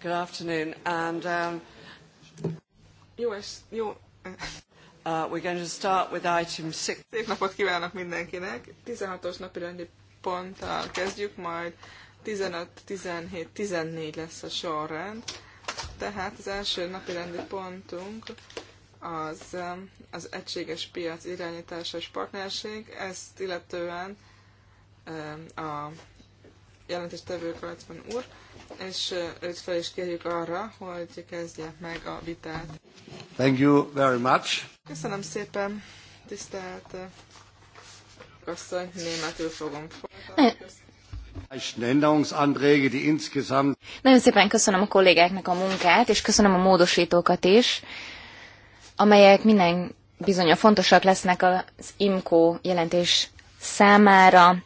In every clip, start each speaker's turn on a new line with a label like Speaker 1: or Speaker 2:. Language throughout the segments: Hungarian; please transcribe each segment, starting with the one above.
Speaker 1: Good afternoon, and um, jó, jó. Uh, we're going to start with item six. Szép napot kívánok mindenkinek. 16-os napi
Speaker 2: rendi ponttal kezdjük, majd 15, 17, 14 lesz a sorrend. Tehát az első napi rendi pontunk az, um, az egységes piac irányítása és partnerség. Ezt illetően a jelentéstevő Kalacban úr, és őt fel is kérjük arra, hogy kezdje meg a vitát.
Speaker 1: Thank you very much.
Speaker 2: Köszönöm szépen, tisztelt asszony, németül fogom
Speaker 3: Nagyon szépen köszönöm a kollégáknak a munkát, és köszönöm a módosítókat is, amelyek minden bizony fontosak lesznek az IMCO jelentés számára.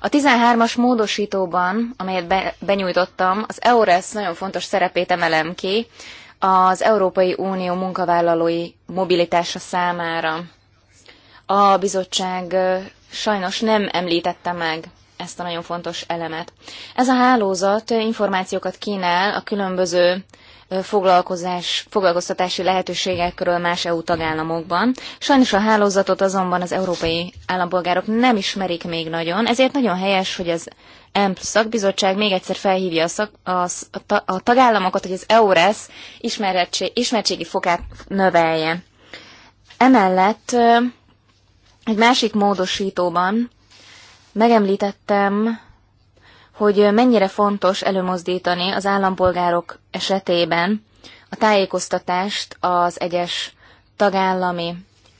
Speaker 3: A 13-as módosítóban, amelyet be, benyújtottam, az EURES nagyon fontos szerepét emelem ki az Európai Unió munkavállalói mobilitása számára. A bizottság sajnos nem említette meg ezt a nagyon fontos elemet. Ez a hálózat információkat kínál a különböző foglalkozás, foglalkoztatási lehetőségekről más EU tagállamokban. Sajnos a hálózatot azonban az európai állampolgárok nem ismerik még nagyon, ezért nagyon helyes, hogy az EMP szakbizottság még egyszer felhívja a, szak, a, a, tagállamokat, hogy az EURES ismertségi fokát növelje. Emellett egy másik módosítóban megemlítettem hogy mennyire fontos előmozdítani az állampolgárok esetében a tájékoztatást az egyes tagállami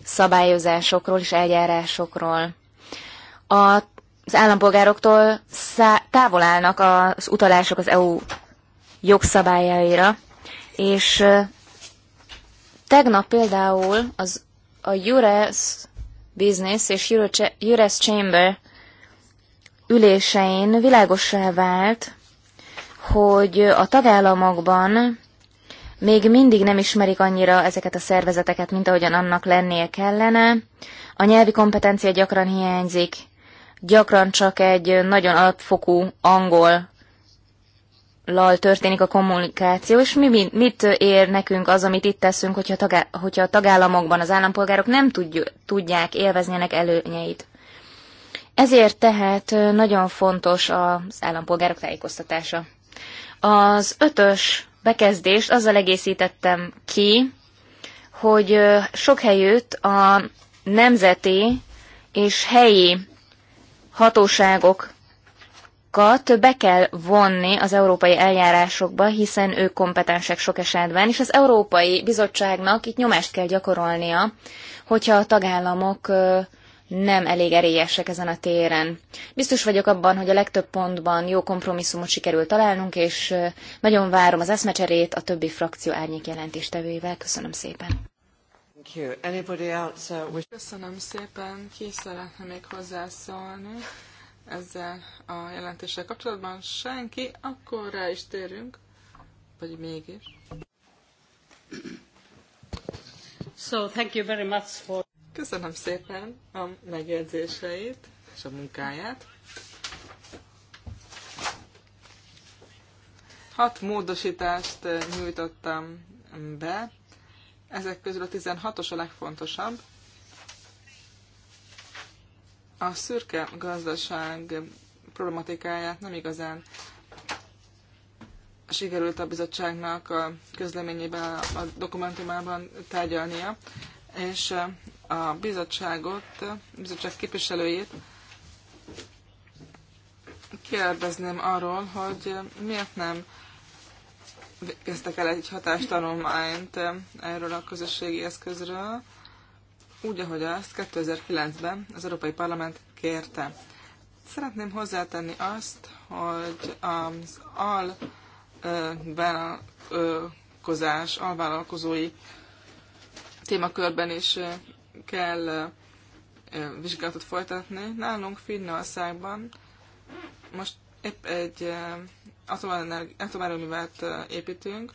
Speaker 3: szabályozásokról és eljárásokról. A az állampolgároktól távol állnak az utalások az EU jogszabályaira, és tegnap például az, a Jures Business és Jures Chamber ülésein világosra vált, hogy a tagállamokban még mindig nem ismerik annyira ezeket a szervezeteket, mint ahogyan annak lennie kellene. A nyelvi kompetencia gyakran hiányzik, gyakran csak egy nagyon alapfokú angol lal történik a kommunikáció, és mi, mit ér nekünk az, amit itt teszünk, hogyha, tagá- hogyha a tagállamokban az állampolgárok nem tudj- tudják élvezni ennek előnyeit. Ezért tehát nagyon fontos az állampolgárok tájékoztatása. Az ötös bekezdést azzal egészítettem ki, hogy sok helyütt a nemzeti és helyi hatóságokat be kell vonni az európai eljárásokba, hiszen ők kompetensek sok esetben, és az Európai Bizottságnak itt nyomást kell gyakorolnia, hogyha a tagállamok nem elég erélyesek ezen a téren. Biztos vagyok abban, hogy a legtöbb pontban jó kompromisszumot sikerül találnunk, és nagyon várom az eszmecserét a többi frakció árnyék jelentéstevőivel. Köszönöm szépen.
Speaker 1: Uh,
Speaker 2: Köszönöm szépen. Ki szeretne még hozzászólni ezzel a jelentéssel kapcsolatban? Senki? Akkor rá is térünk. Vagy mégis. So, thank you very much for... Köszönöm szépen a megjegyzéseit és a munkáját. Hat módosítást eh, nyújtottam be, ezek közül a 16-os a legfontosabb. A szürke gazdaság problematikáját nem igazán sikerült a bizottságnak a közleményében, a dokumentumában tárgyalnia, és eh, a bizottságot, a bizottság képviselőjét kérdezném arról, hogy miért nem kezdtek el egy hatástanulmányt erről a közösségi eszközről, úgy, ahogy azt 2009-ben az Európai Parlament kérte. Szeretném hozzátenni azt, hogy az al alvállalkozói témakörben is kell vizsgálatot folytatni. Nálunk Finnországban most épp egy atomerőművet építünk,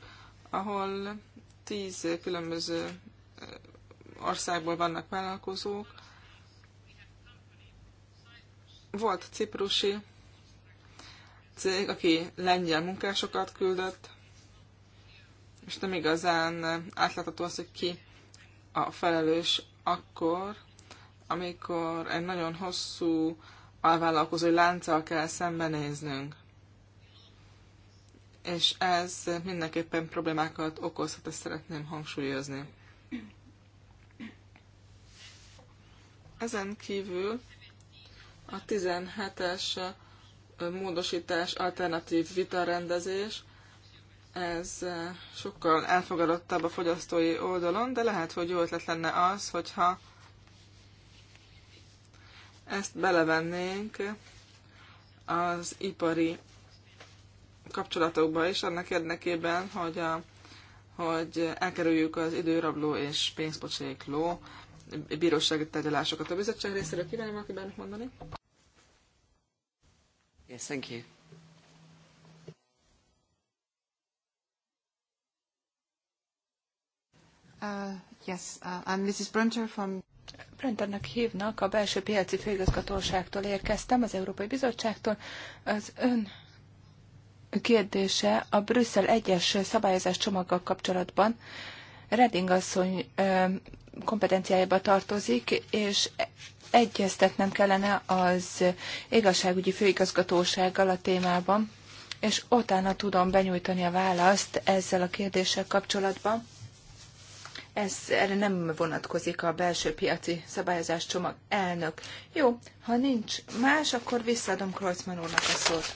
Speaker 2: ahol tíz különböző országból vannak vállalkozók. Volt ciprusi cég, aki lengyel munkásokat küldött, és nem igazán átlátható az, hogy ki a felelős akkor, amikor egy nagyon hosszú alvállalkozói lánccal kell szembenéznünk. És ez mindenképpen problémákat okozhat, ezt szeretném hangsúlyozni. Ezen kívül a 17-es módosítás alternatív vitarendezés, ez eh, sokkal elfogadottabb a fogyasztói oldalon, de lehet, hogy jó ötlet lenne az, hogyha ezt belevennénk az ipari kapcsolatokba is, annak érdekében, hogy, a, hogy elkerüljük az időrabló és pénzpocsékló bírósági tárgyalásokat. A bizottság részéről kívánom, aki bennük mondani?
Speaker 1: Yes, thank you.
Speaker 4: Uh, yes, uh, I'm Mrs. Brunter from... Brenternek hívnak, a belső piaci főigazgatóságtól érkeztem, az Európai Bizottságtól. Az ön kérdése a Brüsszel egyes szabályozás csomaggal kapcsolatban. Reding asszony kompetenciájába tartozik, és egyeztetnem kellene az igazságügyi főigazgatósággal a témában, és utána tudom benyújtani a választ ezzel a kérdéssel kapcsolatban ez erre nem vonatkozik a belső piaci szabályozás csomag elnök. Jó, ha nincs más, akkor visszaadom Kreuzmann úrnak a szót.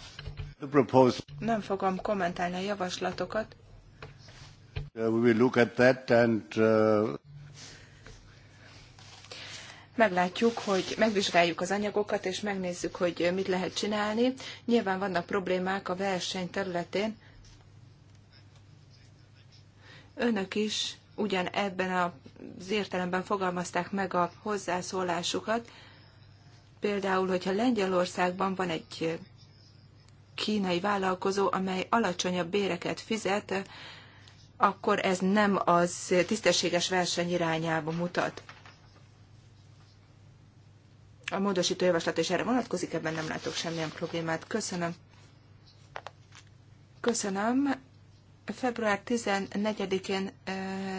Speaker 4: Nem fogom kommentálni a javaslatokat.
Speaker 1: Uh-
Speaker 4: Meglátjuk, hogy megvizsgáljuk az anyagokat, és megnézzük, hogy mit lehet csinálni. Nyilván vannak problémák a verseny területén. Önök is ugyan ebben az értelemben fogalmazták meg a hozzászólásukat. Például, hogyha Lengyelországban van egy kínai vállalkozó, amely alacsonyabb béreket fizet, akkor ez nem az tisztességes verseny irányába mutat. A módosító javaslat is erre vonatkozik, ebben nem látok semmilyen problémát. Köszönöm. Köszönöm február 14-én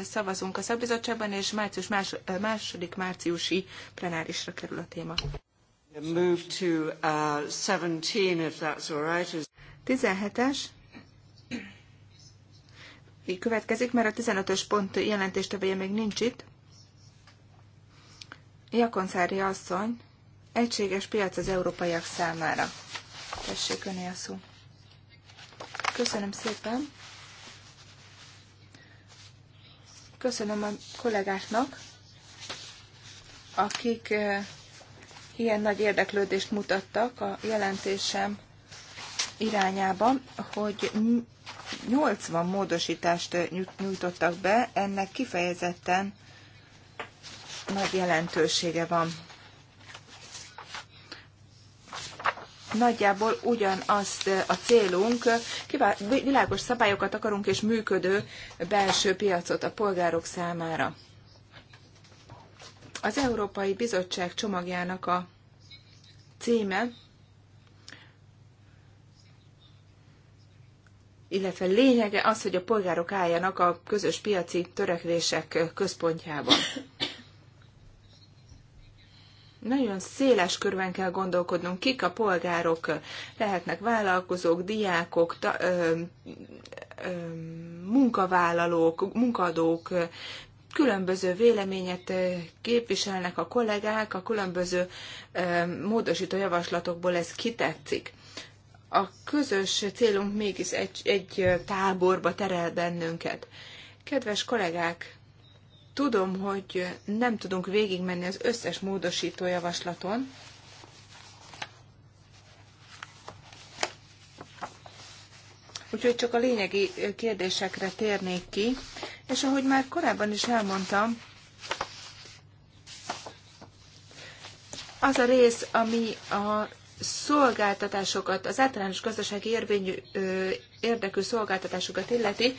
Speaker 4: szavazunk a szakbizottságban, és március más, második márciusi plenárisra kerül a téma.
Speaker 1: Move to, 17, uh, if that's all right. es
Speaker 4: következik, mert a 15-ös pont jelentéstevője még nincs itt. Jakonszári asszony, egységes piac az európaiak számára. Tessék öné a szó. Köszönöm szépen. Köszönöm a kollégáknak, akik ilyen nagy érdeklődést mutattak a jelentésem irányába, hogy 80 módosítást nyújtottak be, ennek kifejezetten nagy jelentősége van. nagyjából ugyanazt a célunk, világos szabályokat akarunk és működő belső piacot a polgárok számára. Az Európai Bizottság csomagjának a címe, illetve lényege az, hogy a polgárok álljanak a közös piaci törekvések központjában nagyon széles körben kell gondolkodnunk, kik a polgárok, lehetnek vállalkozók, diákok, ta, ö, ö, munkavállalók, munkadók, különböző véleményet képviselnek a kollégák, a különböző módosító javaslatokból ez kitetszik. A közös célunk mégis egy, egy táborba terel bennünket. Kedves kollégák, Tudom, hogy nem tudunk végigmenni az összes módosító javaslaton, Úgyhogy csak a lényegi kérdésekre térnék ki, és ahogy már korábban is elmondtam, az a rész, ami a szolgáltatásokat, az általános gazdasági érvényű, érdekű szolgáltatásokat illeti,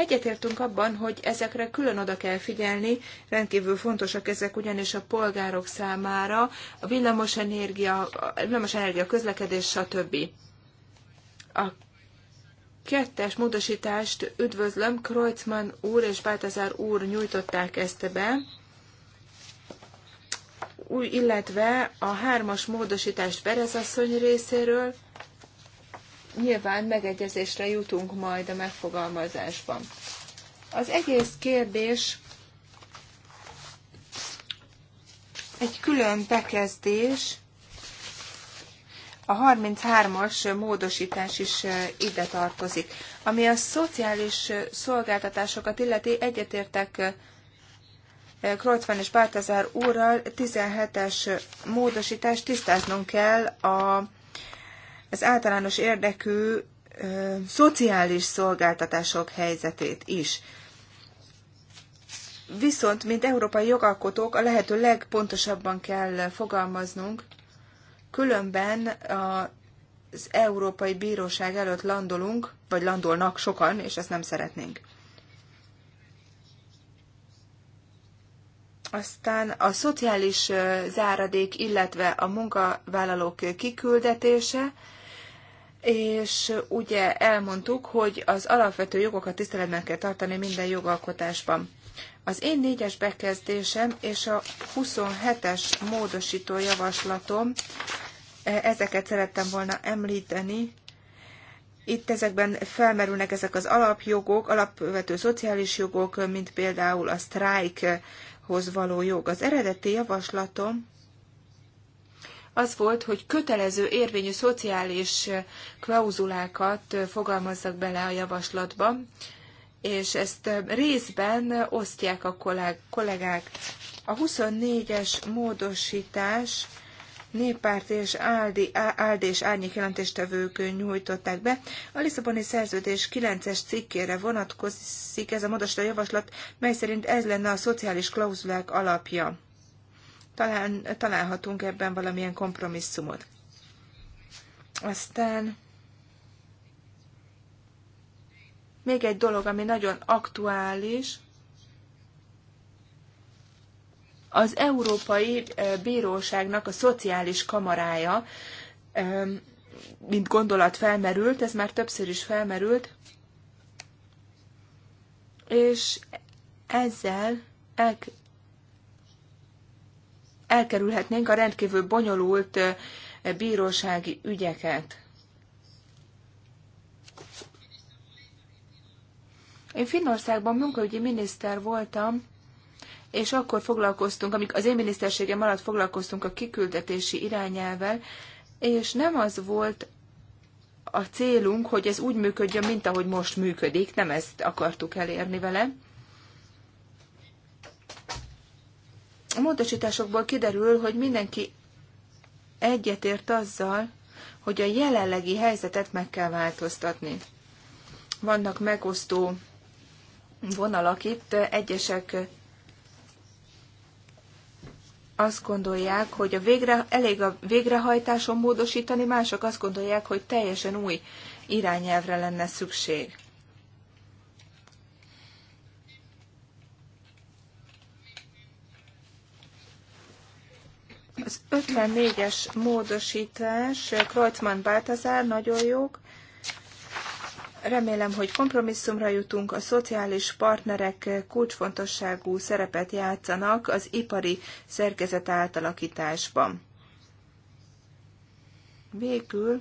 Speaker 4: Egyetértünk abban, hogy ezekre külön oda kell figyelni, rendkívül fontosak ezek ugyanis a polgárok számára, a villamosenergia, a villamosenergia közlekedés, stb. A kettes módosítást üdvözlöm, Kreutzmann úr és Báltazár úr nyújtották ezt be, új, illetve a hármas módosítást asszony részéről, nyilván megegyezésre jutunk majd a megfogalmazásban. Az egész kérdés egy külön bekezdés, a 33-as módosítás is ide tartozik. Ami a szociális szolgáltatásokat illeti, egyetértek Kreutzmann és Bártazár úrral 17-es módosítást tisztáznunk kell a az általános érdekű ö, szociális szolgáltatások helyzetét is. Viszont, mint európai jogalkotók, a lehető legpontosabban kell fogalmaznunk, különben a az Európai Bíróság előtt landolunk, vagy landolnak sokan, és ezt nem szeretnénk. Aztán a szociális záradék, illetve a munkavállalók kiküldetése, és ugye elmondtuk, hogy az alapvető jogokat tiszteletben kell tartani minden jogalkotásban. Az én négyes bekezdésem és a 27-es módosító javaslatom, e, ezeket szerettem volna említeni. Itt ezekben felmerülnek ezek az alapjogok, alapvető szociális jogok, mint például a sztrájkhoz való jog. Az eredeti javaslatom az volt, hogy kötelező érvényű szociális klauzulákat fogalmazzak bele a javaslatba, és ezt részben osztják a kollégák. A 24-es módosítás néppárt és Áldi, Áldi és Árnyék jelentéstevők nyújtották be. A Lisszaboni szerződés 9-es cikkére vonatkozik ez a módosító javaslat, mely szerint ez lenne a szociális klauzulák alapja talán találhatunk ebben valamilyen kompromisszumot. Aztán még egy dolog, ami nagyon aktuális, az Európai eh, Bíróságnak a szociális kamarája, eh, mint gondolat felmerült, ez már többször is felmerült, és ezzel elkerülhetnénk a rendkívül bonyolult bírósági ügyeket. Én Finnországban munkaügyi miniszter voltam, és akkor foglalkoztunk, amik az én miniszterségem alatt foglalkoztunk a kiküldetési irányelvel, és nem az volt a célunk, hogy ez úgy működjön, mint ahogy most működik, nem ezt akartuk elérni vele, A módosításokból kiderül, hogy mindenki egyetért azzal, hogy a jelenlegi helyzetet meg kell változtatni. Vannak megosztó vonalak itt, egyesek azt gondolják, hogy a végre, elég a végrehajtáson módosítani, mások azt gondolják, hogy teljesen új irányelvre lenne szükség. Az 54-es módosítás, Kreuzmann Báltazár, nagyon jók. Remélem, hogy kompromisszumra jutunk, a szociális partnerek kulcsfontosságú szerepet játszanak az ipari szerkezet átalakításban. Végül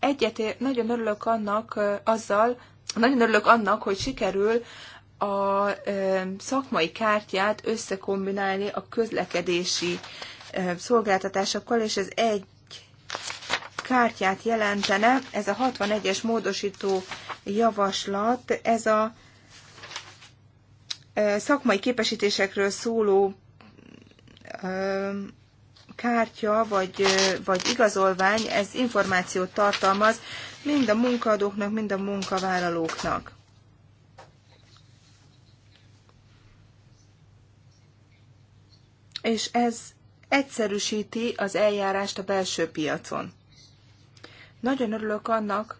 Speaker 4: egyetért, nagyon örülök annak azzal, nagyon örülök annak, hogy sikerül a szakmai kártyát összekombinálni a közlekedési szolgáltatásokkal, és ez egy kártyát jelentene. Ez a 61-es módosító javaslat, ez a szakmai képesítésekről szóló kártya vagy, vagy igazolvány, ez információt tartalmaz mind a munkaadóknak, mind a munkavállalóknak. és ez egyszerűsíti az eljárást a belső piacon. Nagyon örülök annak,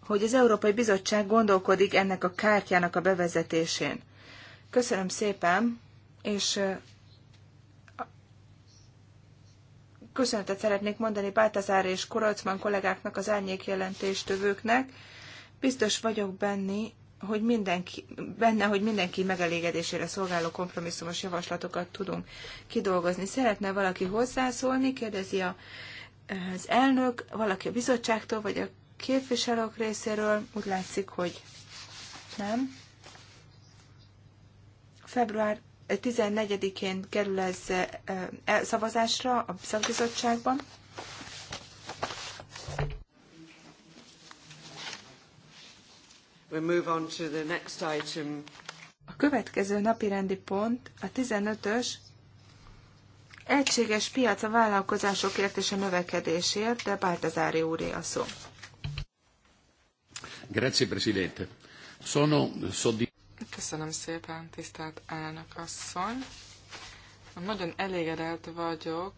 Speaker 4: hogy az Európai Bizottság gondolkodik ennek a kártyának a bevezetésén. Köszönöm szépen, és köszönetet szeretnék mondani Báltazár és Korolcman kollégáknak, az árnyék jelentéstövőknek. Biztos vagyok benni, hogy mindenki, benne, hogy mindenki megelégedésére szolgáló kompromisszumos javaslatokat tudunk kidolgozni. Szeretne valaki hozzászólni, kérdezi a, az elnök, valaki a bizottságtól, vagy a képviselők részéről. Úgy látszik, hogy nem. Február 14-én kerül ez eh, eh, szavazásra a szakbizottságban.
Speaker 1: We move on to the next item.
Speaker 4: A következő napi rendi pont a 15-ös Egységes piac a vállalkozásokért és a növekedésért, de Baltazári úré a szó.
Speaker 1: Grazie, Presidente. Sono soddi...
Speaker 2: Köszönöm szépen, tisztelt elnök asszony. Nagyon elégedett vagyok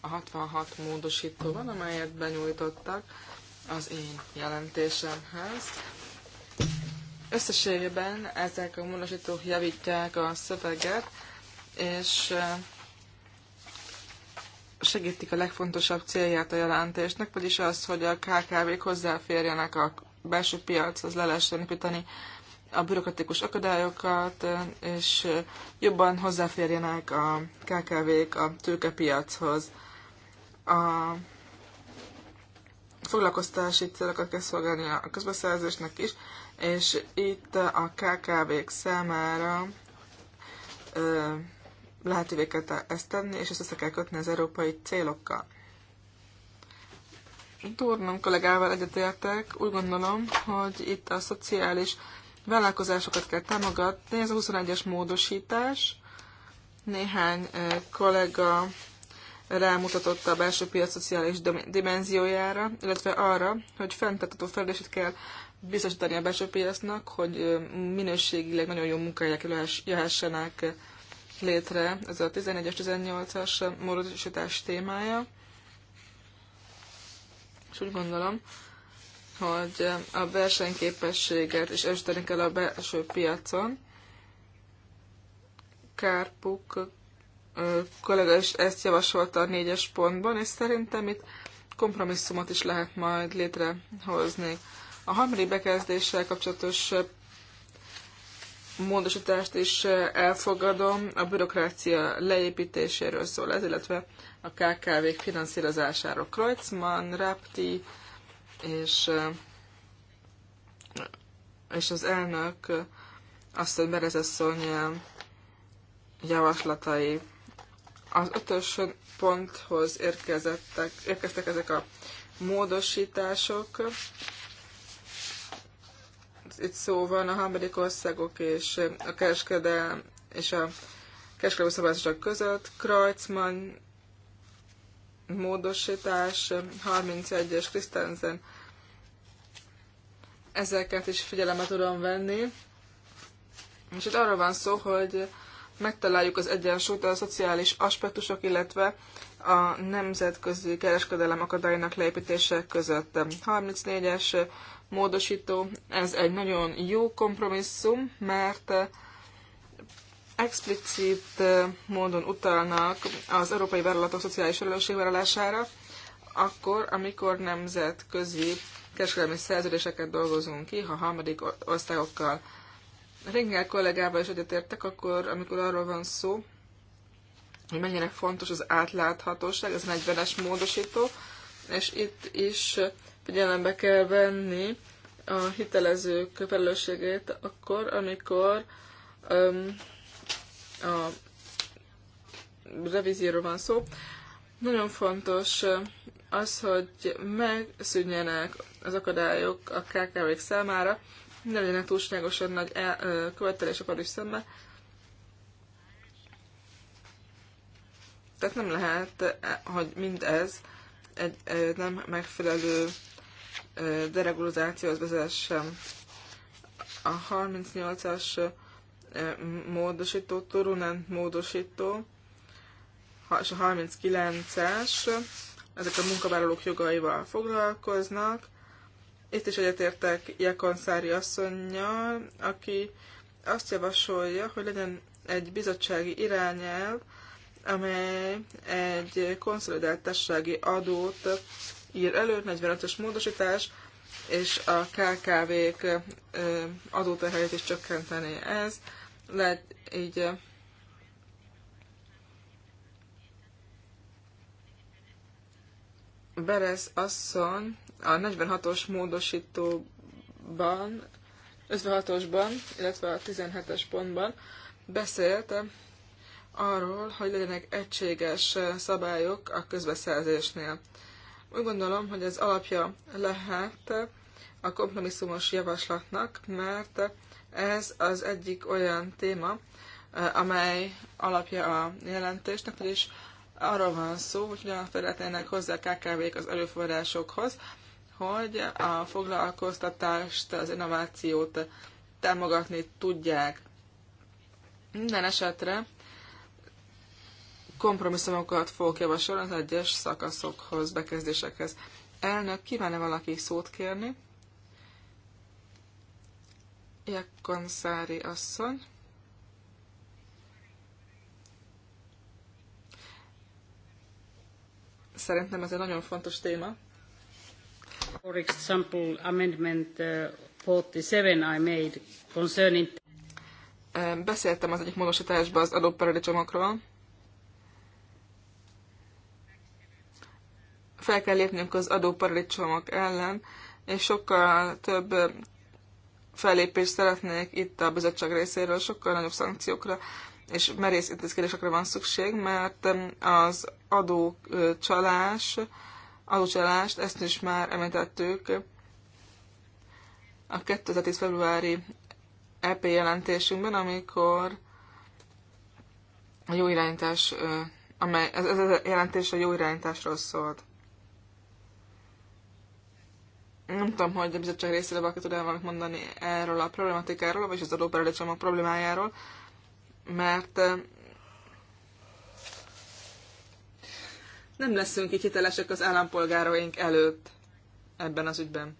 Speaker 2: a 66 módosítóval, amelyet benyújtottak az én jelentésemhez. Összességében ezek a módosítók javítják a szöveget, és segítik a legfontosabb célját a jelentésnek, vagyis az, hogy a KKV-k hozzáférjenek a belső piachoz, le lehessen a bürokratikus akadályokat, és jobban hozzáférjenek a KKV-k a tőkepiachoz. A foglalkoztási célokat kell szolgálni a közbeszerzésnek is, és itt a KKV-k számára ö, lehetővé kell ezt tenni, és ezt össze kell kötni az európai célokkal. Turnum kollégával egyetértek, úgy gondolom, hogy itt a szociális vállalkozásokat kell támogatni, ez a 21-es módosítás, néhány kollega rámutatott a belső piac szociális dimenziójára, illetve arra, hogy fenntartató fejlődését kell biztosítani a belső piacnak, hogy minőségileg nagyon jó munkahelyek jöhessenek létre. Ez a 11-es, 18-as módosítás témája. És úgy gondolom, hogy a versenyképességet is erősíteni kell a belső piacon. Kárpuk kollega is ezt javasolta a négyes pontban, és szerintem itt kompromisszumot is lehet majd létrehozni. A harmadik bekezdéssel kapcsolatos módosítást is elfogadom, a bürokrácia leépítéséről szól ez, illetve a kkv finanszírozásáról. Kreutzmann, Rapti és, és az elnök azt, hogy Berezasszony javaslatai az ötös ponthoz érkezettek, érkeztek ezek a módosítások. Itt szó van a harmadik országok és a kereskedelem és a kereskedelmi szabályozások között. Kreutzmann módosítás, 31-es Krisztenzen. Ezeket is figyelembe tudom venni. És itt arról van szó, hogy megtaláljuk az egyensúlyt a szociális aspektusok, illetve a nemzetközi kereskedelem akadálynak leépítése között. 34-es módosító, ez egy nagyon jó kompromisszum, mert explicit módon utalnak az európai vállalatok szociális felelősségvállalására, akkor, amikor nemzetközi kereskedelmi szerződéseket dolgozunk ki, ha harmadik országokkal Ringel kollégával is egyetértek, akkor, amikor arról van szó, hogy mennyire fontos az átláthatóság, ez 40-es módosító, és itt is figyelembe kell venni a hitelezők felelősségét akkor, amikor um, a revízióról van szó. Nagyon fontos az, hogy megszűnjenek az akadályok a KKV-k számára, ne legyenek túlságosan nagy e, követelések arra is szemben. Tehát nem lehet, e, hogy mindez egy nem megfelelő deregulizációhoz vezessen. A 38-as módosító, Torunent módosító, és a 39-es, ezek a munkavállalók jogaival foglalkoznak, itt is egyetértek Jekonszári asszonynal, aki azt javasolja, hogy legyen egy bizottsági irányelv, amely egy konszolidált társasági adót ír elő, 45-ös módosítás, és a KKV-k adóterhelyét is csökkenteni ez. Lehet így Beresz asszon a 46-os módosítóban, 56-osban, illetve a 17-es pontban beszélt arról, hogy legyenek egységes szabályok a közbeszerzésnél. Úgy gondolom, hogy ez alapja lehet a kompromisszumos javaslatnak, mert ez az egyik olyan téma, amely alapja a jelentésnek, vagyis arról van szó, hogy hogyan férhetnének hozzá a KKV-k az előforrásokhoz, hogy a foglalkoztatást, az innovációt támogatni tudják. Minden esetre kompromisszumokat fogok javasolni az egyes szakaszokhoz, bekezdésekhez. Elnök, kíván-e valaki szót kérni? Jakkon Szári asszony. Szerintem ez egy nagyon fontos téma. For example, amendment 47 uh, I made concerning... Beszéltem az egyik módosításban az adóparadicsomokról. Fel kell lépnünk az adóparadicsomok ellen, és sokkal több fellépést szeretnék itt a bizottság részéről, sokkal nagyobb szankciókra és merész intézkedésekre van szükség, mert az adócsalás, adócsalást, ezt is már említettük a 2010. februári EP jelentésünkben, amikor a jó irányítás, amely, ez, ez a jelentés a jó irányításról szólt. Nem tudom, hogy a bizottság részére valaki tud el valamit mondani erről a problematikáról, vagy az adóparadicsom problémájáról, mert nem leszünk így hitelesek az állampolgáraink előtt ebben az ügyben.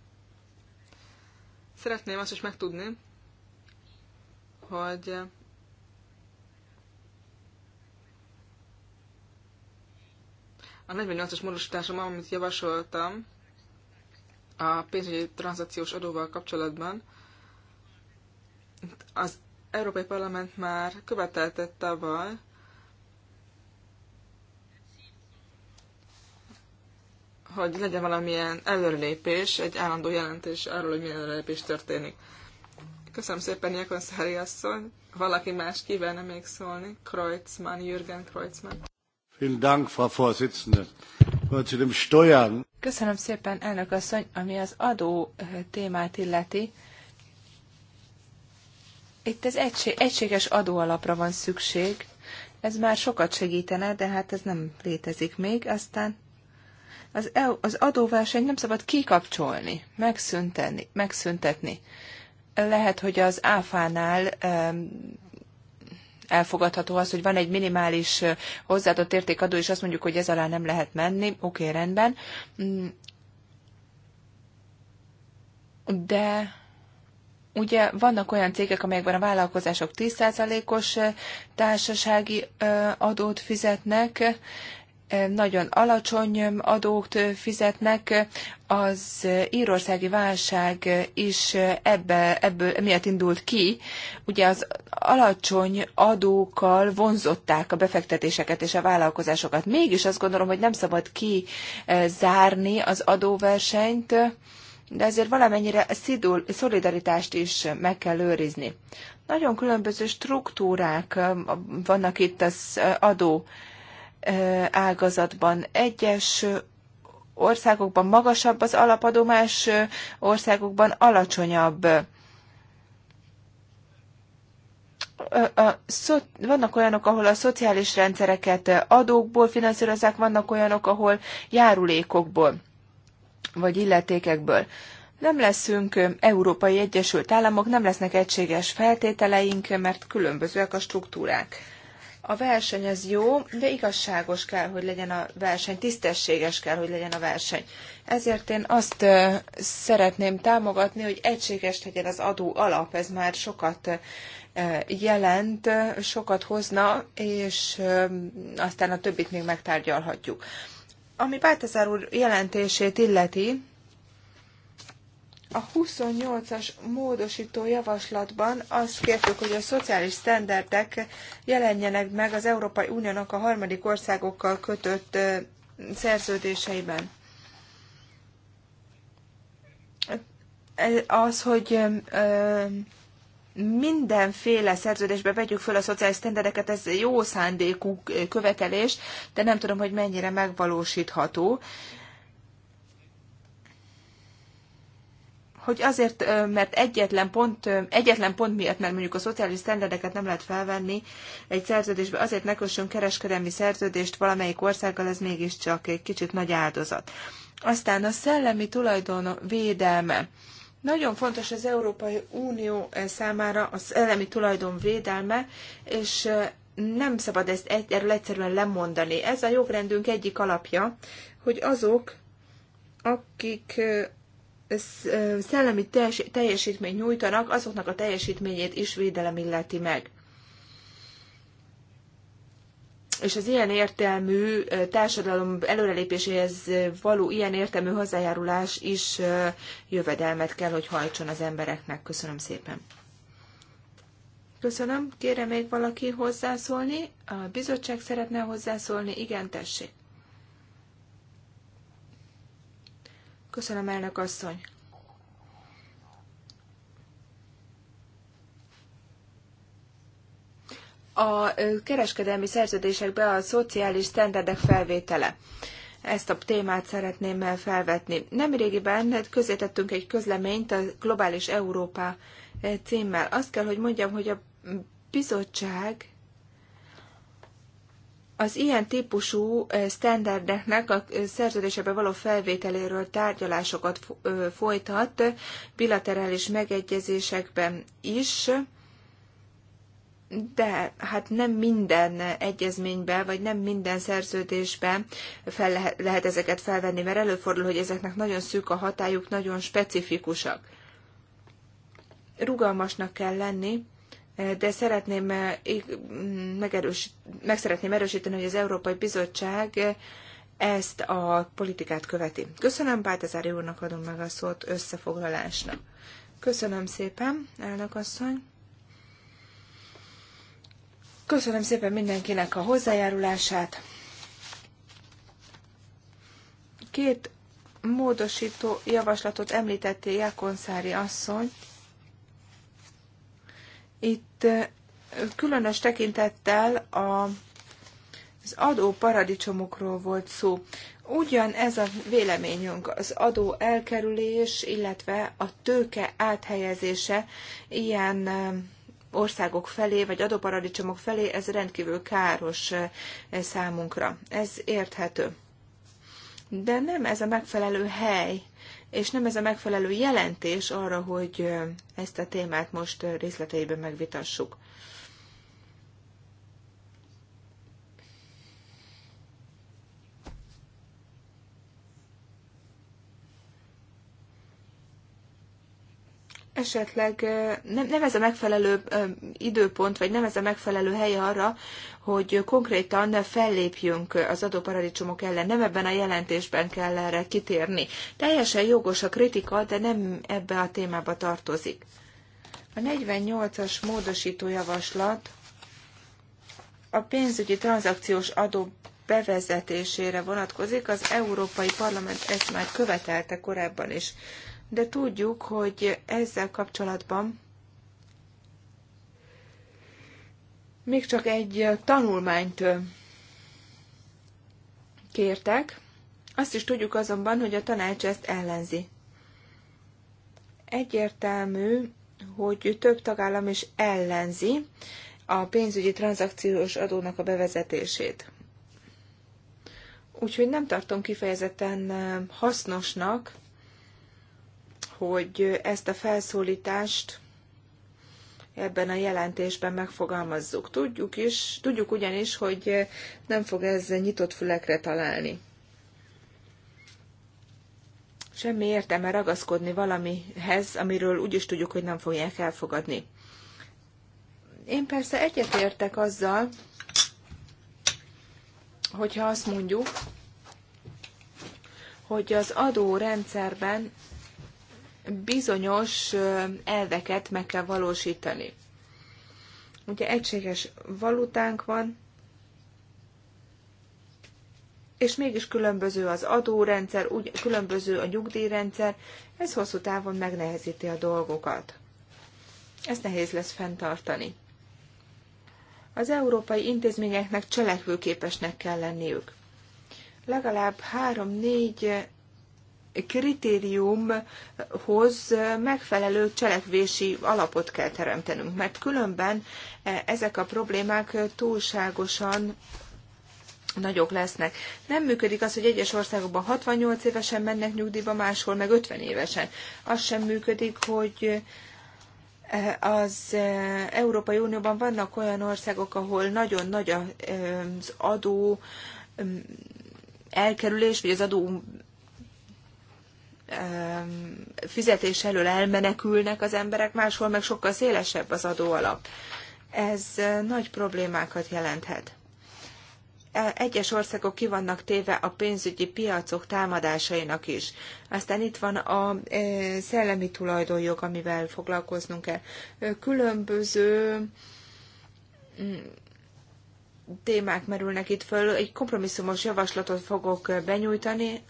Speaker 2: Szeretném azt is megtudni, hogy a 48-as módosításom, amit javasoltam a pénzügyi tranzakciós adóval kapcsolatban, az Európai Parlament már követeltett tavaly, hogy legyen valamilyen előrelépés, egy állandó jelentés arról, hogy milyen előrelépés történik. Köszönöm szépen, Jakon Szári asszony. Valaki más kívánna még szólni? Kreuzmann, Jürgen Kreuzmann.
Speaker 1: Vielen Dank, Frau Vorsitzende. Steuern.
Speaker 4: Köszönöm szépen, elnök asszony, ami az adó eh, témát illeti. Itt az egység, egységes adóalapra van szükség. Ez már sokat segítene, de hát ez nem létezik még. Aztán az, e az adóverseny nem szabad kikapcsolni, megszüntetni. megszüntetni. Lehet, hogy az áfánál elfogadható az, hogy van egy minimális hozzáadott értékadó, és azt mondjuk, hogy ez alá nem lehet menni, oké, okay, rendben. Mm. De Ugye vannak olyan cégek, amelyekben a vállalkozások 10%-os társasági adót fizetnek, nagyon alacsony adót fizetnek, az írországi válság is ebbe, ebből miatt indult ki. Ugye az alacsony adókkal vonzották a befektetéseket és a vállalkozásokat. Mégis azt gondolom, hogy nem szabad kizárni az adóversenyt, de azért valamennyire szidul, szolidaritást is meg kell őrizni. Nagyon különböző struktúrák vannak itt az adó ágazatban. Egyes országokban magasabb az alapadó, más országokban alacsonyabb. vannak olyanok, ahol a szociális rendszereket adókból finanszírozzák, vannak olyanok, ahol járulékokból vagy illetékekből. Nem leszünk Európai Egyesült Államok, nem lesznek egységes feltételeink, mert különbözőek a struktúrák. A verseny az jó, de igazságos kell, hogy legyen a verseny, tisztességes kell, hogy legyen a verseny. Ezért én azt szeretném támogatni, hogy egységes legyen az adó alap, ez már sokat jelent, sokat hozna, és aztán a többit még megtárgyalhatjuk. Ami Báltazár úr jelentését illeti, a 28-as módosító javaslatban azt kértük, hogy a szociális sztenderdek jelenjenek meg az Európai Uniónak a harmadik országokkal kötött szerződéseiben. Az, hogy mindenféle szerződésbe vegyük föl a szociális sztendereket, ez jó szándékú követelés, de nem tudom, hogy mennyire megvalósítható. hogy azért, mert egyetlen pont, egyetlen pont miatt, mert mondjuk a szociális sztenderdeket nem lehet felvenni egy szerződésbe, azért ne kössünk kereskedelmi szerződést valamelyik országgal, ez mégiscsak egy kicsit nagy áldozat. Aztán a szellemi tulajdon védelme. Nagyon fontos az Európai Unió eh, számára az elemi tulajdon védelme, és eh, nem szabad ezt egy, erről egyszerűen lemondani. Ez a jogrendünk egyik alapja, hogy azok, akik eh, szellemi teljesítményt nyújtanak, azoknak a teljesítményét is védelem illeti meg és az ilyen értelmű társadalom előrelépéséhez való ilyen értelmű hozzájárulás is jövedelmet kell, hogy hajtson az embereknek. Köszönöm szépen. Köszönöm. kérem még valaki hozzászólni? A bizottság szeretne hozzászólni? Igen, tessék. Köszönöm, elnök asszony. a kereskedelmi szerződésekbe a szociális standardek felvétele. Ezt a témát szeretném felvetni. Nemrégiben közzétettünk egy közleményt a Globális Európa címmel. Azt kell, hogy mondjam, hogy a bizottság az ilyen típusú sztenderdeknek a szerződésebe való felvételéről tárgyalásokat folytat bilaterális megegyezésekben is de hát nem minden egyezménybe, vagy nem minden szerződésbe fel lehet, lehet ezeket felvenni, mert előfordul, hogy ezeknek nagyon szűk a hatájuk, nagyon specifikusak. Rugalmasnak kell lenni, de szeretném eh, mm, megerős, meg szeretném erősíteni, hogy az Európai Bizottság ezt a politikát követi. Köszönöm, Bátezári úrnak adom meg a szót összefoglalásnak. Köszönöm szépen, elnök asszony. Köszönöm szépen mindenkinek a hozzájárulását. Két módosító javaslatot említettél Jákonszári asszony. Itt különös tekintettel a az adó paradicsomokról volt szó. Ugyan ez a véleményünk, az adó elkerülés, illetve a tőke áthelyezése ilyen országok felé, vagy adóparadicsomok felé, ez rendkívül káros eh, eh, számunkra. Ez érthető. De nem ez a megfelelő hely, és nem ez a megfelelő jelentés arra, hogy eh, ezt a témát most részleteiben megvitassuk. esetleg nem, nem ez a megfelelő időpont, vagy nem ez a megfelelő hely arra, hogy konkrétan fellépjünk az adóparadicsomok ellen. Nem ebben a jelentésben kell erre kitérni. Teljesen jogos a kritika, de nem ebbe a témába tartozik. A 48-as módosító javaslat a pénzügyi tranzakciós adó bevezetésére vonatkozik. Az Európai Parlament ezt már követelte korábban is de tudjuk, hogy ezzel kapcsolatban még csak egy tanulmányt kértek. Azt is tudjuk azonban, hogy a tanács ezt ellenzi. Egyértelmű, hogy több tagállam is ellenzi a pénzügyi tranzakciós adónak a bevezetését. Úgyhogy nem tartom kifejezetten hasznosnak hogy ezt a felszólítást ebben a jelentésben megfogalmazzuk. Tudjuk, is, tudjuk ugyanis, hogy nem fog ez nyitott fülekre találni. Semmi értelme ragaszkodni valamihez, amiről úgy is tudjuk, hogy nem fogják elfogadni. Én persze egyetértek azzal, hogyha azt mondjuk, hogy az adórendszerben bizonyos elveket meg kell valósítani. Ugye egységes valutánk van, és mégis különböző az adórendszer, úgy, különböző a nyugdíjrendszer, ez hosszú távon megnehezíti a dolgokat. Ezt nehéz lesz fenntartani. Az európai intézményeknek cselekvőképesnek kell lenniük. Legalább három-négy kritériumhoz megfelelő cselekvési alapot kell teremtenünk, mert különben e, ezek a problémák túlságosan nagyok lesznek. Nem működik az, hogy egyes országokban 68 évesen mennek nyugdíjba, máshol meg 50 évesen. Az sem működik, hogy e, az e, Európai Unióban vannak olyan országok, ahol nagyon nagy az adó mm, elkerülés, vagy az adó fizetés elől elmenekülnek az emberek, máshol meg sokkal szélesebb az adóalap. Ez nagy problémákat jelenthet. E, egyes országok ki vannak téve a pénzügyi piacok támadásainak is. Aztán itt van a e, szellemi tulajdonjog, amivel foglalkoznunk kell. Különböző mm, témák merülnek itt föl. Egy kompromisszumos javaslatot fogok benyújtani,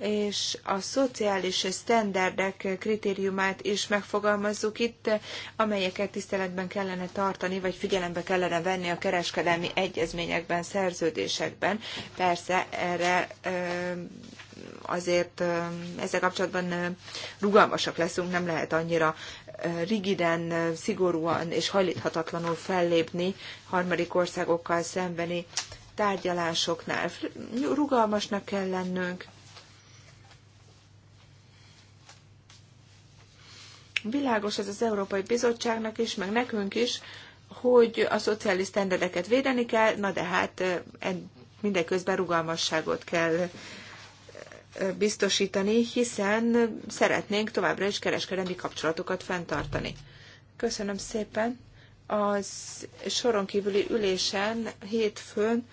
Speaker 4: és a szociális sztenderdek kritériumát is megfogalmazzuk itt, amelyeket tiszteletben kellene tartani, vagy figyelembe kellene venni a kereskedelmi egyezményekben, szerződésekben. Persze erre azért ezzel kapcsolatban rugalmasak leszünk, nem lehet annyira rigiden, szigorúan és hajlíthatatlanul fellépni harmadik országokkal szembeni tárgyalásoknál. Rugalmasnak kell lennünk Világos ez az Európai Bizottságnak is, meg nekünk is, hogy a szociális tendereket védeni kell, na de hát mindeközben rugalmasságot kell biztosítani, hiszen szeretnénk továbbra is kereskedelmi kapcsolatokat fenntartani. Köszönöm szépen! Az soron kívüli ülésen hétfőn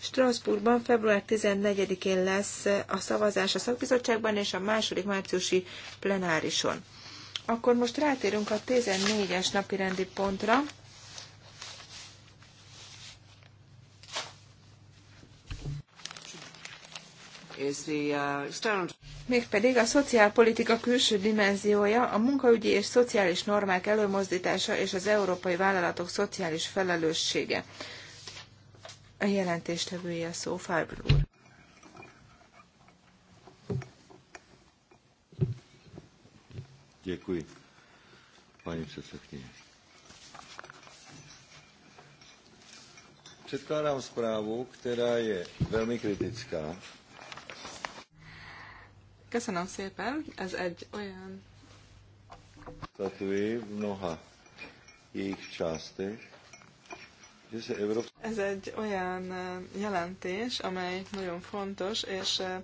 Speaker 4: Strasbourgban február 14-én lesz a szavazás a szakbizottságban és a második márciusi plenárison. Akkor most rátérünk a 14-es napi rendi pontra.
Speaker 1: Uh,
Speaker 4: Mégpedig a szociálpolitika külső dimenziója, a munkaügyi és szociális normák előmozdítása és az európai vállalatok szociális felelőssége. A jelentéstevője a szó Fábr úr.
Speaker 5: Děkuji, paní předsedkyně.
Speaker 1: Předkládám zprávu, která je velmi kritická.
Speaker 2: Köszönöm szépen, ez egy olyan...
Speaker 1: Statuji v mnoha jejich částech,
Speaker 2: ez egy olyan eh, jelentés, amely nagyon fontos, és eh,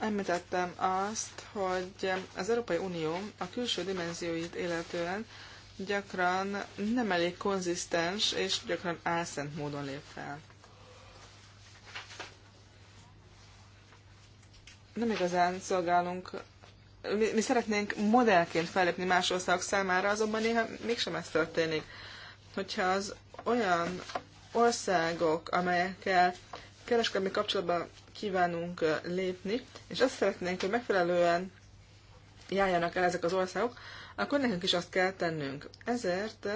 Speaker 2: Említettem azt, hogy az Európai Unió a külső dimenzióit illetően gyakran nem elég konzisztens és gyakran álszent módon lép fel. Nem igazán szolgálunk, mi, mi szeretnénk modellként fellépni más országok számára, azonban néha mégsem ez történik. Hogyha az olyan országok, amelyekkel kereskedelmi kapcsolatba kívánunk lépni, és azt szeretnénk, hogy megfelelően járjanak el ezek az országok, akkor nekünk is azt kell tennünk. Ezért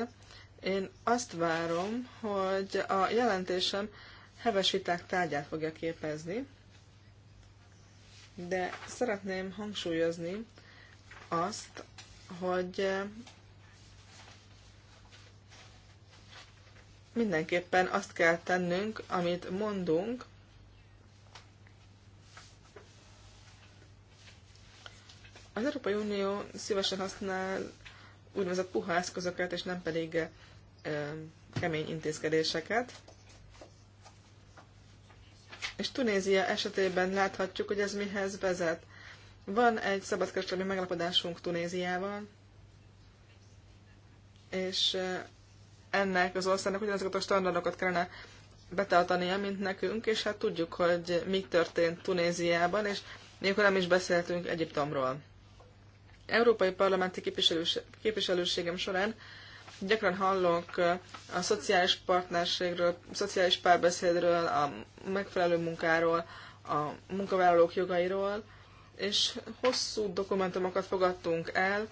Speaker 2: én azt várom, hogy a jelentésem heves viták tárgyát fogja képezni, de szeretném hangsúlyozni azt, hogy mindenképpen azt kell tennünk, amit mondunk, Az Európai Unió szívesen használ úgynevezett puha eszközöket, és nem pedig e, kemény intézkedéseket. És Tunézia esetében láthatjuk, hogy ez mihez vezet. Van egy szabadkereskedelmi megalapodásunk Tunéziával, és ennek az országnak ugyanazokat a standardokat kellene betartania, mint nekünk, és hát tudjuk, hogy mi történt Tunéziában, és még nem is beszéltünk Egyiptomról. Európai parlamenti képviselőségem során gyakran hallok uh, a szociális partnerségről, a szociális párbeszédről, a megfelelő munkáról, a munkavállalók jogairól, és hosszú dokumentumokat fogadtunk el,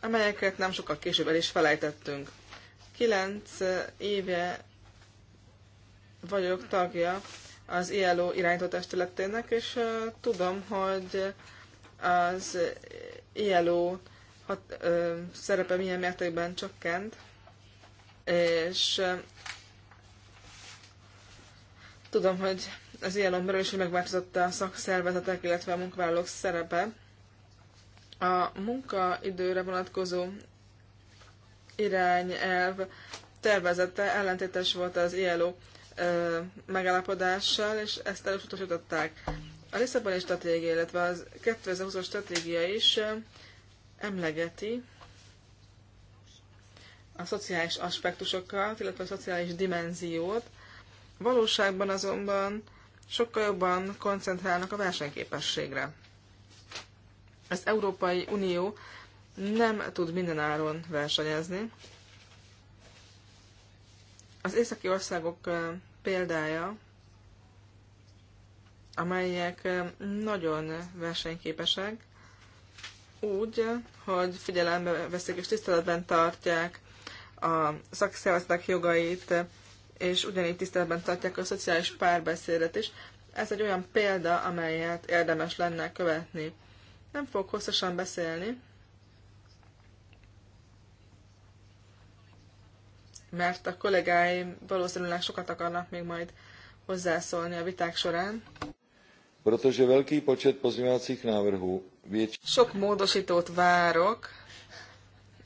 Speaker 2: amelyeket nem sokkal később el is felejtettünk. Kilenc éve vagyok tagja az ILO irányító testületének, és tudom, hogy az ILO hat, uh, szerepe milyen mértékben csökkent, és tudom, hogy az ilo belül is megváltozott a szakszervezetek, illetve a munkavállalók szerepe. A munkaidőre vonatkozó irányelv tervezete ellentétes volt az ILO ö, megállapodással, és ezt elutasították. A Lisszaboni stratégia, illetve az 2020-as stratégia is emlegeti a szociális aspektusokat, illetve a szociális dimenziót. Valóságban azonban sokkal jobban koncentrálnak a versenyképességre. Az Európai Unió nem tud minden áron versenyezni. Az északi országok példája, amelyek nagyon versenyképesek, úgy, hogy figyelembe veszik és tiszteletben tartják a szakszervezetek jogait, és ugyanígy tiszteletben tartják a szociális párbeszédet is. Ez egy olyan példa, amelyet érdemes lenne követni. Nem fogok hosszasan beszélni, mert a kollégáim valószínűleg sokat akarnak még majd hozzászólni a viták során.
Speaker 1: Protože velký počet pozměňovacích návrhů.
Speaker 2: Sok módosítót várok,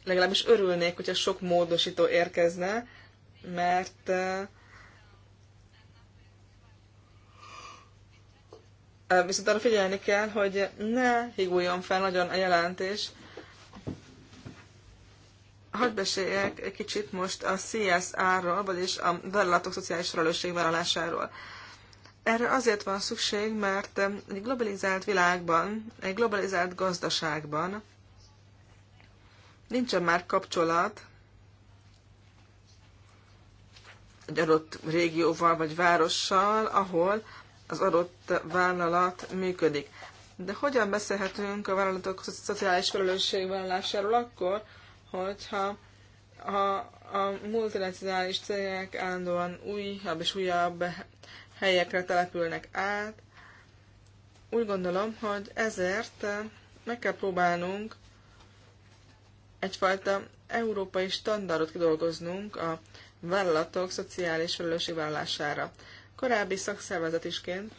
Speaker 2: legalábbis örülnék, hogyha sok módosító érkezne, mert eh, eh, viszont arra figyelni kell, hogy ne higuljon fel nagyon a jelentés, Hadd beszéljek egy kicsit most a CSR-ról, vagyis a vállalatok szociális felelősségvállalásáról. Erre azért van szükség, mert egy globalizált világban, egy globalizált gazdaságban nincsen már kapcsolat egy adott régióval vagy várossal, ahol az adott vállalat működik. De hogyan beszélhetünk a vállalatok szociális felelősségvállalásáról akkor, hogyha ha a multilaterális cégek állandóan újabb és újabb helyekre települnek át, úgy gondolom, hogy ezért meg kell próbálnunk egyfajta európai standardot kidolgoznunk a vállalatok szociális felelősségvállalására. Korábbi isként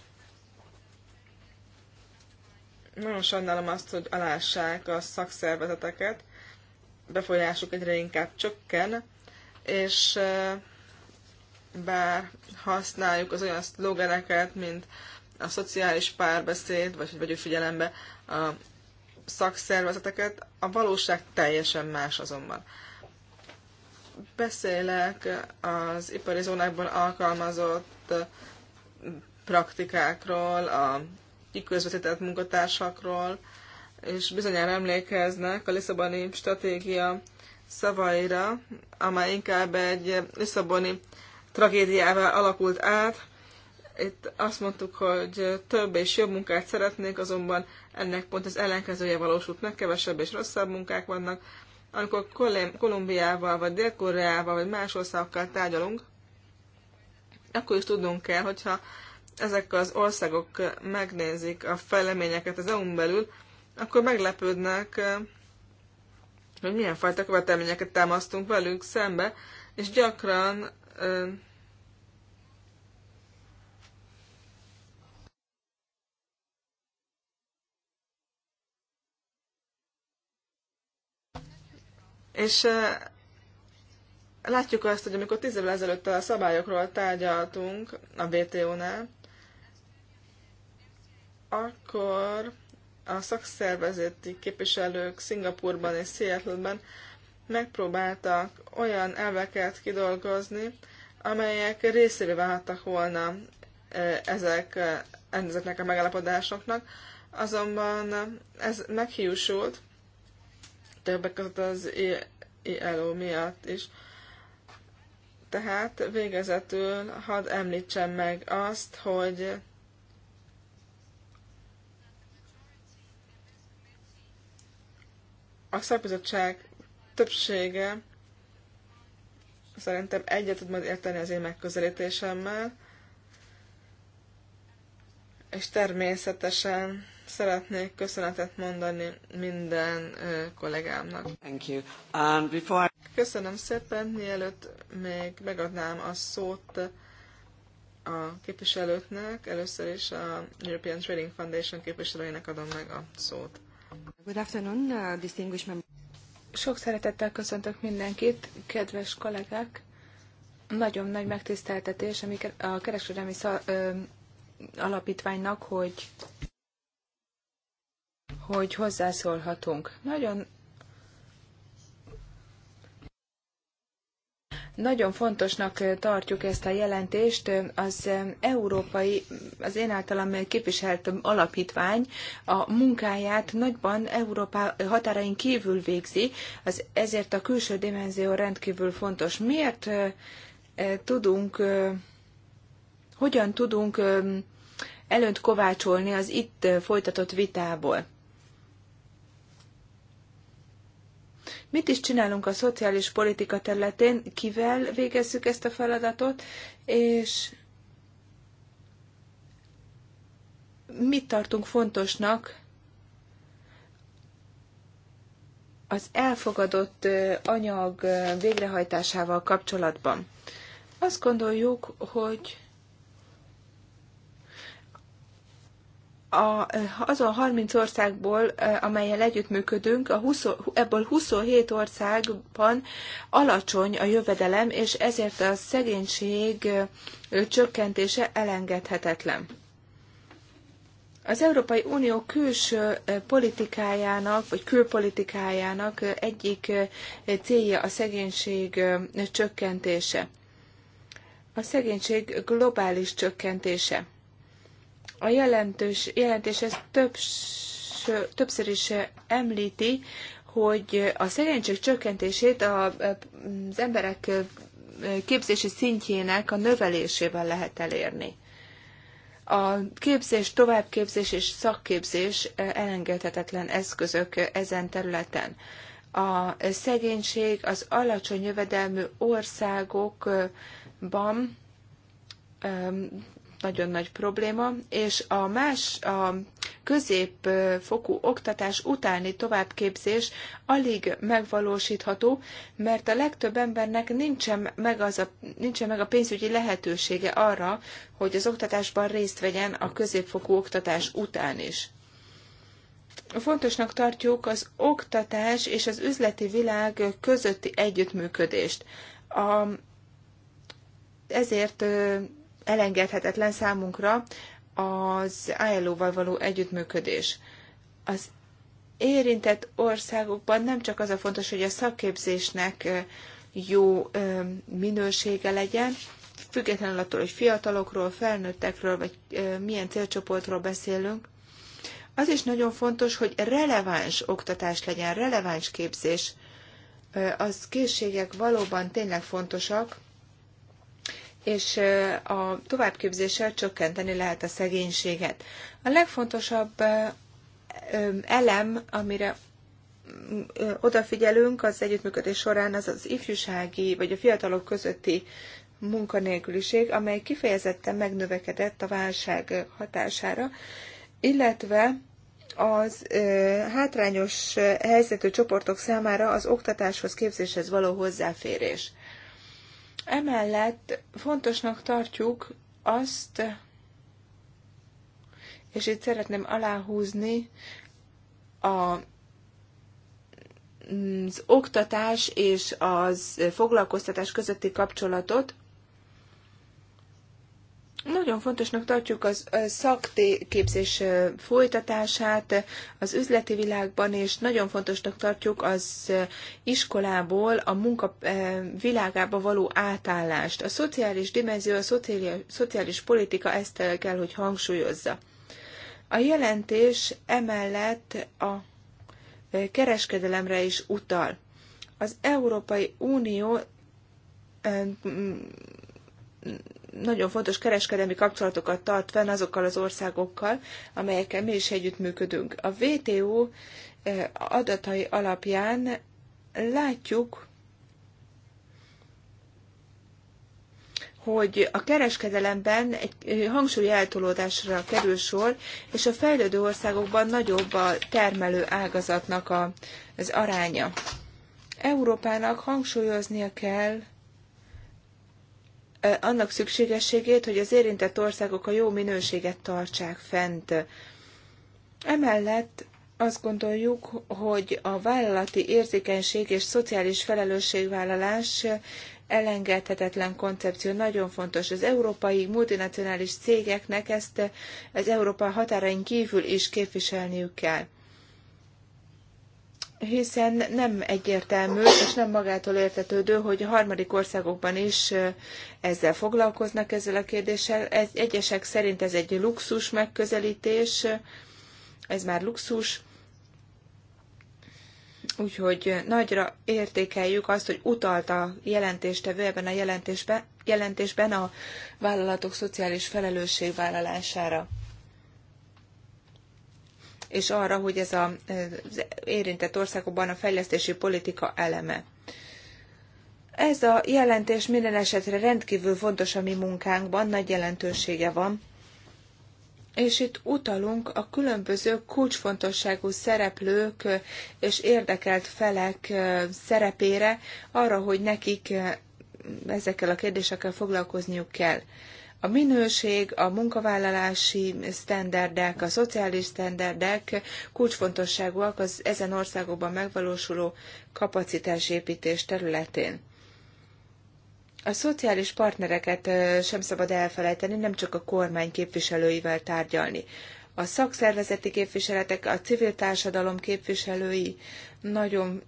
Speaker 2: nagyon sajnálom azt, hogy alássák a szakszervezeteket, befolyásuk egyre inkább csökken, és bár használjuk az olyan szlogeneket, mint a szociális párbeszéd, vagy hogy vegyük figyelembe a szakszervezeteket, a valóság teljesen más azonban. Beszélek az ipari zónákban alkalmazott praktikákról, a kiközvetített munkatársakról, és bizonyára emlékeznek a Lisszaboni stratégia szavaira, amely inkább egy Lisszaboni tragédiával alakult át. Itt azt mondtuk, hogy több és jobb munkát szeretnék azonban ennek pont az ellenkezője valósult meg, kevesebb és rosszabb munkák vannak. Amikor Kolumbiával, vagy Dél-Koreával, vagy más országokkal tárgyalunk, akkor is tudnunk kell, hogyha ezek az országok megnézik a fejleményeket az EU-n belül, akkor meglepődnek, hogy milyen fajta követelményeket támasztunk velünk szembe, és gyakran És látjuk azt, hogy amikor tíz évvel ezelőtt a szabályokról tárgyaltunk a WTO-nál, akkor a szakszervezeti képviselők Szingapurban és Seattle-ben megpróbáltak olyan elveket kidolgozni, amelyek részévé válhattak volna e, ezek, e, ezeknek a megállapodásoknak, azonban ez meghiúsult, többek között az ILO e miatt is. Tehát végezetül hadd említsem meg azt, hogy a szakbizottság többsége szerintem egyet tud majd érteni az én megközelítésemmel, és természetesen szeretnék köszönetet mondani minden kollégámnak. Thank you. And um, before I... Köszönöm szépen, mielőtt még megadnám a szót a képviselőknek, először is a European Trading Foundation képviselőjének adom meg a szót. Good afternoon, uh, distinguished members. Sok
Speaker 4: szeretettel köszöntök mindenkit, kedves kollégák! Nagyon nagy megtiszteltetés a kereskedelmi alapítványnak, hogy hogy hozzászólhatunk. Nagyon Nagyon fontosnak tartjuk ezt a jelentést. Az európai, az én általam képviselt alapítvány a munkáját nagyban Európa határain kívül végzi, az, ezért a külső dimenzió rendkívül fontos. Miért tudunk, hogyan tudunk előnt kovácsolni az itt folytatott vitából? Mit is csinálunk a szociális politika területén, kivel végezzük ezt a feladatot, és mit tartunk fontosnak az elfogadott anyag végrehajtásával kapcsolatban. Azt gondoljuk, hogy a, azon 30 országból, amelyel együttműködünk, a 20, ebből 27 országban alacsony a jövedelem, és ezért a szegénység csökkentése elengedhetetlen. Az Európai Unió külső politikájának, vagy külpolitikájának egyik célja a szegénység csökkentése. A szegénység globális csökkentése. A jelentős, jelentés ezt többször, többször is említi, hogy a szegénység csökkentését az emberek képzési szintjének a növelésével lehet elérni. A képzés, továbbképzés és szakképzés elengedhetetlen eszközök ezen területen. A szegénység az alacsony jövedelmű országokban nagyon nagy probléma, és a más, a középfokú oktatás utáni továbbképzés alig megvalósítható, mert a legtöbb embernek nincsen meg, az a, nincsen meg a pénzügyi lehetősége arra, hogy az oktatásban részt vegyen a középfokú oktatás után is. Fontosnak tartjuk az oktatás és az üzleti világ közötti együttműködést. A, ezért elengedhetetlen számunkra az ILO-val való együttműködés. Az érintett országokban nem csak az a fontos, hogy a szakképzésnek jó minősége legyen, függetlenül attól, hogy fiatalokról, felnőttekről, vagy milyen célcsoportról beszélünk, az is nagyon fontos, hogy releváns oktatás legyen, releváns képzés. Az készségek valóban tényleg fontosak, és a továbbképzéssel csökkenteni lehet a szegénységet. A legfontosabb elem, amire odafigyelünk az együttműködés során, az az ifjúsági vagy a fiatalok közötti munkanélküliség, amely kifejezetten megnövekedett a válság hatására, illetve az ö, hátrányos helyzetű csoportok számára az oktatáshoz, képzéshez való hozzáférés. Emellett fontosnak tartjuk azt, és itt szeretném aláhúzni a az oktatás és az foglalkoztatás közötti kapcsolatot, nagyon fontosnak tartjuk az szakképzés folytatását az üzleti világban, és nagyon fontosnak tartjuk az iskolából a munka világába való átállást. A szociális dimenzió, a szociális, szociális politika ezt kell, hogy hangsúlyozza. A jelentés emellett a kereskedelemre is utal. Az Európai Unió nagyon fontos kereskedelmi kapcsolatokat tart fenn azokkal az országokkal, amelyekkel mi is együttműködünk. A WTO eh, adatai alapján látjuk, hogy a kereskedelemben egy eh, hangsúlyi eltolódásra kerül sor, és a fejlődő országokban nagyobb a termelő ágazatnak a, az aránya. Európának hangsúlyoznia kell annak szükségességét, hogy az érintett országok a jó minőséget tartsák fent. Emellett azt gondoljuk, hogy a vállalati érzékenység és szociális felelősségvállalás elengedhetetlen koncepció, nagyon fontos. Az európai multinacionális cégeknek ezt az Európa határain kívül is képviselniük kell hiszen nem egyértelmű és nem magától értetődő, hogy a harmadik országokban is ezzel foglalkoznak ezzel a kérdéssel. egyesek szerint ez egy luxus megközelítés, ez már luxus, úgyhogy nagyra értékeljük azt, hogy utalt a jelentéstevő ebben a jelentésben, jelentésben a vállalatok szociális felelősségvállalására és arra, hogy ez az érintett országokban a fejlesztési politika eleme. Ez a jelentés minden esetre rendkívül fontos a mi munkánkban, nagy jelentősége van, és itt utalunk a különböző kulcsfontosságú szereplők és érdekelt felek szerepére, arra, hogy nekik ezekkel a kérdésekkel foglalkozniuk kell. A minőség, a munkavállalási sztenderdek, a szociális sztenderdek kulcsfontosságúak az ezen országokban megvalósuló kapacitásépítés területén. A szociális partnereket sem szabad elfelejteni, nem csak a kormány képviselőivel tárgyalni a szakszervezeti képviseletek, a civil társadalom képviselői nagyon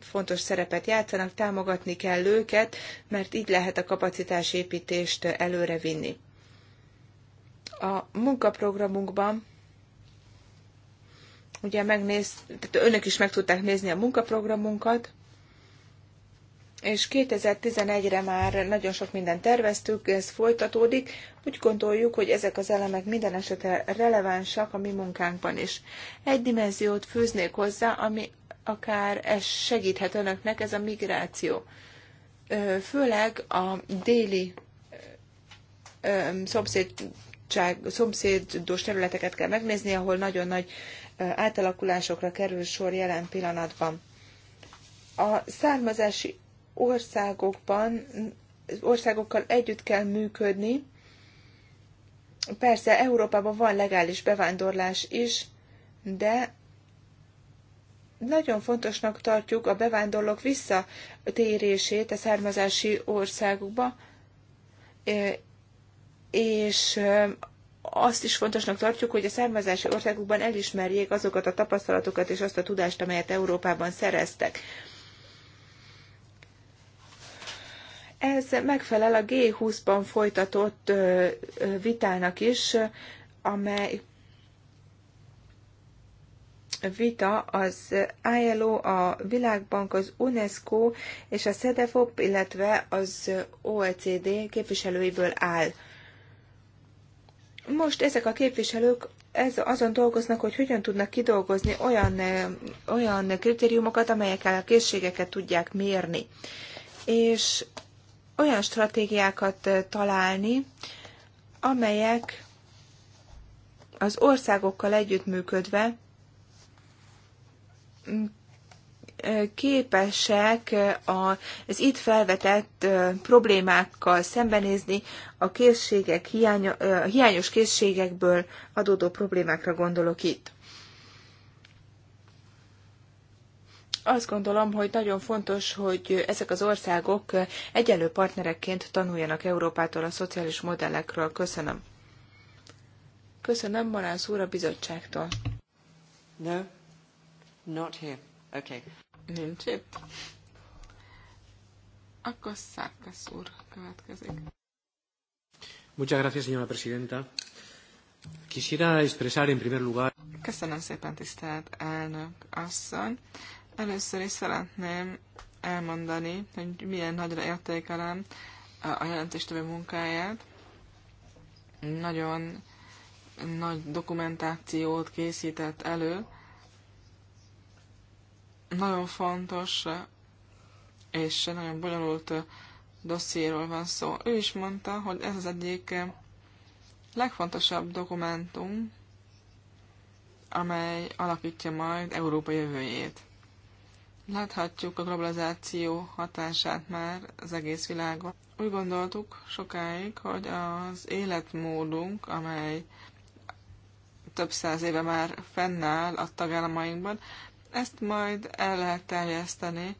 Speaker 4: fontos szerepet játszanak, támogatni kell őket, mert így lehet a kapacitásépítést előrevinni. A munkaprogramunkban ugye megnéz, tehát önök is meg tudták nézni a munkaprogramunkat, és 2011-re már nagyon sok mindent terveztük, ez folytatódik. Úgy gondoljuk, hogy ezek az elemek minden esetre relevánsak a mi munkánkban is. Egy dimenziót fűznék hozzá, ami akár ez segíthet önöknek, ez a migráció. Főleg a déli szomszédság, szomszédos területeket kell megnézni, ahol nagyon nagy átalakulásokra kerül sor jelen pillanatban. A származási országokban, országokkal együtt kell működni. Persze Európában van legális bevándorlás is, de nagyon fontosnak tartjuk a bevándorlók visszatérését a származási országukba, e, és e, azt is fontosnak tartjuk, hogy a származási országukban elismerjék azokat a tapasztalatokat és azt a tudást, amelyet Európában szereztek. Ez megfelel a G20-ban folytatott vitának is, amely vita az ILO, a Világbank, az UNESCO és a SEDEFOP, illetve az OECD képviselőiből áll. Most ezek a képviselők ez, azon dolgoznak, hogy hogyan tudnak kidolgozni olyan, olyan kritériumokat, amelyekkel a készségeket tudják mérni. És olyan stratégiákat találni, amelyek az országokkal együttműködve képesek az itt felvetett problémákkal szembenézni, a készségek hiányos készségekből adódó problémákra gondolok itt. azt gondolom, hogy nagyon fontos, hogy ezek az országok egyenlő partnerekként tanuljanak Európától a szociális modellekről. Köszönöm. Köszönöm, Maránsz úr, a bizottságtól.
Speaker 1: No, not here. Okay. Nincs itt.
Speaker 2: Akkor Szárkasz úr következik.
Speaker 1: Muchas gracias, señora presidenta. Quisiera expresar en primer lugar...
Speaker 2: Köszönöm szépen, tisztelt elnök asszony. Először is szeretném elmondani, hogy milyen nagyra értékelem a jelentéstevő munkáját. Nagyon nagy dokumentációt készített elő. Nagyon fontos és nagyon bonyolult dossziéról van szó. Ő is mondta, hogy ez az egyik legfontosabb dokumentum, amely alakítja majd Európa jövőjét. Láthatjuk a globalizáció hatását már az egész világon. Úgy gondoltuk sokáig, hogy az életmódunk, amely több száz éve már fennáll a tagállamainkban, ezt majd el lehet terjeszteni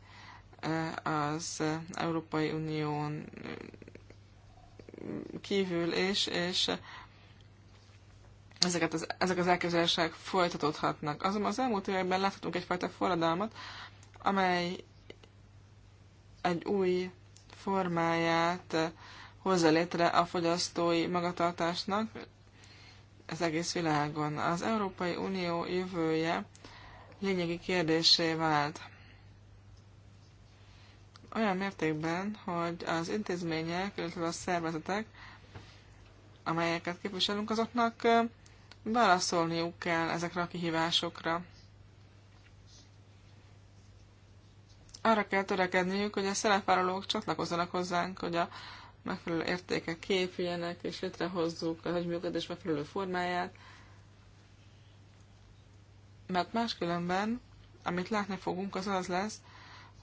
Speaker 2: eh, az Európai Unión kívül is, és ezeket az, ezek az elképzelések folytatódhatnak. Azonban az elmúlt években láthatunk egyfajta forradalmat, amely egy új formáját hozza létre a fogyasztói magatartásnak az egész világon. Az Európai Unió jövője lényegi kérdésé vált. Olyan mértékben, hogy az intézmények, illetve a szervezetek, amelyeket képviselünk, azoknak válaszolniuk kell ezekre a kihívásokra. arra kell törekedniük, hogy a szerepvállalók csatlakozzanak hozzánk, hogy a megfelelő értékek képüljenek, és létrehozzuk az együttműködés megfelelő formáját. Mert máskülönben, amit látni fogunk, az az lesz,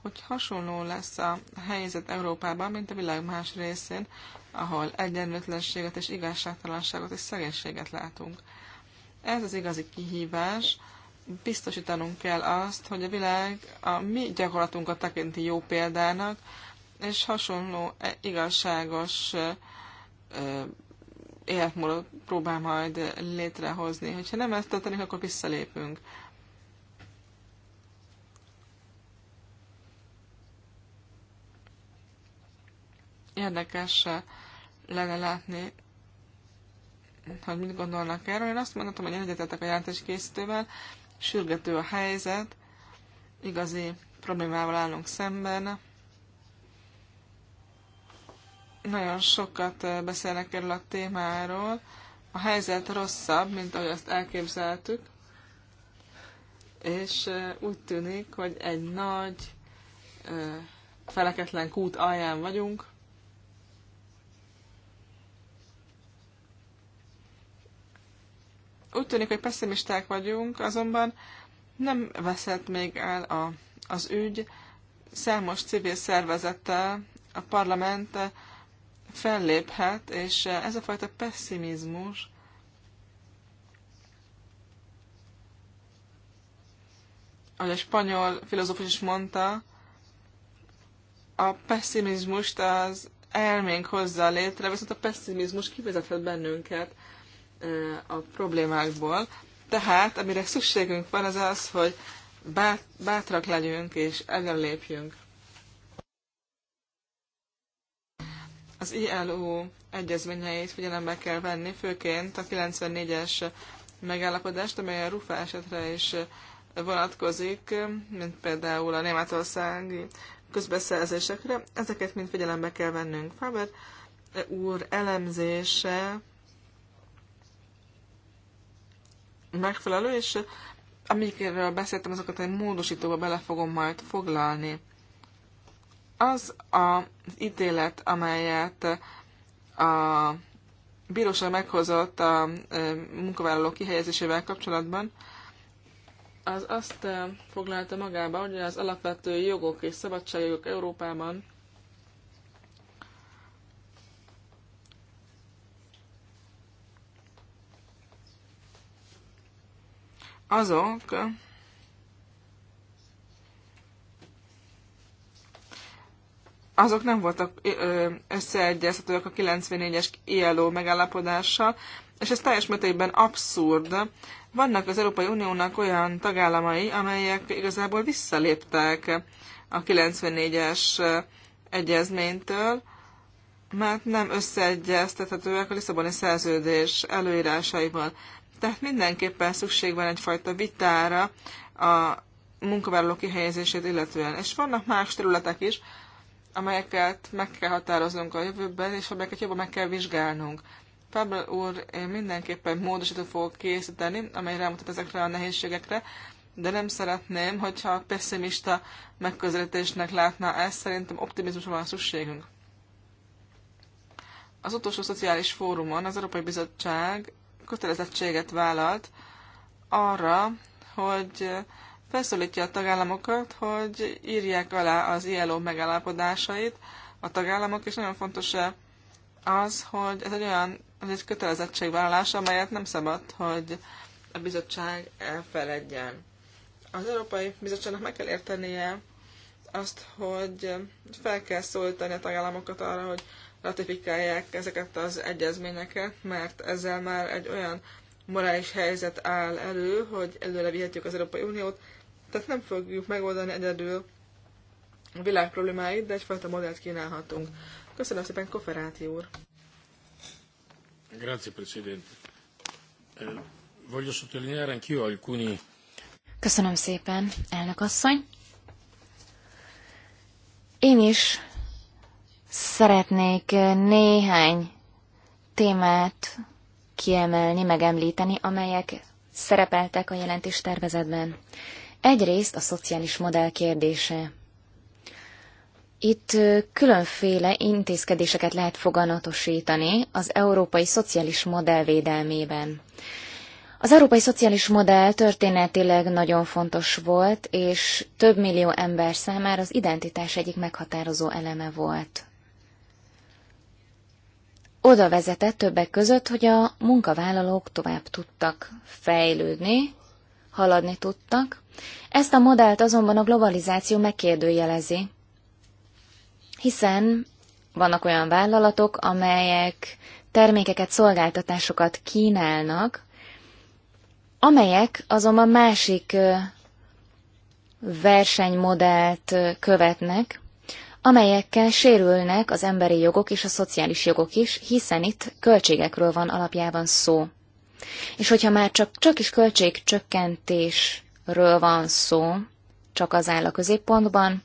Speaker 2: hogy hasonló lesz a helyzet Európában, mint a világ más részén, ahol egyenlőtlenséget és igazságtalanságot és szegénységet látunk. Ez az igazi kihívás, biztosítanunk kell azt, hogy a világ a mi gyakorlatunkat tekinti jó példának, és hasonló e, igazságos életmódot próbál majd létrehozni. Hogyha nem ezt történik, akkor visszalépünk. Érdekes lenne látni, hogy mit gondolnak erről. Én azt mondhatom, hogy egyetetek a készítővel, sürgető a helyzet, igazi problémával állunk szemben. Nagyon sokat eh, beszélnek erről a témáról. A helyzet rosszabb, mint ahogy azt elképzeltük, és eh, úgy tűnik, hogy egy nagy eh, feleketlen kút alján vagyunk, Úgy tűnik, hogy pessimisták vagyunk, azonban nem veszett még el a, az ügy. Számos civil szervezettel a parlament felléphet, és ez a fajta pessimizmus ahogy a spanyol filozófus is mondta, a pessimizmust az elménk hozza létre, viszont a pessimizmus kivezetett bennünket a problémákból. Tehát, amire szükségünk van, az az, hogy bátrak legyünk és előlépjünk. Az ILO egyezményeit figyelembe kell venni, főként a 94-es megállapodást, amely a RUFA esetre is vonatkozik, mint például a németországi közbeszerzésekre. Ezeket mind figyelembe kell vennünk. Faber úr elemzése megfelelő, és amikről beszéltem, azokat egy módosítóba bele fogom majd foglalni. Az a ítélet, amelyet a bíróság meghozott a munkavállalók kihelyezésével kapcsolatban, az azt foglalta magába, hogy az alapvető jogok és szabadságjogok Európában azok, azok nem voltak összeegyeztetőek a 94-es ILO megállapodással, és ez teljes mértékben abszurd. Vannak az Európai Uniónak olyan tagállamai, amelyek igazából visszaléptek a 94-es egyezménytől, mert nem összeegyeztethetőek a Lisszaboni szerződés előírásaival. Tehát mindenképpen szükség van egyfajta vitára a munkavállaló kihelyezését illetően. És vannak más területek is, amelyeket meg kell határoznunk a jövőben, és amelyeket jobban meg kell vizsgálnunk. Pablo úr, én mindenképpen módosító fogok készíteni, amely rámutat ezekre a nehézségekre, de nem szeretném, hogyha pessimista megközelítésnek látná ezt, szerintem optimizmusra van szükségünk. Az utolsó szociális fórumon az Európai Bizottság kötelezettséget vállalt arra, hogy felszólítja a tagállamokat, hogy írják alá az ILO megállapodásait a tagállamok, és nagyon fontos az, hogy ez egy olyan ez egy kötelezettségvállalás, amelyet nem szabad, hogy a bizottság elfeledjen. Az Európai Bizottságnak meg kell értenie azt, hogy fel kell szólítani a tagállamokat arra, hogy ratifikálják ezeket az egyezményeket, mert ezzel már egy olyan morális helyzet áll elő, hogy előre vihetjük az Európai Uniót, tehát nem fogjuk megoldani egyedül a világ problémáit, de egyfajta modellt kínálhatunk. Köszönöm szépen, Koferáti úr!
Speaker 5: Grazie, Presidente. Eh, voglio sottolineare anch'io alcuni...
Speaker 3: Köszönöm szépen, elnök asszony! Én is Szeretnék néhány témát kiemelni, megemlíteni, amelyek szerepeltek a jelentés tervezetben. Egyrészt a szociális modell kérdése. Itt különféle intézkedéseket lehet foganatosítani az európai szociális modell védelmében. Az európai szociális modell történetileg nagyon fontos volt, és több millió ember számára az identitás egyik meghatározó eleme volt oda vezetett többek között, hogy a munkavállalók tovább tudtak fejlődni, haladni tudtak. Ezt a modellt azonban a globalizáció megkérdőjelezi, hiszen vannak olyan vállalatok, amelyek termékeket, szolgáltatásokat kínálnak, amelyek azonban másik versenymodellt követnek, amelyekkel sérülnek az emberi jogok és a szociális jogok is, hiszen itt költségekről van alapjában szó. És hogyha már csak, csak is költségcsökkentésről van szó, csak az áll a középpontban,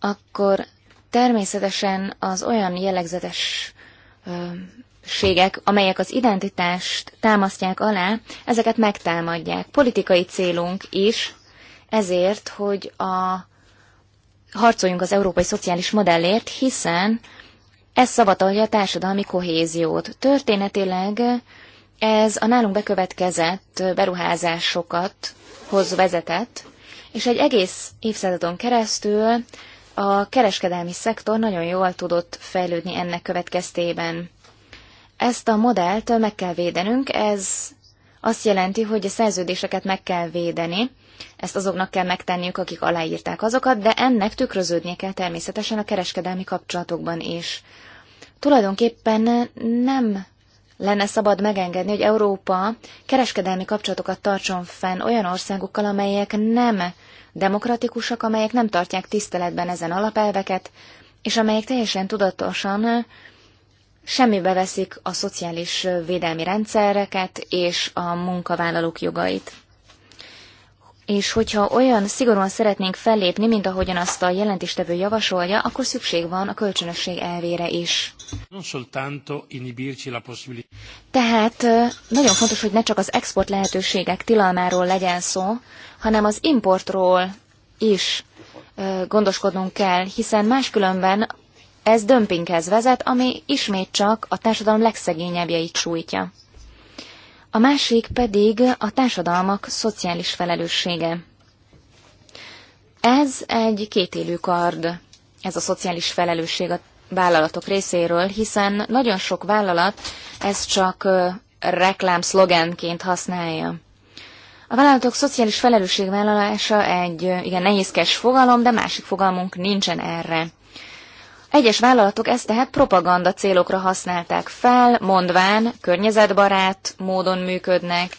Speaker 3: akkor természetesen az olyan jellegzetes ségek, amelyek az identitást támasztják alá, ezeket megtámadják. Politikai célunk is ezért, hogy a harcoljunk az európai szociális modellért, hiszen ez szavatolja a társadalmi kohéziót. Történetileg ez a nálunk bekövetkezett beruházásokat hoz vezetett, és egy egész évszázadon keresztül a kereskedelmi szektor nagyon jól tudott fejlődni ennek következtében. Ezt a modellt meg kell védenünk, ez azt jelenti, hogy a szerződéseket meg kell védeni, ezt azoknak kell megtenniük, akik aláírták azokat, de ennek tükröződnie kell természetesen a kereskedelmi kapcsolatokban is. Tulajdonképpen nem lenne szabad megengedni, hogy Európa kereskedelmi kapcsolatokat tartson fenn olyan országokkal, amelyek nem demokratikusak, amelyek nem tartják tiszteletben ezen alapelveket, és amelyek teljesen tudatosan semmibe veszik a szociális védelmi rendszereket és a munkavállalók jogait. És hogyha olyan szigorúan szeretnénk fellépni, mint ahogyan azt a jelentéstevő javasolja, akkor szükség van a kölcsönösség elvére is. Tehát nagyon fontos, hogy ne csak az export lehetőségek tilalmáról legyen szó, hanem az importról is gondoskodnunk kell, hiszen máskülönben ez dömpinghez vezet, ami ismét csak a társadalom legszegényebbjeit sújtja a másik pedig a társadalmak szociális felelőssége. Ez egy kétélű kard, ez a szociális felelősség a vállalatok részéről, hiszen nagyon sok vállalat ezt csak reklámszlogenként használja. A vállalatok szociális felelősségvállalása egy igen nehézkes fogalom, de másik fogalmunk nincsen erre. Egyes vállalatok ezt tehát propaganda célokra használták fel, mondván környezetbarát módon működnek,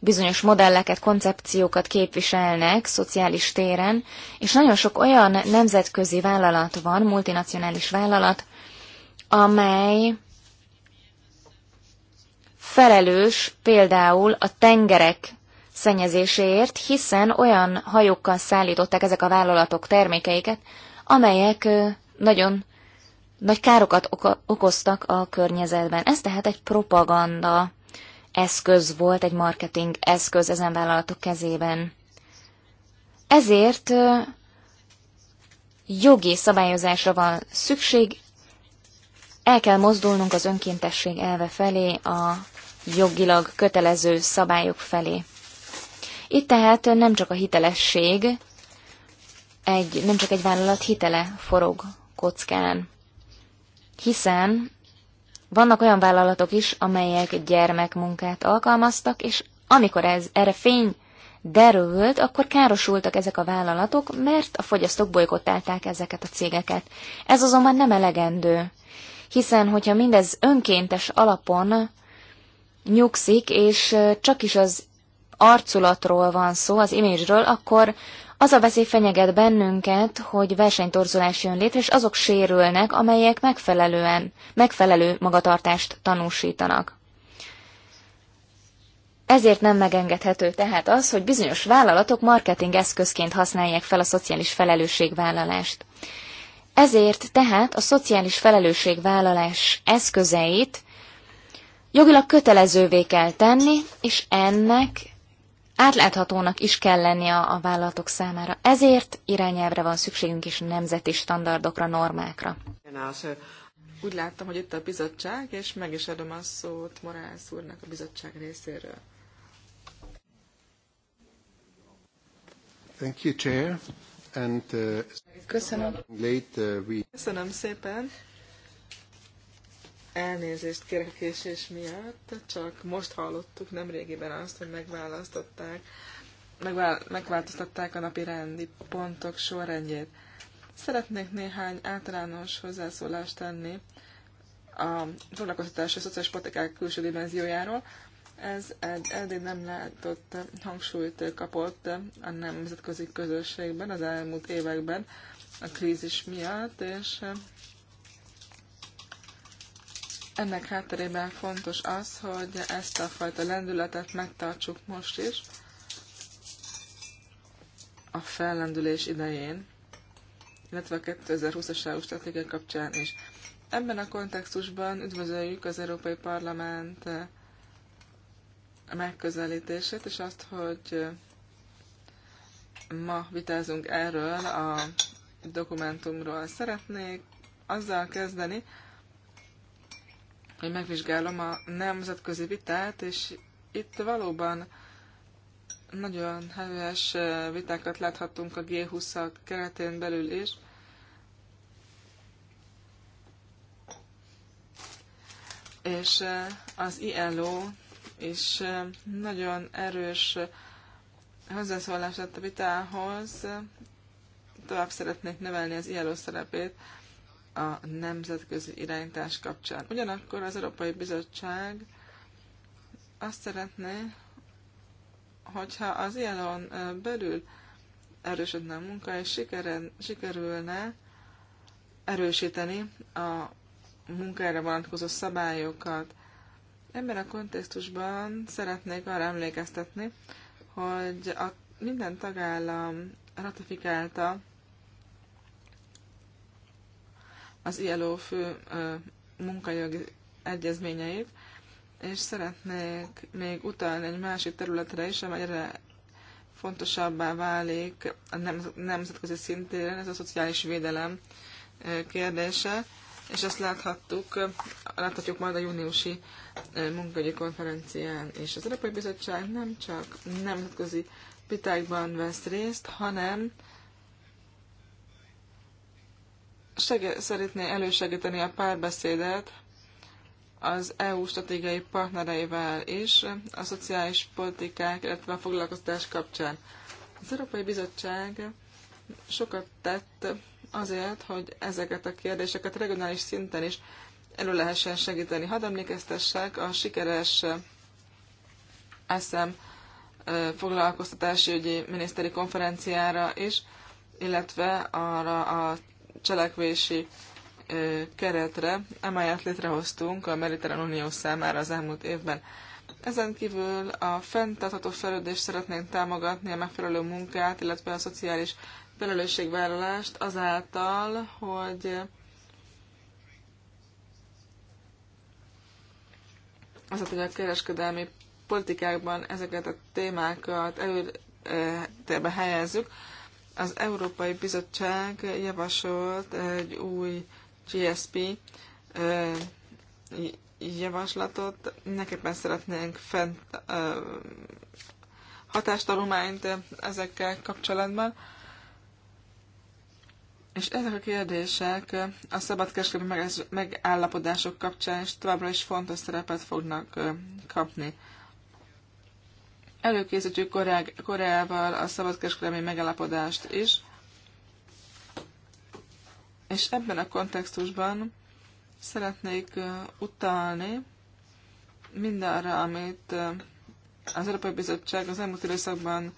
Speaker 3: bizonyos modelleket, koncepciókat képviselnek szociális téren, és nagyon sok olyan nemzetközi vállalat van, multinacionális vállalat, amely felelős például a tengerek szennyezéséért, hiszen olyan hajókkal szállították ezek a vállalatok termékeiket, amelyek nagyon nagy károkat okoztak a környezetben. Ez tehát egy propaganda eszköz volt, egy marketing eszköz ezen vállalatok kezében. Ezért jogi szabályozásra van szükség, el kell mozdulnunk az önkéntesség elve felé, a jogilag kötelező szabályok felé. Itt tehát nem csak a hitelesség, egy, nem csak egy vállalat hitele forog kockán hiszen vannak olyan vállalatok is, amelyek gyermekmunkát alkalmaztak, és amikor ez, erre fény derült, akkor károsultak ezek a vállalatok, mert a fogyasztók bolygottálták ezeket a cégeket. Ez azonban nem elegendő, hiszen hogyha mindez önkéntes alapon nyugszik, és csak is az arculatról van szó, az imézsről, akkor az a veszély fenyeget bennünket, hogy versenytorzulás jön létre, és azok sérülnek, amelyek megfelelően, megfelelő magatartást tanúsítanak. Ezért nem megengedhető tehát az, hogy bizonyos vállalatok marketing eszközként használják fel a szociális felelősségvállalást. Ezért tehát a szociális felelősségvállalás eszközeit jogilag kötelezővé kell tenni, és ennek átláthatónak is kell lennie a, a vállalatok számára. Ezért irányelvre van szükségünk is nemzeti standardokra, normákra.
Speaker 2: Úgy láttam, hogy itt a bizottság, és meg is adom a szót Morász úrnak a bizottság részéről.
Speaker 5: Thank you, Chair. And, uh, Köszönöm. Late, uh, we...
Speaker 2: Köszönöm szépen. Elnézést kérek a késés miatt, csak most hallottuk nem régiben azt, hogy megválasztották, megvál, megváltoztatták a napi rendi pontok sorrendjét. Szeretnék néhány általános hozzászólást tenni a foglalkoztatási szociális politikák külső dimenziójáról. Ez egy eddig nem látott hangsúlyt kapott a nemzetközi közösségben az elmúlt években a krízis miatt, és ennek hátterében fontos az, hogy ezt a fajta lendületet megtartsuk most is, a fellendülés idején, illetve a 2020-as EU stratégia kapcsán is. Ebben a kontextusban üdvözöljük az Európai Parlament megközelítését, és azt, hogy ma vitázunk erről a dokumentumról. Szeretnék azzal kezdeni, hogy megvizsgálom a nemzetközi vitát, és itt valóban nagyon heves eh, vitákat láthattunk a g 20 keretén belül is. És eh, az ILO is eh, nagyon erős hozzászólást tett a vitához. Tovább szeretnék növelni az ILO szerepét a nemzetközi irányítás kapcsán. Ugyanakkor az Európai Bizottság azt szeretné, hogyha az ilyen belül erősödne a munka, és sikeren, sikerülne erősíteni a munkára vonatkozó szabályokat. Ebben a kontextusban szeretnék arra emlékeztetni, hogy a minden tagállam ratifikálta az ILO fő munkajogi egyezményeit, és szeretnék még utalni egy másik területre is, amelyre fontosabbá válik a nemzetközi szintéren, ez a szociális védelem kérdése, és ezt láthattuk, láthatjuk majd a júniusi munkahogyi konferencián. És az Európai Bizottság nem csak nemzetközi vitákban vesz részt, hanem szeretné elősegíteni a párbeszédet az EU stratégiai partnereivel is a szociális politikák, illetve a foglalkoztatás kapcsán. Az Európai Bizottság sokat tett azért, hogy ezeket a kérdéseket regionális szinten is elő lehessen segíteni. Hadd emlékeztessek a sikeres eszem foglalkoztatási ügyi miniszteri konferenciára is, illetve arra a cselekvési keretre, amelyet létrehoztunk a Mediterrán Unió számára az elmúlt évben. Ezen kívül a fenntartható fejlődést szeretnénk támogatni, a megfelelő munkát, illetve a szociális felelősségvállalást azáltal, hogy az hogy a kereskedelmi politikákban ezeket a témákat előtérbe helyezzük, az Európai Bizottság javasolt egy új GSP javaslatot. Neképpen szeretnénk fent hatástalományt ezekkel kapcsolatban. És ezek a kérdések a szabadkereskedelmi megállapodások kapcsán is továbbra is fontos szerepet fognak kapni. Előkészítjük Koreával a szabadkereskedelmi megállapodást is, és ebben a kontextusban szeretnék utalni mindarra, amit az Európai Bizottság az elmúlt időszakban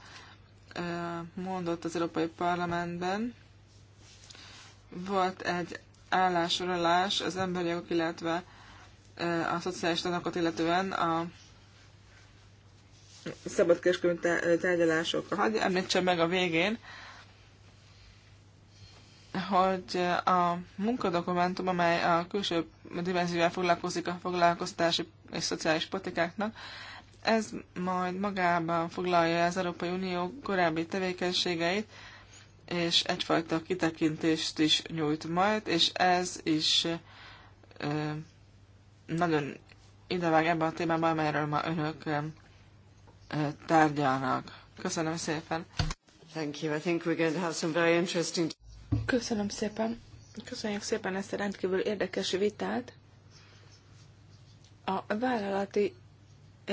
Speaker 2: mondott az Európai Parlamentben. Volt egy állásorolás az emberi jogok, illetve a szociális tanokat illetően a szabadkereskedelmi tárgyalásokra. Hadd említsem meg a végén, hogy a munkadokumentum, amely a külső dimenzióval foglalkozik a foglalkoztatási és szociális politikáknak, ez majd magában foglalja az Európai Unió korábbi tevékenységeit, és egyfajta kitekintést is nyújt majd, és ez is ö, nagyon idevág ebben a témában, amelyről ma önök tárgyalnak. Köszönöm
Speaker 1: szépen. Thank you. I think we're going to have some very interesting...
Speaker 2: Köszönöm szépen.
Speaker 4: Köszönjük szépen ezt a rendkívül érdekes vitát. A vállalati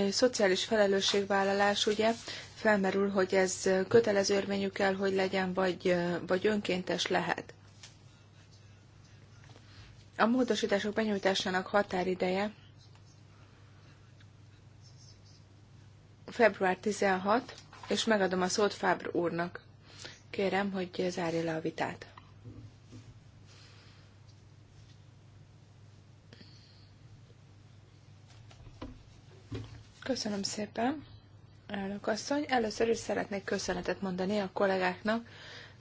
Speaker 4: szociális felelősségvállalás ugye felmerül, hogy ez kötelező érvényű kell, hogy legyen, vagy, vagy önkéntes lehet. A módosítások benyújtásának határideje február 16, és megadom a szót Fábr úrnak. Kérem, hogy zárja le a vitát. Köszönöm szépen, elnök asszony. Először is szeretnék köszönetet mondani a kollégáknak.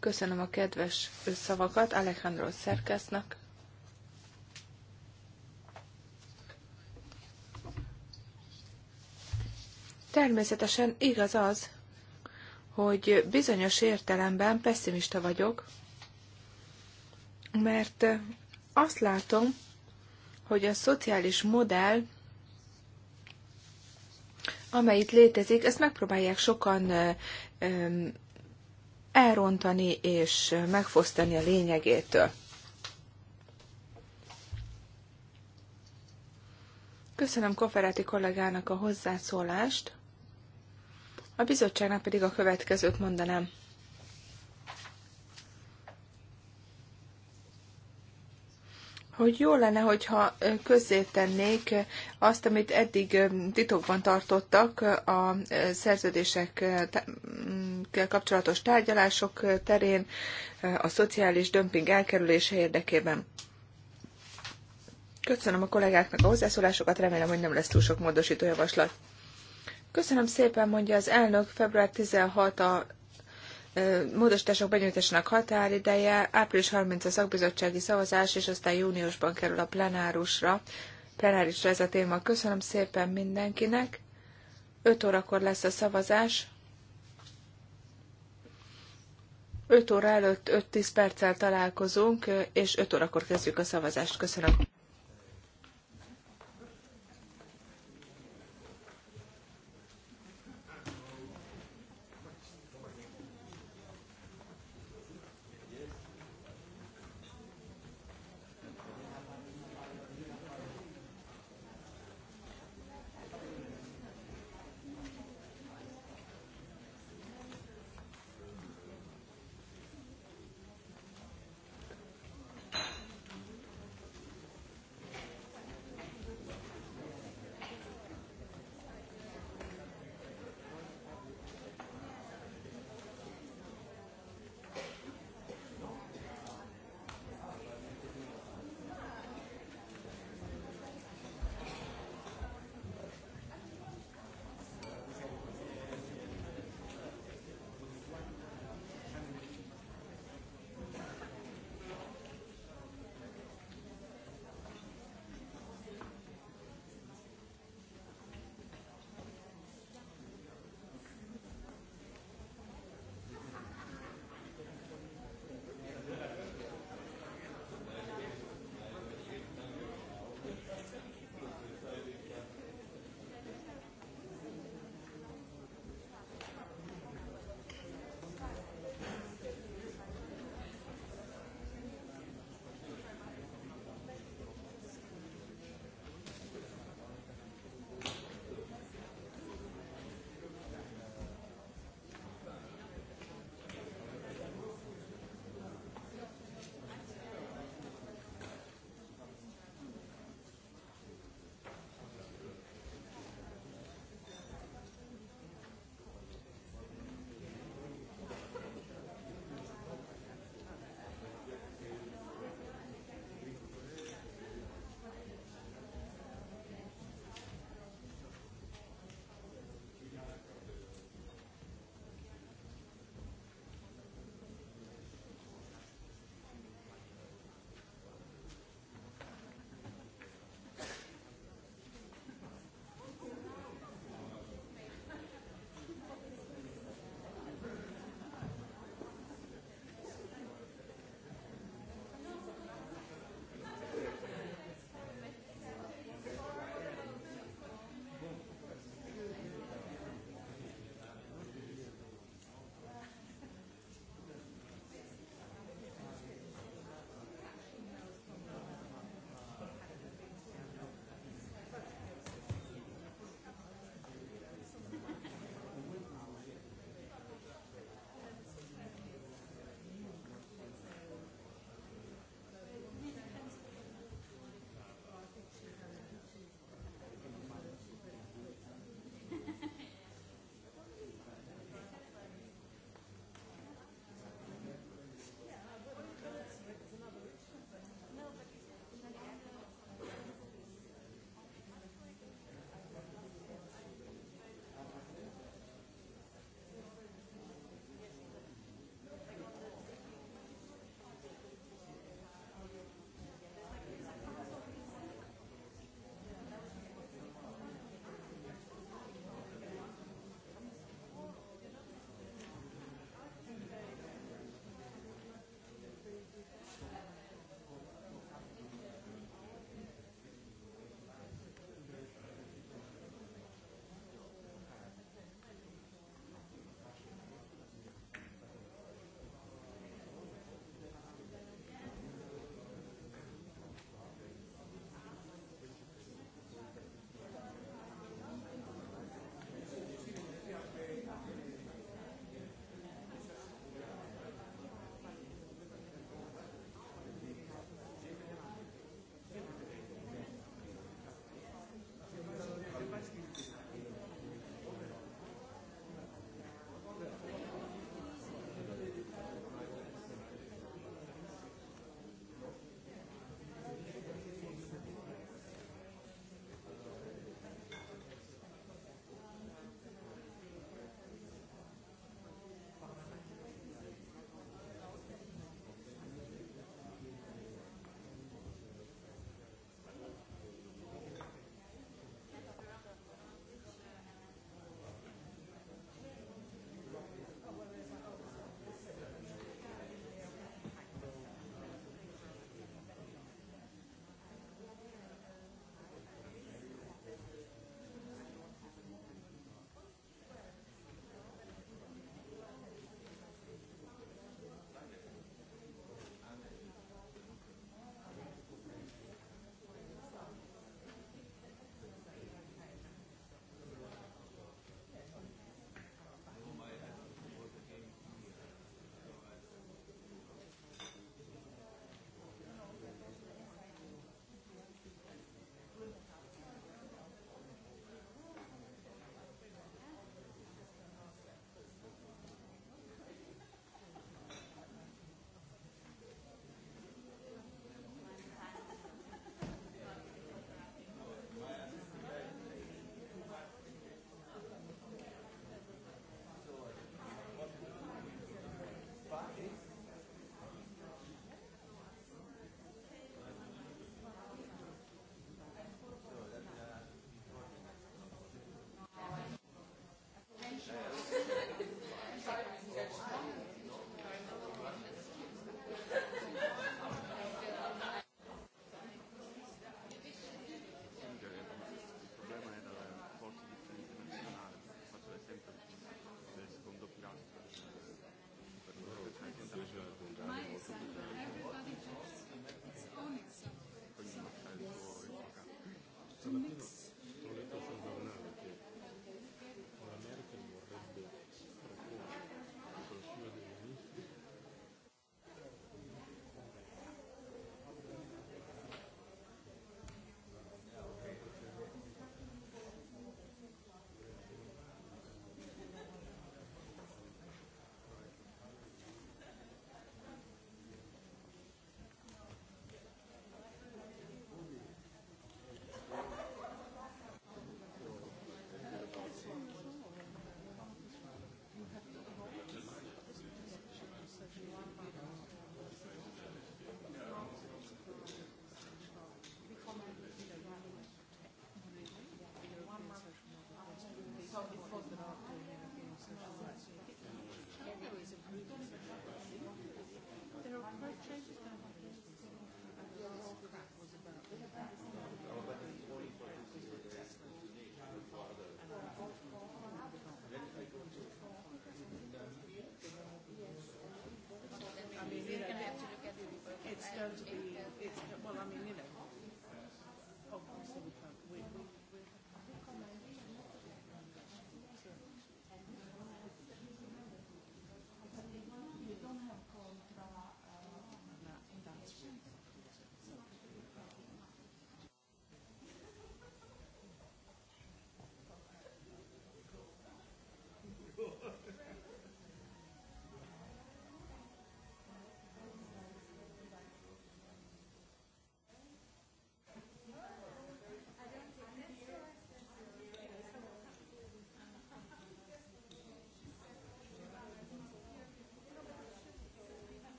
Speaker 4: Köszönöm a kedves szavakat Alejandro Szerkesznek, Természetesen igaz az, hogy bizonyos értelemben pessimista vagyok, mert azt látom, hogy a szociális modell, amely itt létezik, ezt megpróbálják sokan elrontani és megfosztani a lényegétől. Köszönöm Koferáti kollégának a hozzászólást. A bizottságnak pedig a következőt mondanám. hogy jó lenne, hogyha közzétennék azt, amit eddig titokban tartottak a szerződésekkel kapcsolatos tárgyalások terén a szociális dömping elkerülése érdekében. Köszönöm a kollégáknak a hozzászólásokat, remélem, hogy nem lesz túl sok módosító javaslat. Köszönöm szépen, mondja az elnök, február 16 a módosítások benyújtásának határideje, április 30 a szakbizottsági szavazás, és aztán júniusban kerül a plenárusra. Plenárisra ez a téma. Köszönöm szépen mindenkinek. 5 órakor lesz a szavazás. 5 óra előtt 5-10 perccel találkozunk, és 5 órakor kezdjük a szavazást. Köszönöm.
Speaker 1: don't be. It's, well, I mean,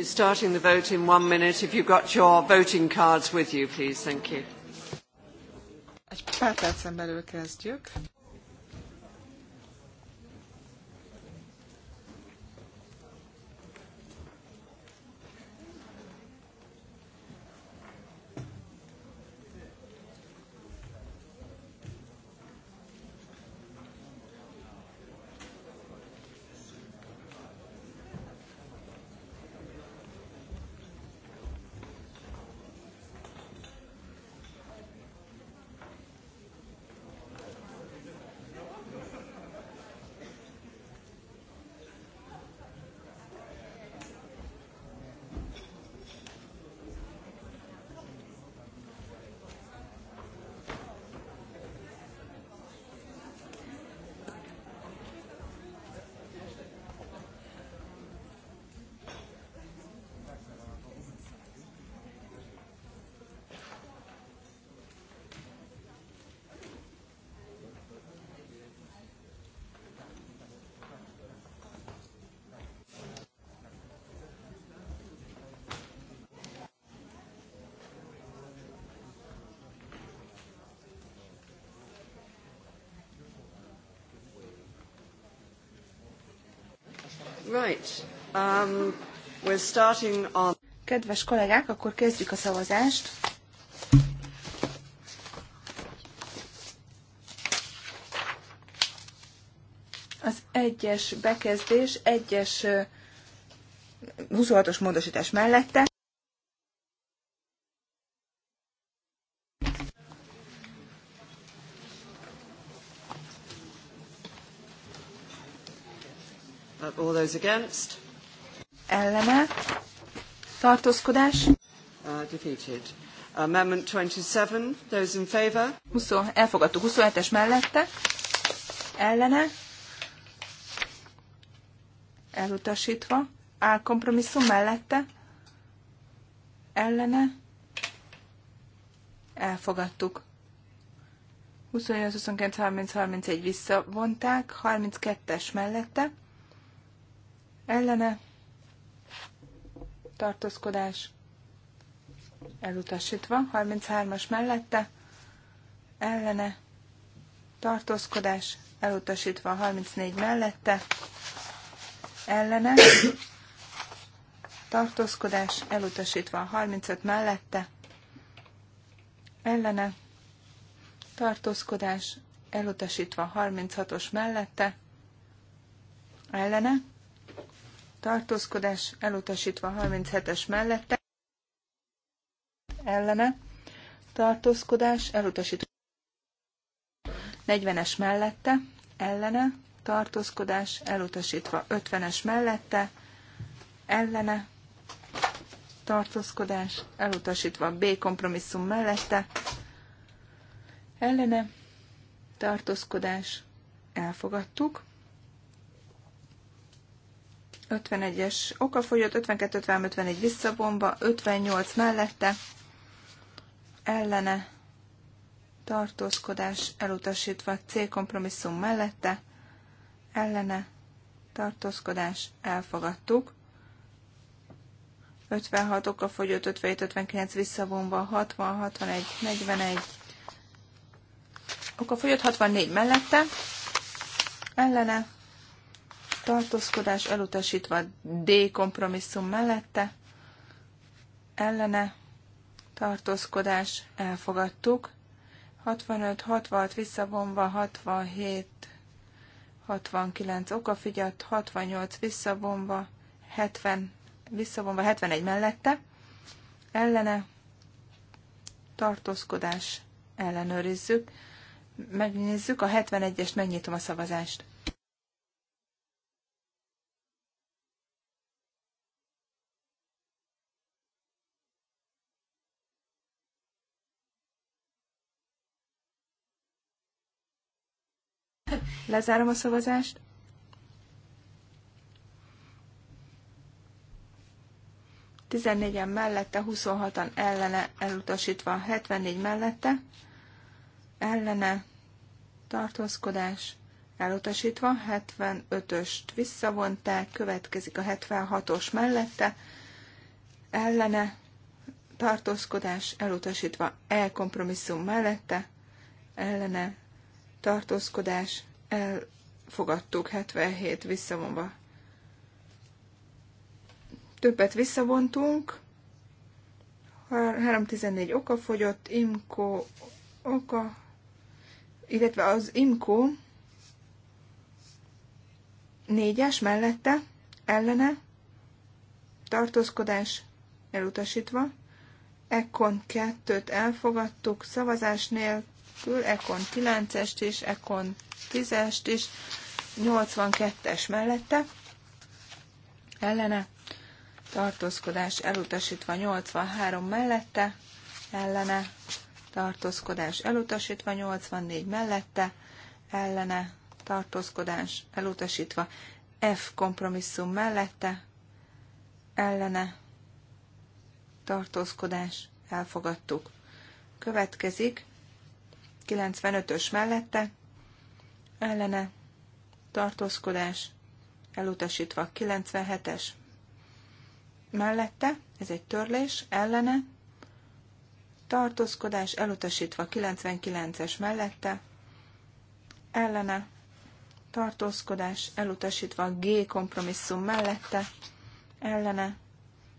Speaker 1: be starting the vote in one minute. If you've got your voting cards with you, please. Thank you.
Speaker 2: Egy pár percen belül kezdjük.
Speaker 1: Right. Um, we're starting
Speaker 4: on... Kedves kollégák, akkor kezdjük a szavazást. Az egyes bekezdés, egyes 26-os módosítás mellette,
Speaker 1: Those against? Ellene.
Speaker 4: Tartózkodás.
Speaker 1: Uh, defeated. Amendment 27, those in favor? 20, elfogadtuk 27-es mellette. Ellene.
Speaker 4: Elutasítva. Álkompromisszum mellette. Ellene. Elfogadtuk. 28, 29, 30, 31 visszavonták, 32-es mellette ellene tartózkodás elutasítva, 33-as mellette ellene tartózkodás elutasítva, 34 mellette ellene tartózkodás elutasítva, 35 mellette ellene tartózkodás elutasítva, 36-os mellette ellene tartózkodás elutasítva 37-es mellette, ellene, tartózkodás elutasítva 40-es mellette, ellene, tartózkodás elutasítva 50-es mellette, ellene, tartózkodás elutasítva B kompromisszum mellette, ellene, tartózkodás elfogadtuk. 51-es okafogyott, 52-53-54 visszabomba, 58 mellette, ellene, tartózkodás elutasítva, C kompromisszum mellette, ellene, tartózkodás elfogadtuk. 56 oka fogyott, 57-59 visszavonva, 60, 61, 41, fogyott, 64 mellette, ellene, tartózkodás elutasítva D kompromisszum mellette, ellene tartózkodás elfogadtuk, 65-66 visszavonva, 67 69 okafigyat, 68 visszavonva, 70 visszavonva, 71 mellette, ellene tartózkodás ellenőrizzük, megnézzük, a 71-est megnyitom a szavazást. Lezárom a szavazást. Tizennégyen mellette, 26-an ellene, elutasítva 74 mellette, ellene, tartózkodás, elutasítva, 75-öst visszavonták, következik a 76-os mellette, ellene, tartózkodás, elutasítva, elkompromisszum mellette, ellene, tartózkodás, elfogadtuk 77 visszavonva. Többet visszavontunk, 314 oka fogyott, Imko oka, illetve az Imko négyes mellette, ellene, tartózkodás elutasítva, Ekon 2-t elfogadtuk, szavazás nélkül Ekon 9-est és ekon 10-est is, 82-es mellette, ellene, tartózkodás elutasítva 83 mellette, ellene, tartózkodás elutasítva 84 mellette, ellene, tartózkodás elutasítva F kompromisszum mellette, ellene, tartózkodás elfogadtuk. Következik 95-ös mellette, ellene, tartózkodás, elutasítva 97-es mellette, ez egy törlés, ellene, tartózkodás, elutasítva 99-es mellette, ellene, tartózkodás, elutasítva G kompromisszum mellette, ellene,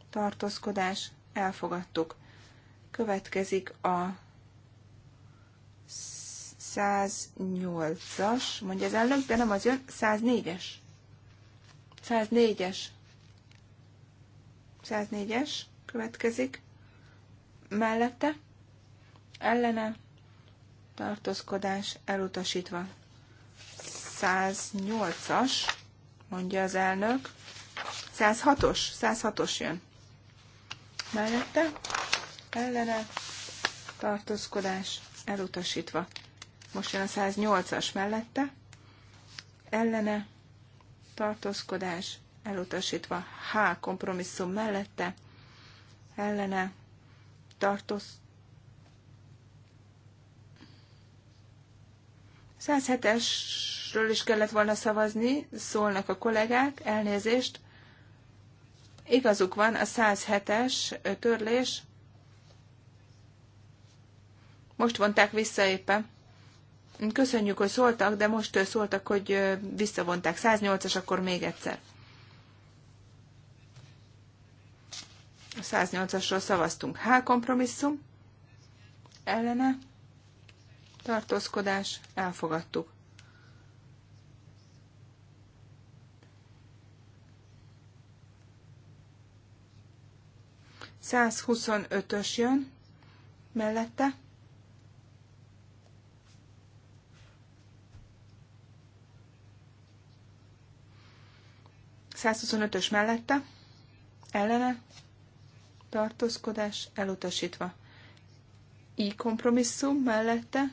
Speaker 4: tartózkodás, elfogadtuk. Következik a 108-as, mondja az elnök, de nem az jön, 104-es. 104-es. 104-es következik. Mellette ellene tartózkodás elutasítva. 108-as, mondja az elnök. 106-os, 106-os jön. Mellette ellene tartózkodás elutasítva. Most jön a 108-as mellette. Ellene tartózkodás elutasítva. H kompromisszum mellette. Ellene tartóz. 107-esről is kellett volna szavazni, szólnak a kollégák, elnézést. Igazuk van, a 107-es törlés most vonták vissza éppen. Köszönjük, hogy szóltak, de most szóltak, hogy visszavonták 108-as, akkor még egyszer. A 108-asról szavaztunk. H kompromisszum, ellene, tartózkodás, elfogadtuk. Száz ös jön mellette 125-ös mellette, ellene, tartózkodás elutasítva. I kompromisszum mellette,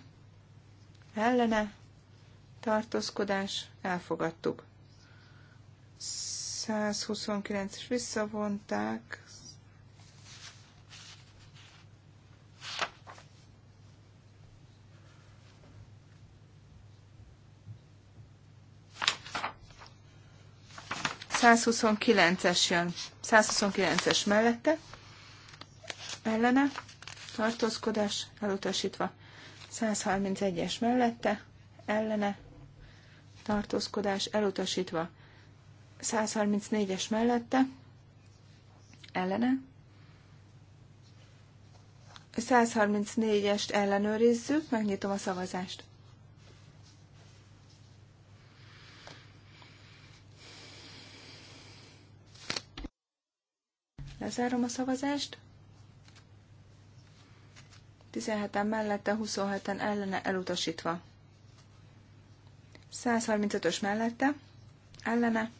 Speaker 4: ellene, tartózkodás elfogadtuk. 129 es visszavonták, 129-es jön. 129-es mellette. Ellene. Tartózkodás elutasítva. 131-es mellette. Ellene. Tartózkodás elutasítva. 134-es mellette. Ellene. 134-est ellenőrizzük, megnyitom a szavazást. Lezárom a szavazást. 17-en mellette, 27-en ellene elutasítva. 135-ös mellette, ellene,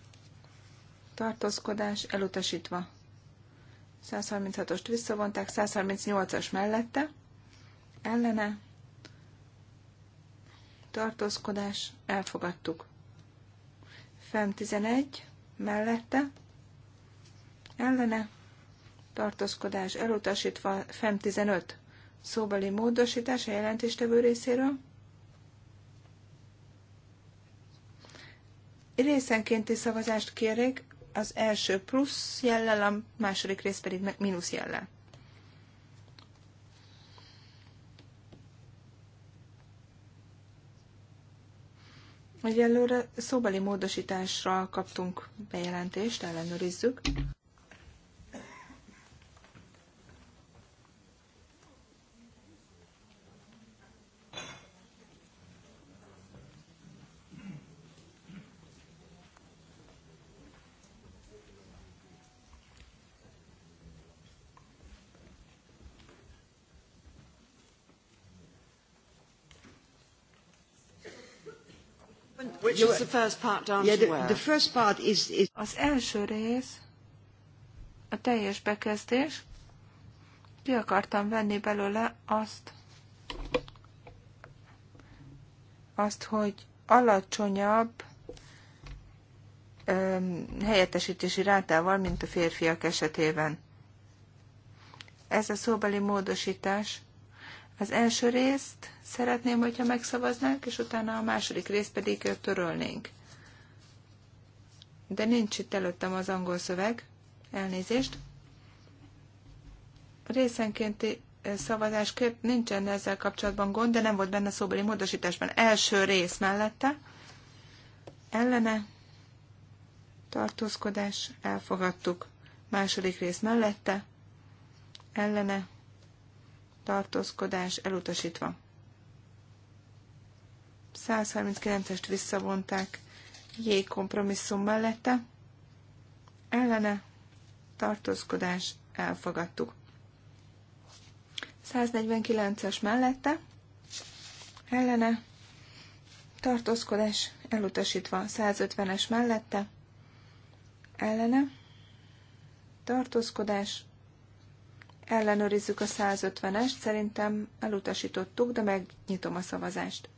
Speaker 4: tartózkodás elutasítva. 136-ost visszavonták, 138-as mellette, ellene, tartózkodás, elfogadtuk. Fem 11, mellette, ellene, tartózkodás elutasítva, FEM 15 szóbeli módosítás a jelentéstevő részéről. Részenkénti szavazást kérek, az első plusz jellel, a második rész pedig mínusz jellel. Egyelőre szóbeli módosításra kaptunk bejelentést, ellenőrizzük.
Speaker 1: which is the first part yeah, the, The
Speaker 4: first part is, is az első rész, a teljes bekezdés, ki akartam venni belőle azt, azt, hogy alacsonyabb um, helyettesítési rátával, mint a férfiak esetében. Ez a szóbeli módosítás az első részt szeretném, hogyha megszavaznánk, és utána a második részt pedig törölnénk. De nincs itt előttem az angol szöveg. Elnézést. Részenkénti szavazás nincsen ezzel kapcsolatban gond, de nem volt benne szóbeli módosításban. Első rész mellette ellene tartózkodás elfogadtuk. Második rész mellette ellene tartózkodás elutasítva. 139-est visszavonták J kompromisszum mellette, ellene tartózkodás elfogadtuk. 149-es mellette, ellene tartózkodás elutasítva. 150-es mellette, ellene tartózkodás Ellenőrizzük a 150-est, szerintem elutasítottuk, de megnyitom a szavazást.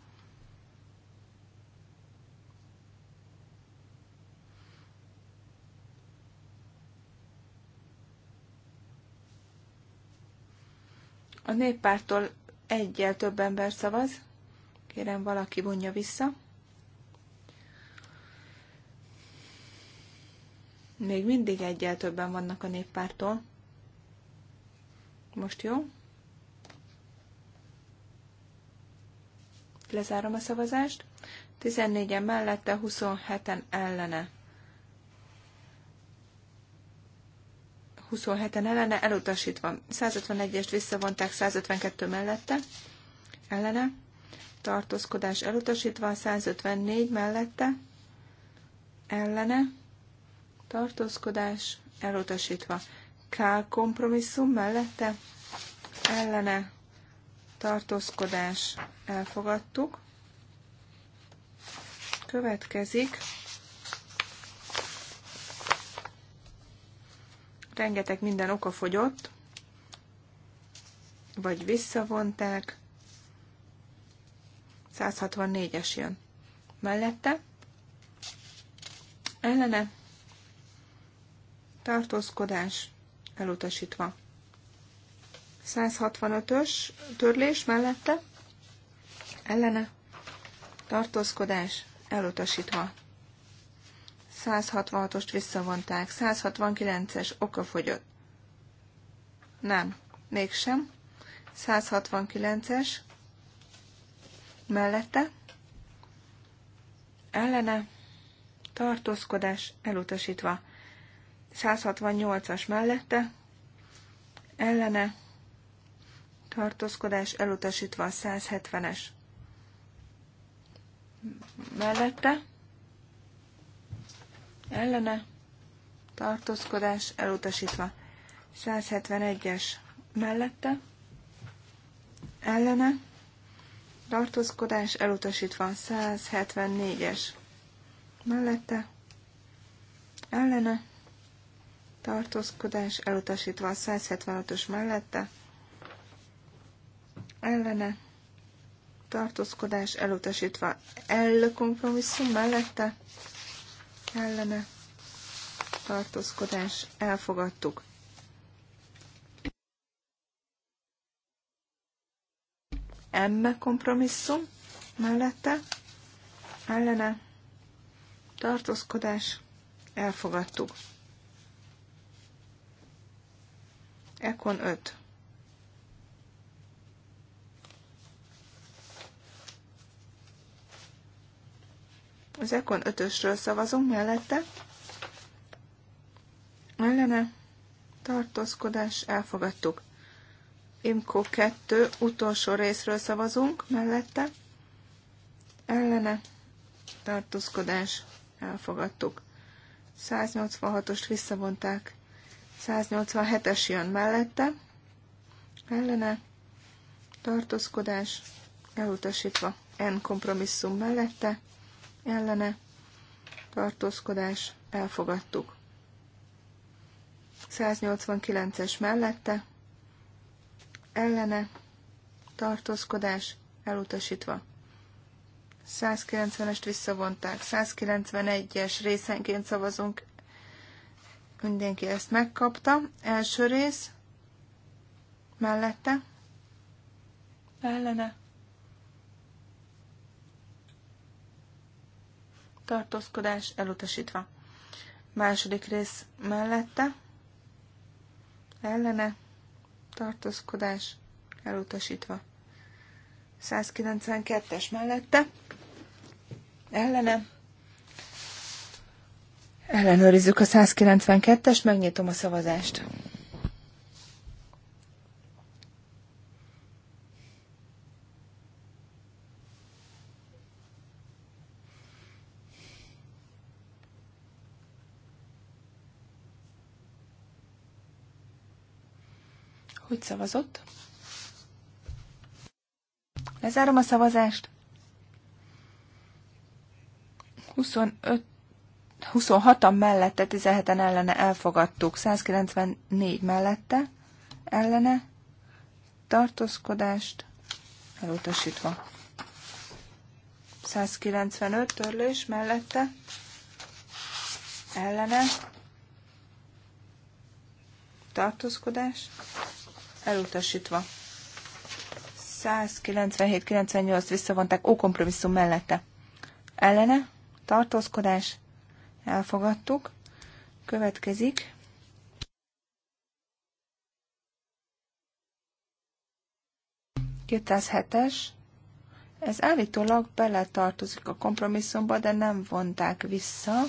Speaker 4: A néppártól egyel több ember szavaz. Kérem, valaki vonja vissza. Még mindig egyel többen vannak a néppártól. Most jó? Lezárom a szavazást. 14-en mellette, 27-en ellene. 27-en ellene, elutasítva. 151-est visszavonták, 152 mellette, ellene. Tartózkodás elutasítva, 154 mellette, ellene. Tartózkodás elutasítva. K kompromisszum mellette ellene tartózkodás elfogadtuk. Következik rengeteg minden oka fogyott, vagy visszavonták. 164-es jön. Mellette ellene tartózkodás elutasítva. 165-ös törlés mellette, ellene, tartózkodás, elutasítva. 166-ost visszavonták, 169-es okafogyott. Nem, mégsem. 169-es mellette, ellene, tartózkodás, elutasítva. 168-as mellette, ellene, tartózkodás elutasítva 170-es mellette, ellene, tartózkodás elutasítva 171-es mellette, ellene, tartózkodás elutasítva 174-es mellette, ellene, tartózkodás elutasítva a 176-os mellette, ellene tartózkodás elutasítva el kompromisszum mellette, ellene tartózkodás elfogadtuk. M kompromisszum mellette, ellene tartózkodás elfogadtuk. Ekon 5. Az Ekon 5-ösről szavazunk mellette. Ellene tartózkodás elfogadtuk. Imko 2 utolsó részről szavazunk mellette. Ellene tartózkodás elfogadtuk. 186-ost visszavonták. 187-es jön mellette, ellene, tartózkodás, elutasítva, N kompromisszum mellette, ellene, tartózkodás, elfogadtuk. 189-es mellette, ellene, tartózkodás, elutasítva. 190-est visszavonták, 191-es részenként szavazunk Mindenki ezt megkapta. Első rész. Mellette. Ellene. Tartózkodás elutasítva. Második rész mellette. Ellene. Tartózkodás elutasítva. 192-es mellette. Ellene Ellenőrizzük a 192-est, megnyitom a szavazást. Hogy szavazott? Lezárom a szavazást. 25 26-an mellette, 17-en ellene elfogadtuk, 194 mellette, ellene, tartózkodást elutasítva. 195 törlés mellette, ellene, tartózkodás elutasítva. 197-98 visszavonták ókompromisszum mellette. Ellene, tartózkodás elfogadtuk. Következik es ez állítólag beletartozik a kompromisszumba, de nem vonták vissza,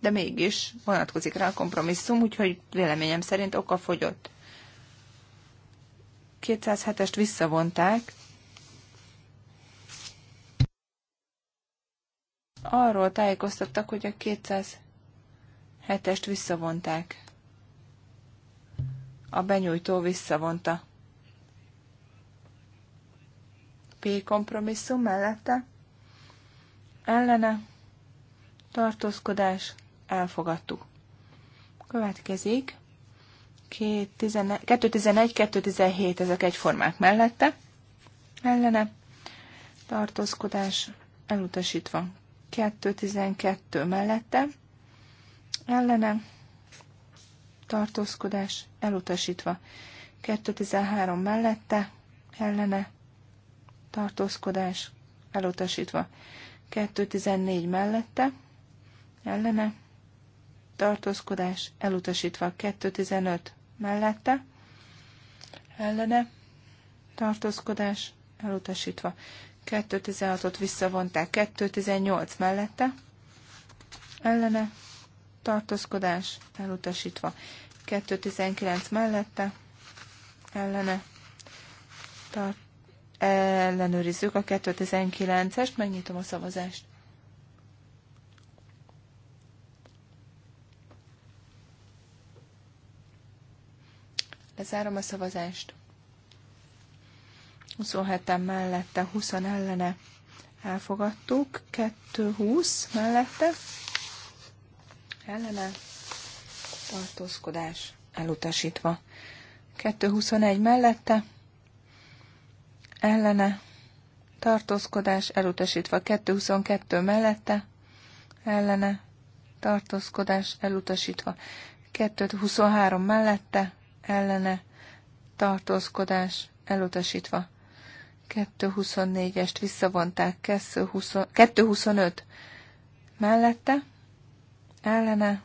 Speaker 4: de mégis vonatkozik rá a kompromisszum, úgyhogy véleményem szerint oka fogyott. 207-est visszavonták, arról tájékoztattak, hogy a 207-est visszavonták. A benyújtó visszavonta. P kompromisszum mellette. Ellene. Tartózkodás. Elfogadtuk. Következik. 2.11-2.17 ezek egyformák mellette. Ellene. Tartózkodás elutasítva. 2.12 mellette, ellene, tartózkodás elutasítva. 2.13 mellette, ellene, tartózkodás elutasítva. 2.14 mellette, ellene, tartózkodás elutasítva. 2.15 mellette, ellene, tartózkodás elutasítva. 2016 ot visszavonták, 2018 mellette, ellene, tartózkodás, elutasítva, 2019 mellette, ellene, tart, ellenőrizzük a 2019 est megnyitom a szavazást. Lezárom a szavazást. 27-en mellette, 20 ellene elfogadtuk, 2-20 mellette, ellene tartózkodás elutasítva. 2-21 mellette, ellene tartózkodás elutasítva. 2-22 mellette, ellene tartózkodás elutasítva. 2-23 mellette, ellene tartózkodás elutasítva. 224-est visszavonták, 225 mellette, ellene,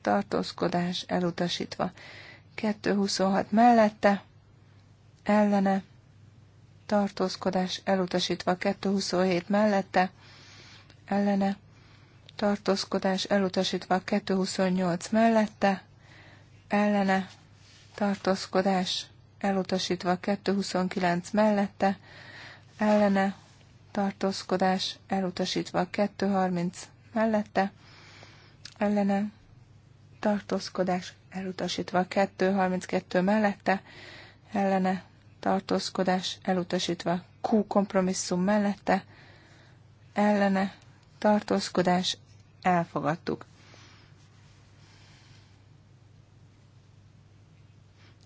Speaker 4: tartózkodás elutasítva. 226 mellette, ellene, tartózkodás elutasítva. 227 mellette, ellene, tartózkodás elutasítva. 228 mellette, ellene, tartózkodás elutasítva 229 mellette, ellene tartózkodás elutasítva 230 mellette, ellene tartózkodás elutasítva 232 mellette, ellene tartózkodás elutasítva Q kompromisszum mellette, ellene tartózkodás elfogadtuk.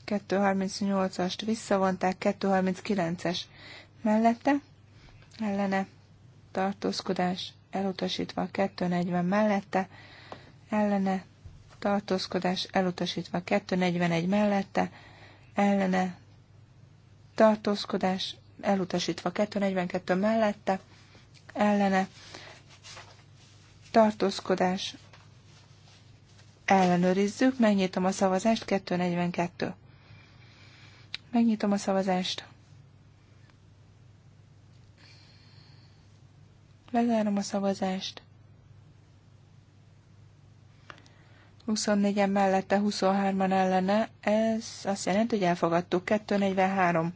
Speaker 4: 238-ast visszavonták, 239-es mellette, ellene tartózkodás elutasítva, 240 mellette, ellene tartózkodás elutasítva, 241 mellette, ellene tartózkodás elutasítva, 242 mellette, ellene tartózkodás ellenőrizzük, megnyitom a szavazást, 242. Megnyitom a szavazást. Lezárom a szavazást. 24-en mellette, 23-an ellene, ez azt jelenti, hogy elfogadtuk. 243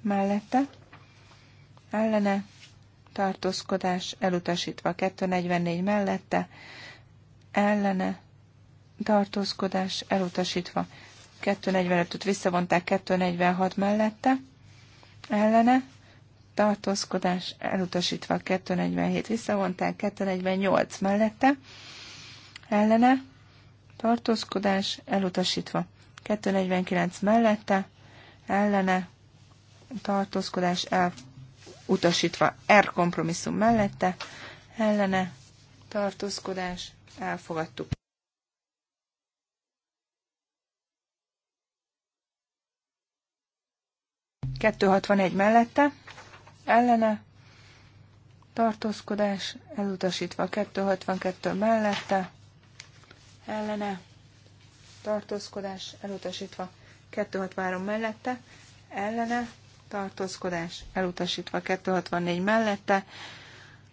Speaker 4: mellette, ellene, tartózkodás elutasítva. 244 mellette, ellene, tartózkodás elutasítva. 245-öt visszavonták 246 mellette, ellene, tartózkodás elutasítva 247 visszavonták 248 mellette, ellene, tartózkodás elutasítva 249 mellette, ellene, tartózkodás elutasítva R kompromisszum mellette, ellene, tartózkodás elfogadtuk. 261 mellette, ellene, tartózkodás, elutasítva 262 mellette, ellene, tartózkodás, elutasítva 263 mellette, ellene, tartózkodás, elutasítva 264 mellette,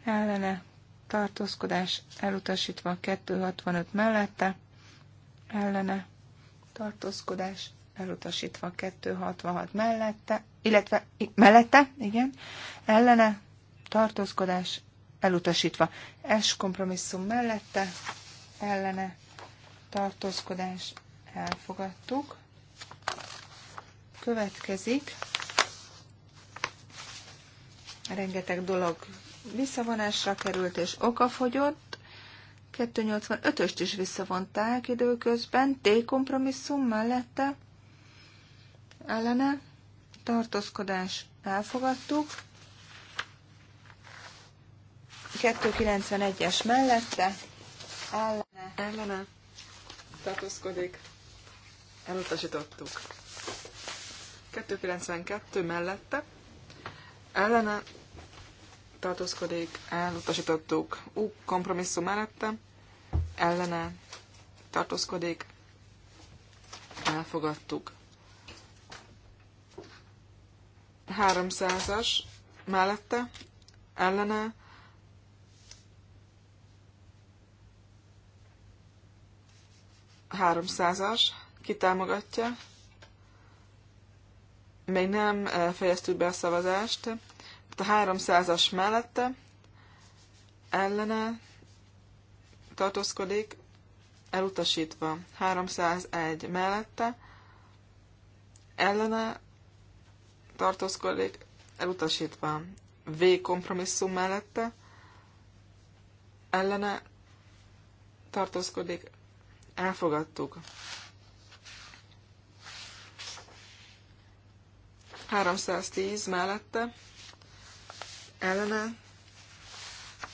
Speaker 4: ellene, tartózkodás, elutasítva 265 mellette, ellene, tartózkodás, elutasítva 266 mellette, illetve mellette, igen, ellene, tartózkodás elutasítva. S kompromisszum mellette, ellene, tartózkodás elfogadtuk. Következik rengeteg dolog visszavonásra került és okafogyott. 285-öst is visszavonták időközben, T kompromisszum mellette ellene tartózkodás elfogadtuk. 291-es mellette
Speaker 2: ellene, ellene tartózkodik. Elutasítottuk. 292 mellette ellene tartózkodik, elutasítottuk. U kompromisszum mellette ellene tartózkodik, elfogadtuk. 300-as mellette, ellene, háromszázas, támogatja, Még nem eh, fejeztük be a szavazást. Tehát a háromszázas mellette ellene tartózkodik, elutasítva. 301 mellette ellene tartózkodik, elutasítva. V kompromisszum mellette, ellene tartózkodik, elfogadtuk. 310 mellette ellene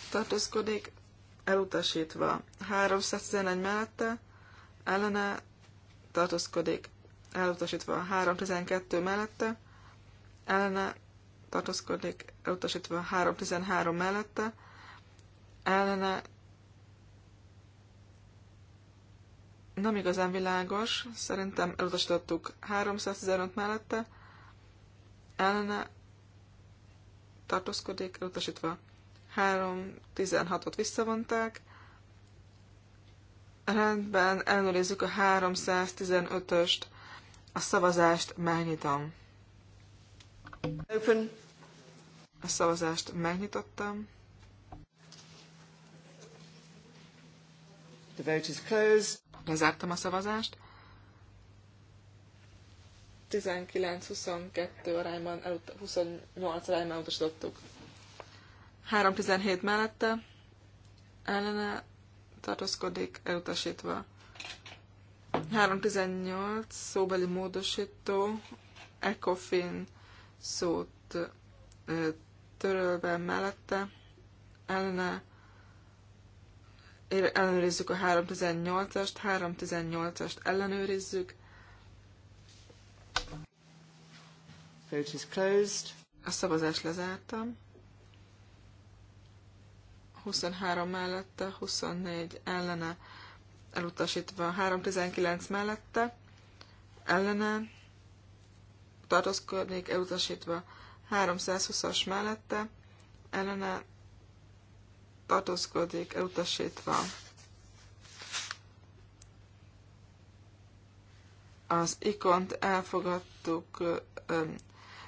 Speaker 2: tartózkodik, elutasítva. 311 mellette ellene tartózkodik, elutasítva. 312 mellette ellene tartózkodik, elutasítva 3.13 mellette, ellene nem igazán világos, szerintem elutasítottuk 315 mellette, ellene tartózkodik, elutasítva 316-ot visszavonták, rendben ellenőrizzük a 315-öst, a szavazást megnyitom. Open. A szavazást megnyitottam. The vote is closed. Lezártam a szavazást. 19-22 arányban, 28 arányban utasítottuk. 3-17 mellette ellene tartózkodik elutasítva. 3-18 szóbeli módosító, ECOFIN szót törölve mellette ellene ellenőrizzük a 318-ast, 318-ast ellenőrizzük. Vote is closed. A szavazás lezártam. 23 mellette, 24 ellene, elutasítva 319 mellette, ellene, tartózkodnék elutasítva 320-as mellette, ellene tartózkodik, elutasítva az ikont elfogadtuk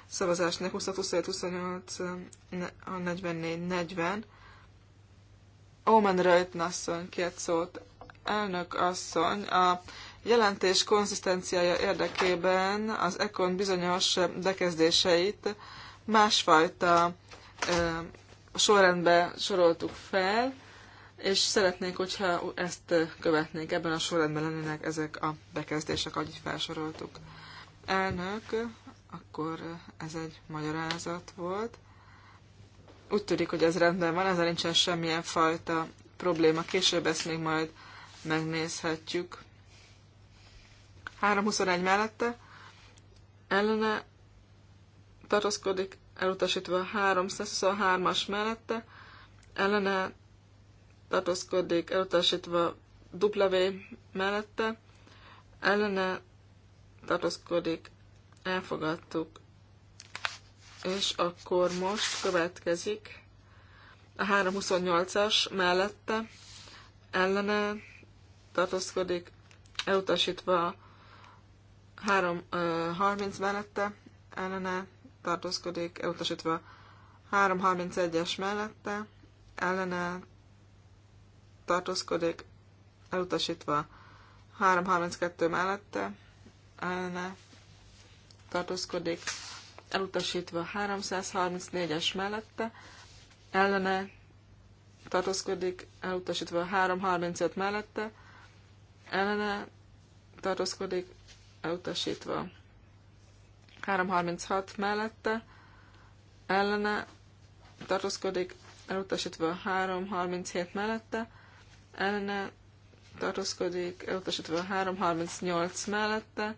Speaker 2: szavazásnak 26, 27, 28, 44, 40. Omen Röjtnasszony két szót. Elnök asszony, a jelentés konzisztenciája érdekében az ECON bizonyos bekezdéseit másfajta sorrendbe soroltuk fel, és szeretnék, hogyha ezt követnénk, ebben a sorrendben lennének ezek a bekezdések, ahogy felsoroltuk. Elnök, akkor ez egy magyarázat volt. Úgy tűnik, hogy ez rendben van, ezzel nincsen semmilyen fajta probléma. Később ezt még majd megnézhetjük. 321 mellette ellene tartózkodik, elutasítva 323-as mellette ellene tartózkodik, elutasítva W mellette ellene tartózkodik, elfogadtuk. És akkor most következik a 328-as mellette ellene tartózkodik, elutasítva 3.30 mellette ellene tartózkodik, elutasítva 3.31-es mellette ellene tartózkodik, elutasítva 3.32 mellette ellene tartózkodik, elutasítva 334-es mellette ellene tartózkodik, elutasítva 335 mellette ellene tartózkodik, elutasítva. 336 mellette ellene tartózkodik, elutasítva 337 mellette, ellene tartózkodik, elutasítva 338 mellette,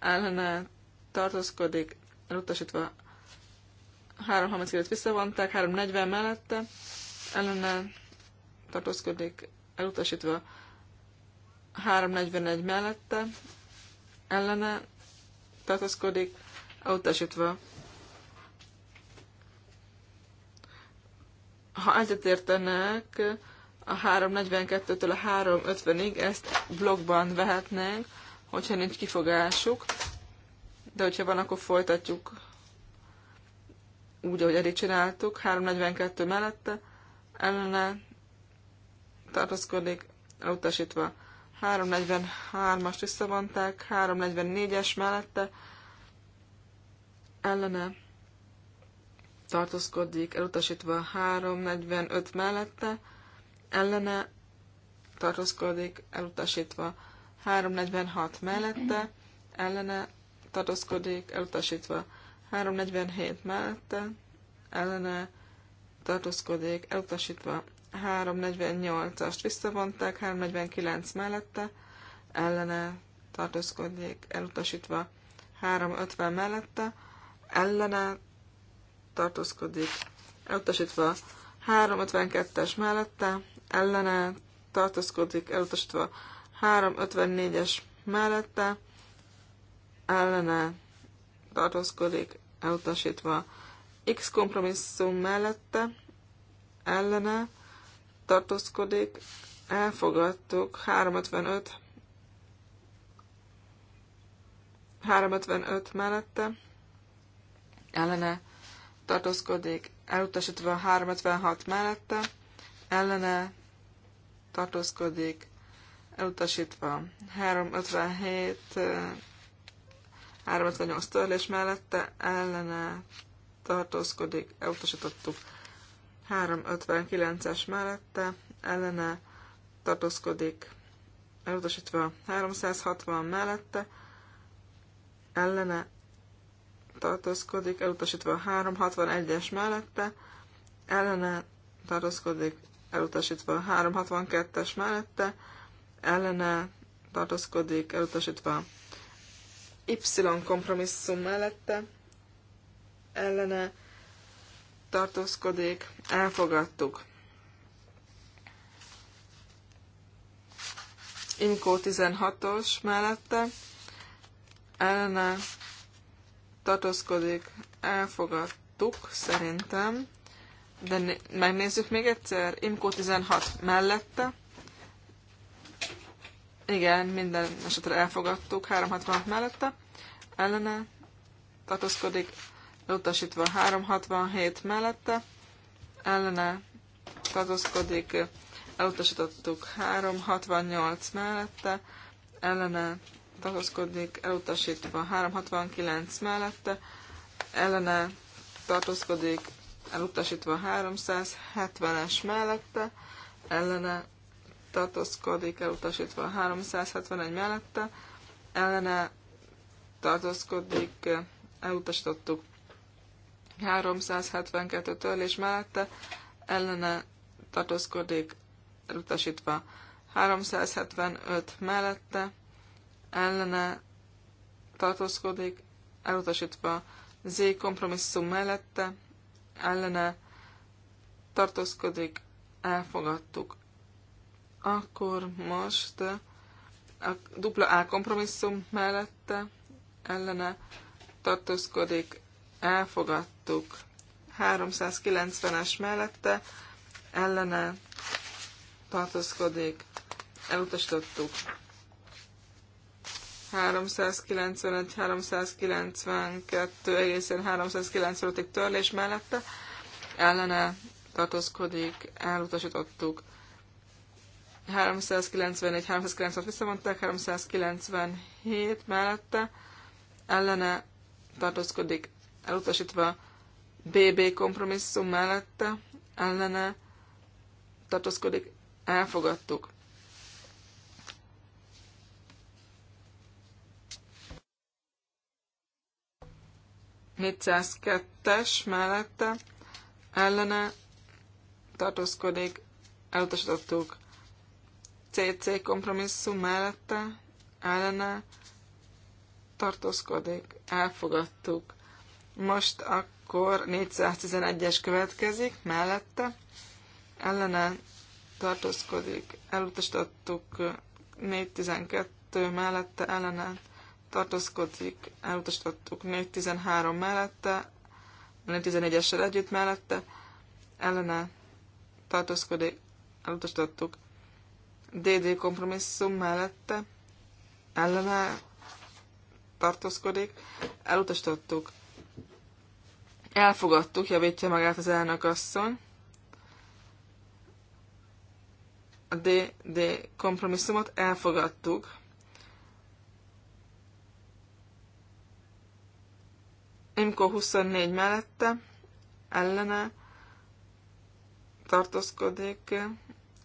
Speaker 2: ellene tartózkodik, elutasítva 339 visszavonták, 340 mellette, ellene tartózkodik, elutasítva 341 mellette, ellene tartózkodik, utasítva. Ha egyetértenek a 3.42-től a 3.50-ig, ezt blogban vehetnénk, hogyha nincs kifogásuk, de hogyha van, akkor folytatjuk úgy, ahogy eddig csináltuk, 3.42 mellette, ellene tartózkodik, elutasítva. 343-as visszavonták, 344-es mellette ellene tartózkodik, elutasítva 345 mellette ellene tartózkodik, elutasítva 346 mellette ellene tartózkodik, elutasítva 347 mellette ellene tartózkodik, elutasítva 348-ast visszavonták, 349 mellette, ellene tartózkodnék elutasítva 350 mellette, ellene tartózkodik, elutasítva 352-es mellette, ellene tartózkodik, elutasítva 354-es mellette, ellene tartózkodik, elutasítva X kompromisszum mellette, ellene tartózkodik, elfogadtuk 355 355 mellette, ellene tartózkodik, elutasítva 356 mellette, ellene tartózkodik, elutasítva 357 358 eh, törlés mellette, ellene tartózkodik, elutasítottuk 359-es mellette ellene tartózkodik, elutasítva 360 mellette ellene tartózkodik, elutasítva 361-es mellette ellene tartózkodik, elutasítva 362-es mellette ellene tartózkodik, elutasítva Y kompromisszum mellette ellene tartózkodik, elfogadtuk. Inkó 16-os mellette ellene tartózkodik, elfogadtuk szerintem, de megnézzük még egyszer, Imkó 16 mellette, igen, minden esetre elfogadtuk, 366 mellette, ellene tartózkodik, elutasítva 367 mellette, ellene tartózkodik, elutasítottuk 368 mellette, ellene tartózkodik, elutasítva 369 mellette, ellene tartózkodik, elutasítva 370-es mellette, ellene tartózkodik, elutasítva 371 mellette, ellene tartózkodik, elutasítottuk 372-től, és mellette ellene tartózkodik elutasítva. 375 mellette ellene tartózkodik elutasítva. Z kompromisszum mellette ellene tartózkodik, elfogadtuk. Akkor most a dupla A kompromisszum mellette ellene tartózkodik, elfogadtuk láttuk 390-es mellette ellene tartozkodik, elutasítottuk. 391, 392, egészen 395-ig törlés mellette ellene tartózkodik, elutasítottuk. 391, 396 visszamondták, 397 mellette ellene tartózkodik, elutasítva BB kompromisszum mellette ellene tartozkodik, elfogadtuk. es mellette ellene tartózkodik, elutasítottuk. CC kompromisszum mellette ellene tartózkodik, elfogadtuk. Most akkor akkor 411-es következik, mellette ellene tartózkodik, elutasítottuk 412 mellette ellene tartózkodik, elutasítottuk 413 mellette, 411 essel együtt mellette, ellene tartózkodik, elutasítottuk DD kompromisszum mellette, ellene tartózkodik, elutasítottuk Elfogadtuk, javítja magát az elnök asszony. A DD kompromisszumot elfogadtuk. Imko 24 mellette, ellene tartózkodik,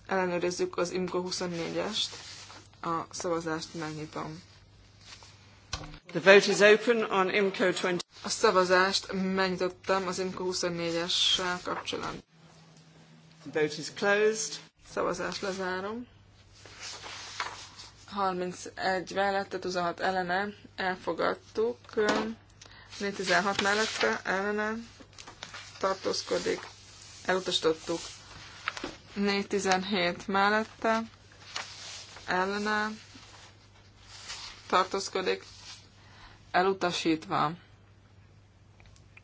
Speaker 2: ellenőrizzük az Imko 24-est, a szavazást megnyitom. The vote is open on IMCO 20. A szavazást megnyitottam az IMCO 24-essel kapcsolatban. The vote is closed. Szavazást lezárom. 31 tehát 26 ellene elfogadtuk. 416 mellette ellene tartózkodik. Elutasítottuk. 417 mellette ellene tartózkodik elutasítva.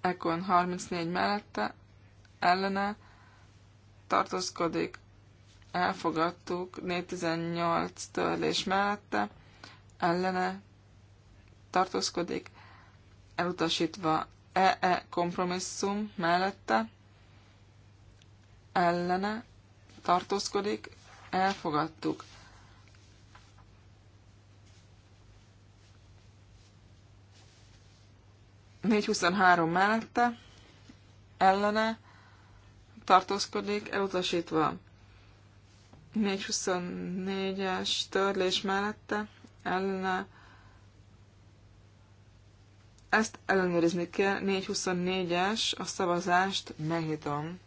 Speaker 2: Ekon 34 mellette, ellene tartózkodik, elfogadtuk 418 törlés mellette, ellene tartózkodik, elutasítva EE kompromisszum mellette, ellene tartózkodik, elfogadtuk 423 mellette ellene tartózkodik, elutasítva. 424-es törlés mellette ellene ezt ellenőrizni kell. 424-es a szavazást megnyitom.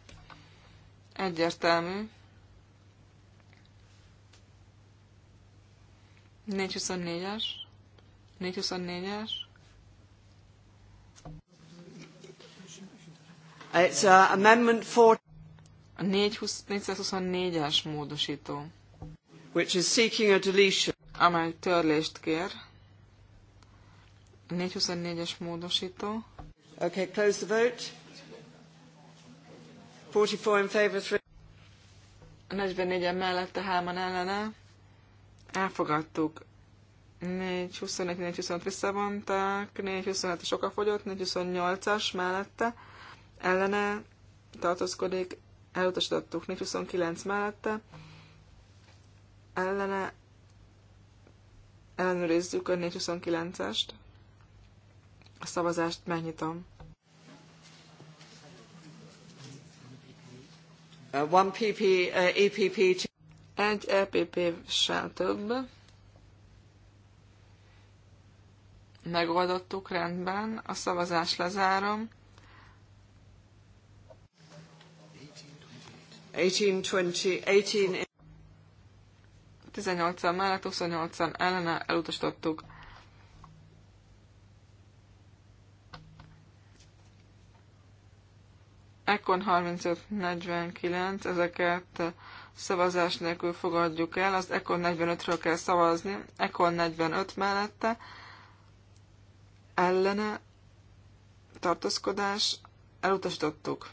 Speaker 2: Egyértelmű. 424-es. 424-es. It's uh, amendment 4. A 424-es módosító. Which is seeking a deletion. Amely törlést kér. A 424-es módosító. Okay, close the vote. 44 in favor, 3. 44-en mellette, 3-an ellene. Elfogadtuk. 424 21 25 visszavonták, 425 27 es okafogyott, 428 as mellette ellene tartózkodik, elutasítottuk 29 mellette, ellene ellenőrizzük a 429-est. A szavazást megnyitom. Uh, one PP, uh, EPP. Egy EPP sem több. Megoldottuk rendben, a szavazást lezárom. 18, an mellett, 28-an ellene elutasítottuk. Ekkor 35-49, ezeket szavazás nélkül fogadjuk el, az Ekkor 45-ről kell szavazni, Ekkor 45 mellette, ellene tartózkodás elutasítottuk.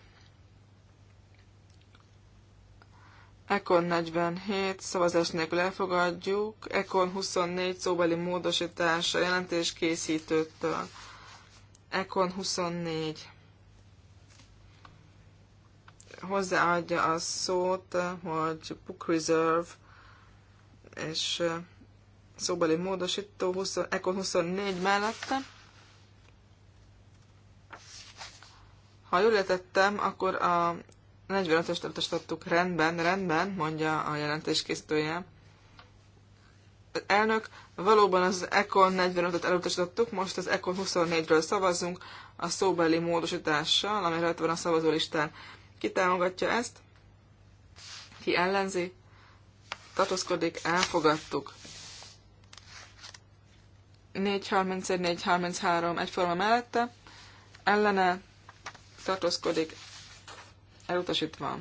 Speaker 2: Ekon 47 szavazás nélkül elfogadjuk, Ekon 24 szóbeli módosítása jelentés készítőtől. Ekon 24 hozzáadja a szót, hogy book reserve és szóbeli módosító 20, Ekon 24 mellette. Ha jól értettem, akkor a 45-öst adtuk Rendben, rendben, mondja a jelentés készítője. Elnök, valóban az Econ 45-öt elutasítottuk, most az Econ 24-ről szavazzunk a szóbeli módosítással, ami rajta van a szavazólistán. Ki támogatja ezt? Ki ellenzi? Tartózkodik, elfogadtuk. 4.31, 4.33 egyforma mellette, ellene tartózkodik, elutasítva.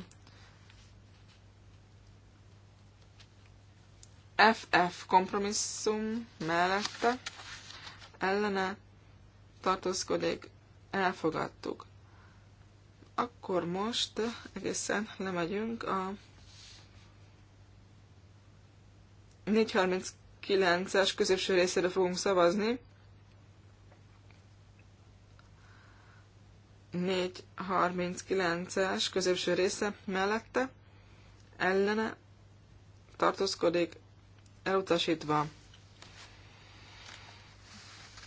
Speaker 2: FF kompromisszum mellette ellene tartózkodik, elfogadtuk. Akkor most egészen lemegyünk a 439-es középső részére fogunk szavazni. 439-es középső része mellette ellene tartózkodik elutasítva.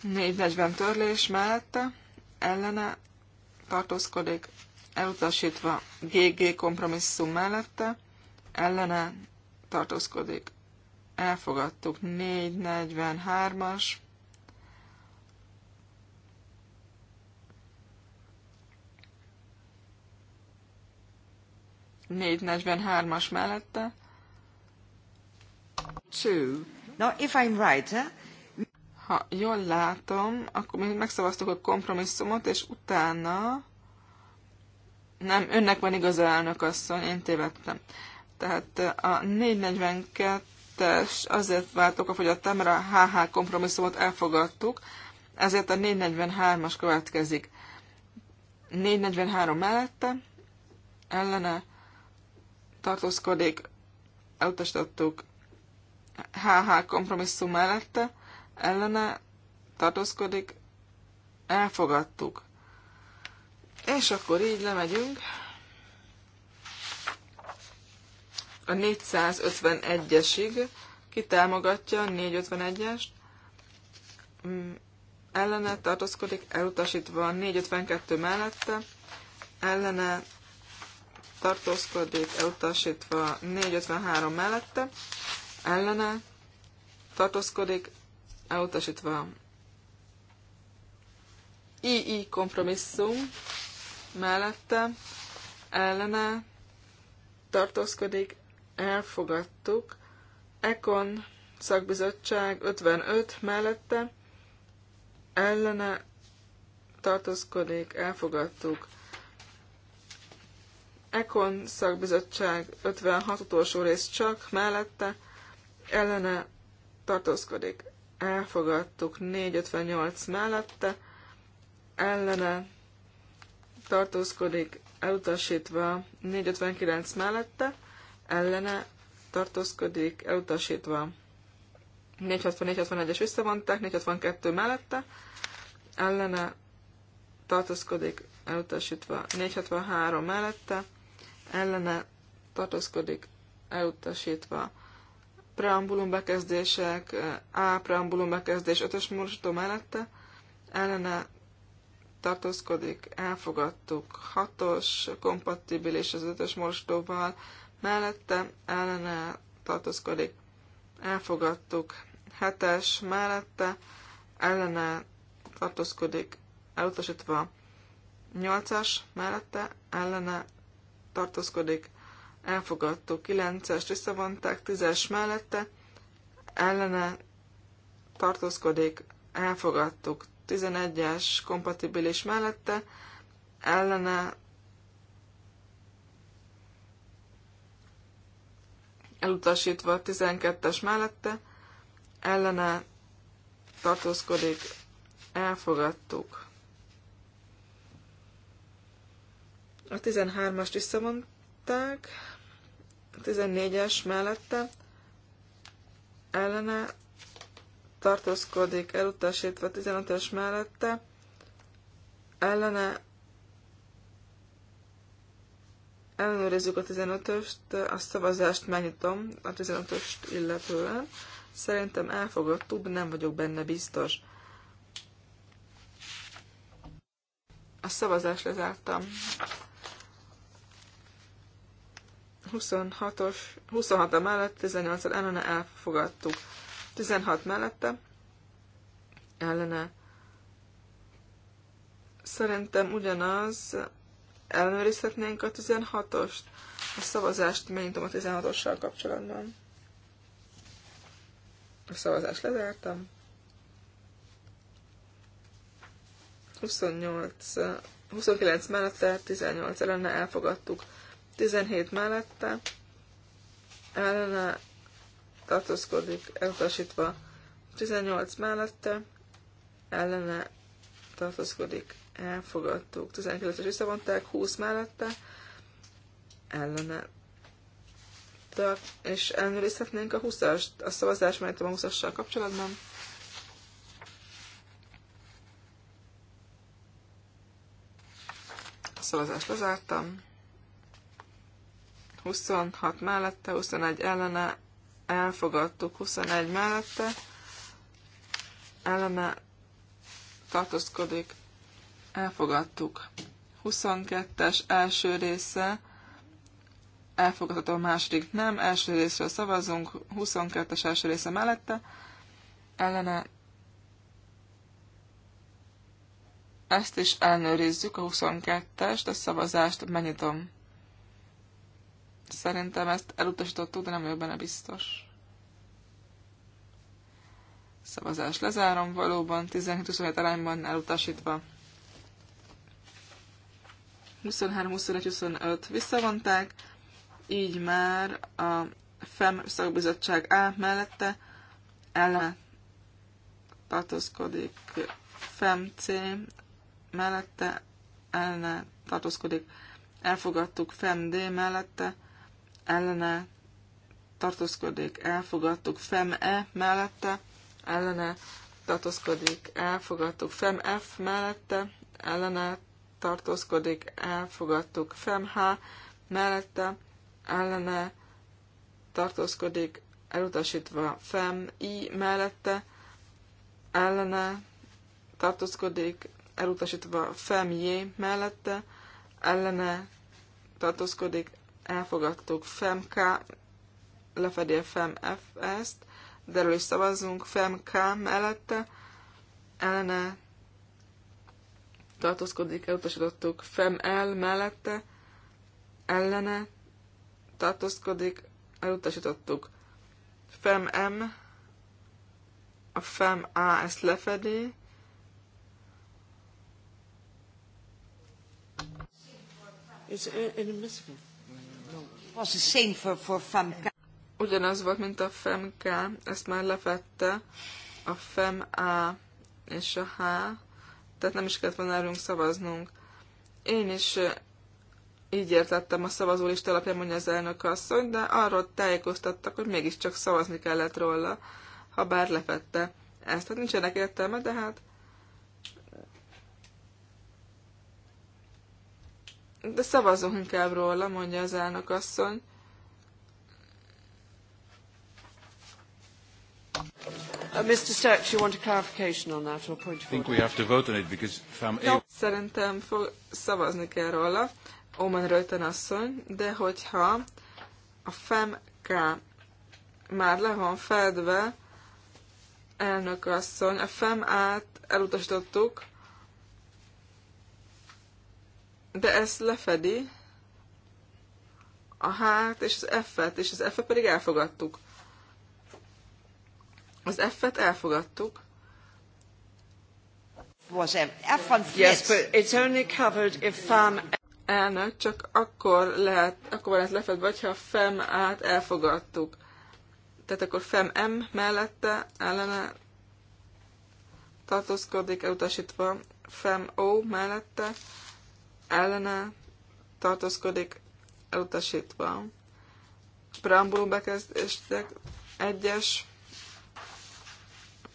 Speaker 2: 440 törlés mellette ellene tartózkodik elutasítva. GG kompromisszum mellette ellene tartózkodik. Elfogadtuk 443-as 443-as mellette. Two. Now, if I'm right, huh? Eh? Ha jól látom, akkor mi megszavaztuk a kompromisszumot, és utána... Nem, önnek van igaza, elnök asszony, én tévedtem. Tehát eh, a 442-es azért váltok a fogyattá, mert a HH kompromisszumot elfogadtuk, ezért a 443-as következik. 443 mellette, ellene tartózkodik, elutasítottuk HH kompromisszum mellette, ellene tartózkodik, elfogadtuk. És akkor így lemegyünk. A 451-esig kitámogatja 451-est, ellene tartózkodik, elutasítva a 452 mellette, ellene tartózkodik, elutasítva 453 mellette, ellene tartózkodik, elutasítva II kompromisszum mellette, ellene tartózkodik, elfogadtuk, Ekon szakbizottság 55 mellette, ellene tartózkodik, elfogadtuk, Ekon szakbizottság 56 utolsó rész csak, mellette ellene tartózkodik. Elfogadtuk 458 mellette, ellene tartózkodik, elutasítva 459 mellette, ellene tartózkodik, elutasítva 464-es visszavonták, 462 mellette, ellene tartózkodik, elutasítva 463 mellette, ellene tartózkodik elutasítva. Preambulum bekezdések, A preambulum bekezdés 5-ös módosító mellette ellene tartózkodik, elfogadtuk 6-os, kompatibilis az 5-ös módosítóval, mellette ellene tartózkodik, elfogadtuk 7-es, mellette ellene tartózkodik, elutasítva 8-as mellette ellene tartózkodik, elfogadtuk. 9-est visszavonták, 10-es mellette, ellene tartózkodik, elfogadtuk. 11-es kompatibilis mellette, ellene elutasítva 12-es mellette, ellene tartózkodik, elfogadtuk. A 13-ast visszavonták, a 14-es mellette ellene tartózkodik, elutasítva a 15-ös mellette ellene ellenőrizzük a 15-öst, a szavazást megnyitom a 15-öst illetően. Szerintem elfogadtuk, nem vagyok benne biztos. A szavazást lezártam. 26-os, 26 mellett, 18 ellene elfogadtuk. 16 mellette ellene. Szerintem ugyanaz, ellenőrizhetnénk a 16-ost. A szavazást megnyitom a 16-ossal kapcsolatban. A szavazást lezártam. 28, 29 mellette, 18 ellene elfogadtuk. 17 mellette ellene tartózkodik, elutasítva 18 mellette ellene tartózkodik, elfogadtuk. 19-es visszavonták, 20 mellette ellene tart, és elnőrizhetnénk a 20 as a szavazás mellett a 20-assal kapcsolatban. A szavazást lezártam. 26 mellette, 21 ellene, elfogadtuk 21 mellette, ellene tartózkodik, elfogadtuk. 22-es első része, elfogadható második nem, első részről szavazunk, 22-es első része mellette, ellene ezt is ellenőrizzük, a 22-est, a szavazást megnyitom. Szerintem ezt elutasítottuk, de nem vagyok benne biztos. Szavazás lezárom, valóban 17-27 arányban elutasítva. 23-21-25 visszavonták, így már a FEM szakbizottság A mellette ellen tartózkodik FEM C mellette ellen tartózkodik. Elfogadtuk FEM D mellette ellene tartózkodik, elfogadtuk, fem-e mellette, ellene tartózkodik, elfogadtuk, fem-f mellette, ellene tartózkodik, elfogadtuk, fem-h mellette, ellene tartózkodik, elutasítva, fem-i mellette, ellene tartózkodik, elutasítva, fem-j mellette, ellene tartózkodik, elfogadtuk FEMK, lefedi a FEMF-ezt, de erről is szavazzunk FEMK mellette, ellene tartózkodik, elutasítottuk FEML mellette, ellene tartózkodik, elutasítottuk FEMM, a FEMA ezt lefedi, It's inadmissible. Ugyanaz volt, mint a FEMK, ezt már lefette a FEMA és a H, tehát nem is kellett volna erőnk szavaznunk. Én is így értettem a szavazólista alapján, mondja az elnök asszony, de arról tájékoztattak, hogy mégiscsak szavazni kellett róla, ha bár lefette ezt. Hát nincsenek értelme, de hát De szavazunk inkább róla, mondja az elnök
Speaker 1: asszony. Uh, Mr. Steps, you want a clarification on that or point of think we have to vote on it because fam
Speaker 4: no.
Speaker 2: Szerintem fog, szavazni kell róla, Omen Röjten asszony, de hogyha a FEMK már le van fedve, elnök asszony, a FEM át elutasítottuk, de ez lefedi a hát és az F-et, és az F-et pedig elfogadtuk. Az F-et elfogadtuk. Was F Yes, but it's only covered if FAM... Elnök, csak akkor lehet, akkor lefed lefedve, ha FEM át elfogadtuk. Tehát akkor FEM M mellette ellene tartózkodik, elutasítva FEM O mellette ellene tartózkodik elutasítva. Preambulum bekezdések egyes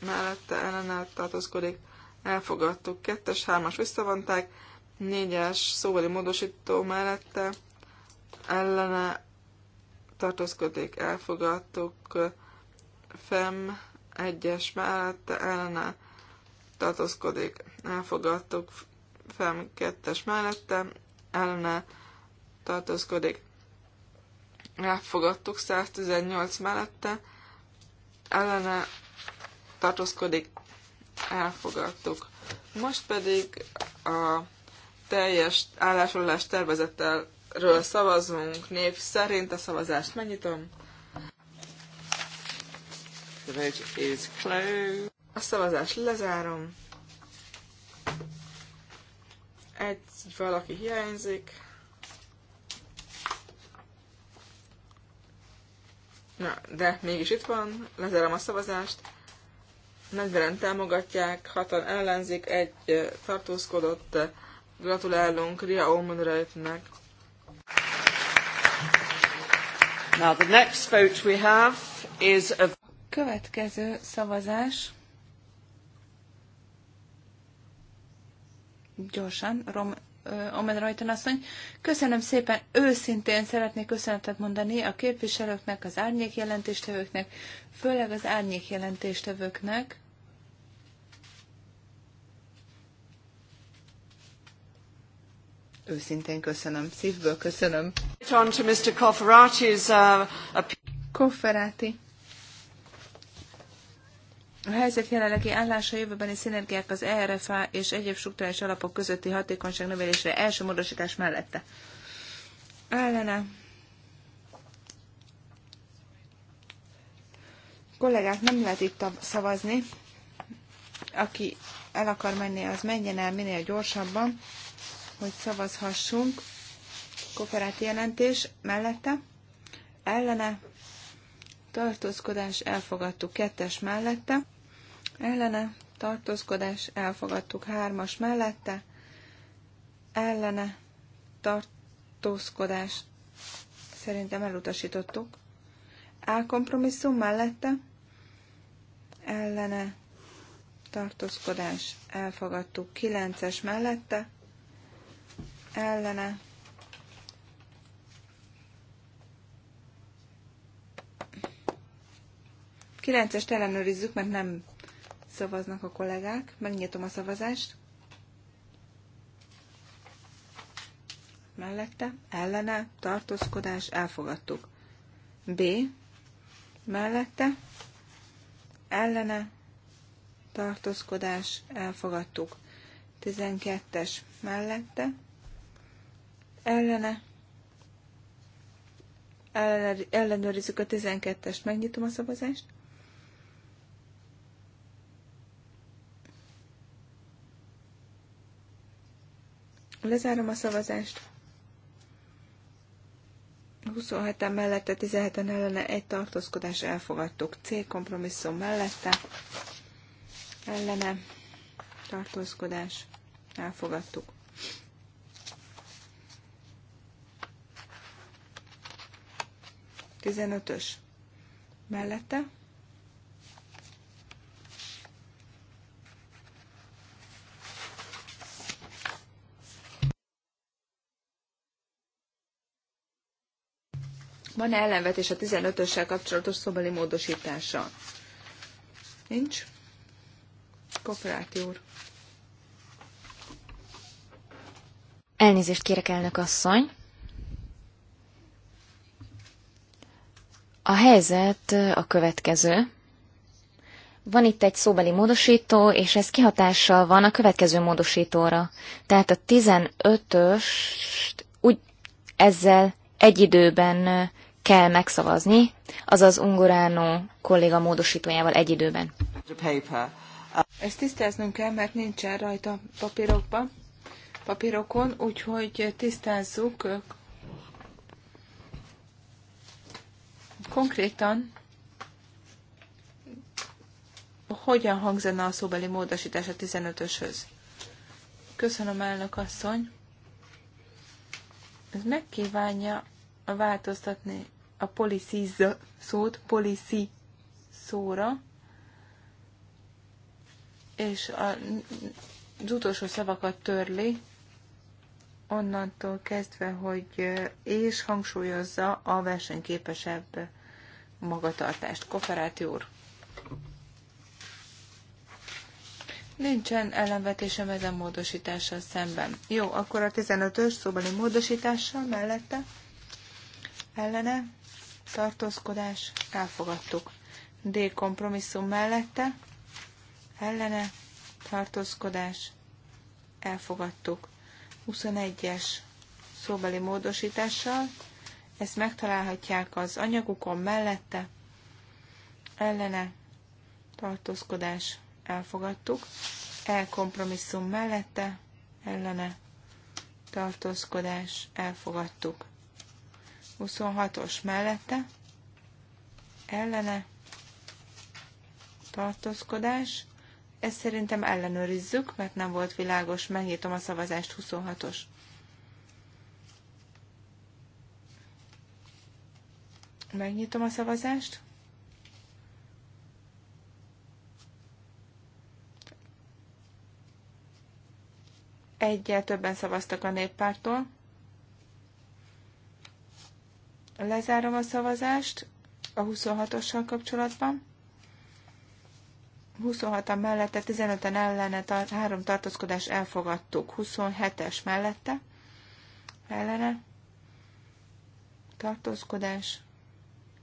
Speaker 2: mellette ellene tartózkodik elfogadtuk. Kettes, hármas visszavonták, négyes szóbeli módosító mellette ellene tartózkodik elfogadtuk. Fem egyes mellette ellene tartózkodik elfogadtuk. FEM kettes es mellette ellene tartozkodik. Ráfogadtuk 118 mellette ellene tartózkodik. Elfogadtuk. Most pedig a teljes állásolás tervezettelről szavazunk név szerint. A szavazást megnyitom. A szavazást lezárom. Egy valaki hiányzik. Na, de mégis itt van, lezárom a szavazást. 40 támogatják, 6-an ellenzik, egy tartózkodott. Gratulálunk Ria Omenreitnek.
Speaker 1: Now the next vote we have is a...
Speaker 4: Következő szavazás gyorsan, Rom, Omen Rajton asszony. Köszönöm szépen, őszintén szeretnék köszönetet mondani a képviselőknek, az árnyék jelentéstevőknek, főleg az árnyék jelentéstevőknek. Őszintén köszönöm, szívből köszönöm.
Speaker 1: Kofferati.
Speaker 4: A helyzet jelenlegi állása jövőbeni szinergiák az ERFA és egyéb struktúrális alapok közötti hatékonyság növelésre első módosítás mellette. Ellene. Kollégák, nem lehet itt szavazni. Aki el akar menni, az menjen el minél gyorsabban, hogy szavazhassunk. Kooperatív jelentés mellette. Ellene. Tartózkodás elfogadtuk kettes mellette ellene, tartózkodás, elfogadtuk hármas mellette, ellene, tartózkodás, szerintem elutasítottuk, elkompromisszum mellette, ellene, tartózkodás, elfogadtuk kilences mellette, ellene, Kilences ellenőrizzük, mert nem szavaznak a kollégák. Megnyitom a szavazást. Mellette, ellene, tartózkodás, elfogadtuk. B. Mellette, ellene, tartózkodás, elfogadtuk. 12-es mellette, ellene, ellenőrizzük a 12-est, megnyitom a szavazást. Lezárom a szavazást. 27-en mellette, 17-en ellene egy tartózkodás elfogadtuk. C kompromisszum mellette, ellene tartózkodás elfogadtuk. Tizenötös mellette, van -e ellenvetés a 15-össel kapcsolatos szobeli módosítása? Nincs? Kooperáti úr.
Speaker 3: Elnézést kérek, elnök asszony. A helyzet a következő. Van itt egy szóbeli módosító, és ez kihatással van a következő módosítóra. Tehát a 15-öst úgy ezzel egy időben kell megszavazni, azaz Ungoránó kolléga módosítójával egy időben.
Speaker 4: Ezt tisztáznunk kell, mert nincsen rajta papírokban, papírokon, úgyhogy tisztázzuk konkrétan, hogyan hangzana a szóbeli módosítás a 15-öshöz. Köszönöm, elnök asszony. Ez megkívánja változtatni a policies szót policy szóra, és a, az utolsó szavakat törli, onnantól kezdve, hogy és hangsúlyozza a versenyképesebb magatartást. Koferáti úr. Nincsen ellenvetésem ezen módosítással szemben. Jó, akkor a 15-ös szóbeli módosítással mellette ellene tartózkodás, elfogadtuk. D kompromisszum mellette, ellene, tartózkodás, elfogadtuk. 21-es szóbeli módosítással, ezt megtalálhatják az anyagukon mellette, ellene, tartózkodás, elfogadtuk. E kompromisszum mellette, ellene, tartózkodás, elfogadtuk. 26-os mellette, ellene, tartózkodás. Ezt szerintem ellenőrizzük, mert nem volt világos. Megnyitom a szavazást 26-os. Megnyitom a szavazást. Egyel többen szavaztak a néppártól. Lezárom a szavazást a 26-ossal kapcsolatban. 26-an mellette, 15-en ellene, három tartózkodás elfogadtuk. 27-es mellette, ellene, tartózkodás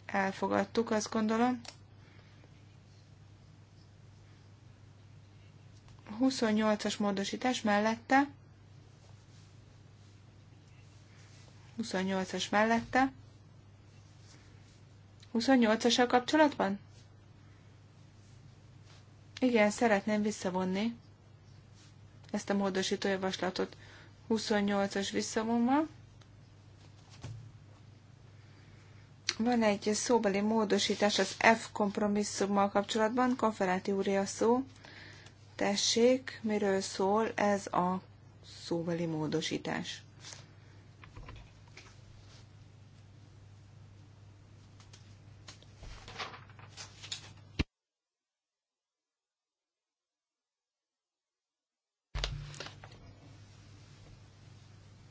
Speaker 4: elfogadtuk, azt gondolom. 28-as módosítás mellette, 28-as mellette, 28-asal kapcsolatban? Igen, szeretném visszavonni ezt a módosító javaslatot. 28-as visszavonva. Van egy szóbeli módosítás az F kompromisszummal kapcsolatban. Konferáti úrja szó. Tessék, miről szól ez a szóbeli módosítás?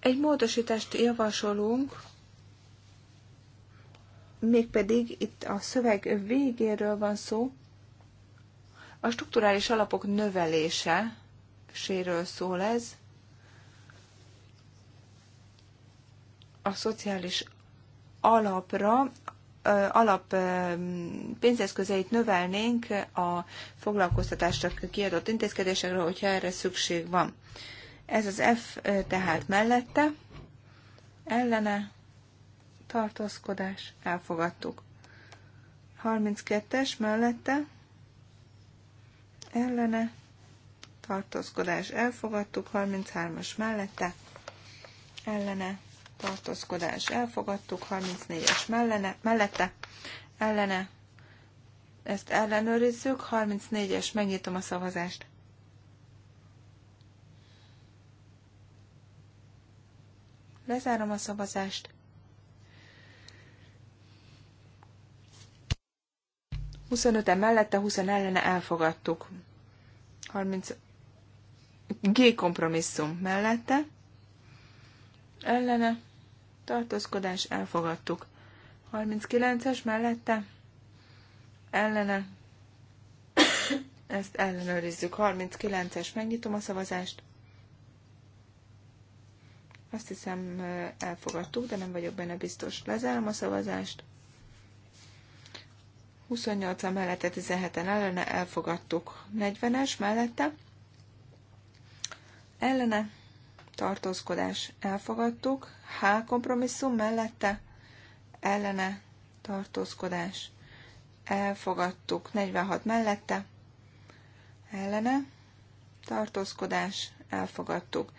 Speaker 4: Egy módosítást javasolunk, mégpedig itt a szöveg végéről van szó, a strukturális alapok növelése, séről szól ez, a szociális alapra, alap pénzeszközeit növelnénk a foglalkoztatásra kiadott intézkedésekre, hogyha erre szükség van. Ez az F tehát mellette, ellene, tartózkodás, elfogadtuk. 32-es mellette, ellene, tartózkodás, elfogadtuk. 33-as mellette, ellene, tartózkodás, elfogadtuk. 34-es mellene, mellette, ellene, ezt ellenőrizzük. 34-es, megnyitom a szavazást. Lezárom a szavazást. Huszonöten mellette, 20 ellene elfogadtuk. 30 G kompromisszum mellette, ellene, tartózkodás, elfogadtuk. 39-es mellette, ellene, ezt ellenőrizzük. 39-es, megnyitom a szavazást. Azt hiszem elfogadtuk, de nem vagyok benne biztos. Lezárom a szavazást. 28-an mellette, 17-en ellene elfogadtuk. 40-es mellette. Ellene tartózkodás elfogadtuk. H kompromisszum mellette. Ellene tartózkodás elfogadtuk. 46 mellette. Ellene tartózkodás elfogadtuk.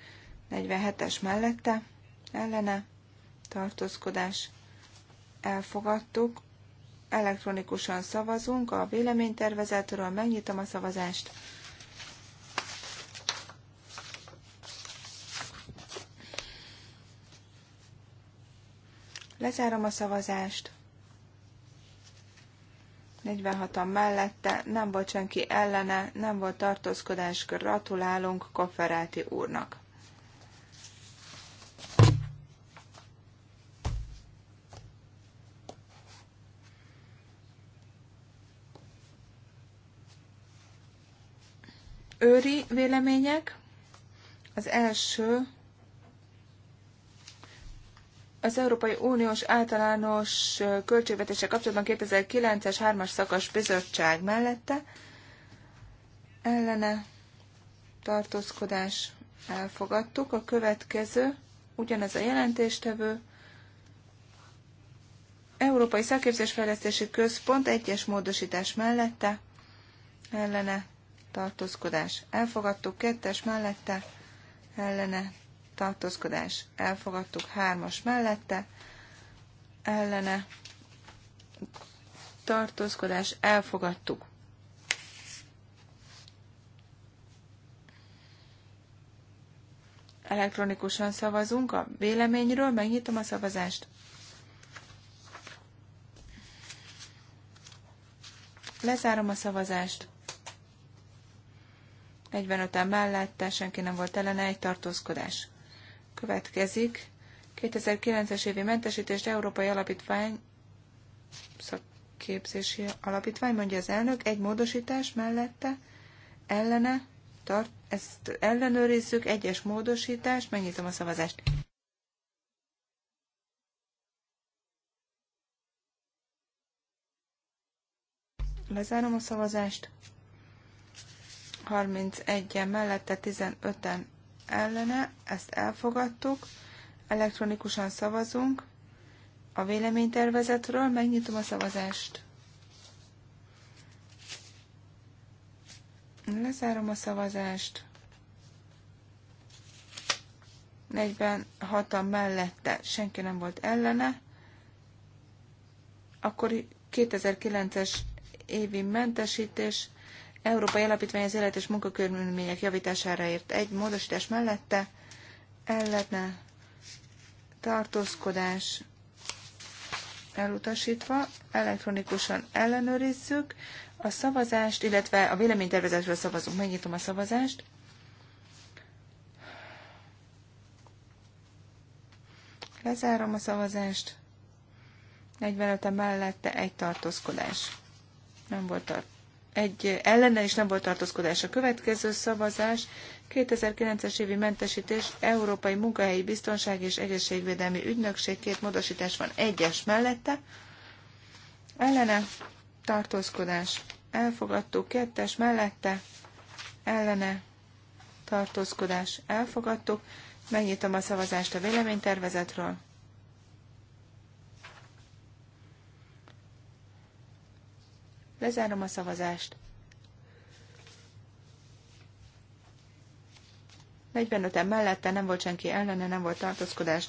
Speaker 4: 47-es mellette, ellene, tartózkodás, elfogadtuk. Elektronikusan szavazunk a véleménytervezetről, megnyitom a szavazást. Lezárom a szavazást. 46-an mellette, nem volt senki ellene, nem volt tartózkodás, gratulálunk Kofferáti úrnak. őri vélemények. Az első az Európai Uniós általános költségvetése kapcsolatban 2009-es 3-as szakas bizottság mellette ellene tartózkodás elfogadtuk. A következő, ugyanez a jelentéstevő, Európai Szakképzésfejlesztési Központ egyes módosítás mellette ellene tartózkodás elfogadtuk, kettes mellette ellene tartózkodás elfogadtuk, hármas mellette ellene tartózkodás elfogadtuk. Elektronikusan szavazunk a véleményről, megnyitom a szavazást. Lezárom a szavazást. 45-en mellette, senki nem volt ellene, egy tartózkodás. Következik 2009-es évi mentesítést Európai Alapítvány szakképzési alapítvány, mondja az elnök, egy módosítás mellette, ellene, tart, ezt ellenőrizzük, egyes módosítás, megnyitom a szavazást. Lezárom a szavazást. 31-en mellette, 15-en ellene, ezt elfogadtuk. Elektronikusan szavazunk a véleménytervezetről, megnyitom a szavazást. Lezárom a szavazást. 46-an mellette senki nem volt ellene. Akkor 2009-es évi mentesítés Európai Alapítvány az élet és munkakörülmények javítására ért egy módosítás mellette ellene tartózkodás elutasítva, elektronikusan ellenőrizzük a szavazást, illetve a véleménytervezetről szavazunk. Megnyitom a szavazást. Lezárom a szavazást. 45 mellette egy tartózkodás. Nem volt tart egy ellene és nem volt tartózkodás. A következő szavazás 2009-es évi mentesítés Európai Munkahelyi Biztonság és Egészségvédelmi Ügynökség két módosítás van egyes mellette. Ellene tartózkodás. Elfogadtuk kettes mellette. Ellene tartózkodás. Elfogadtuk. Megnyitom a szavazást a véleménytervezetről. Lezárom a szavazást. 45-en mellette nem volt senki ellene, nem volt tartózkodás.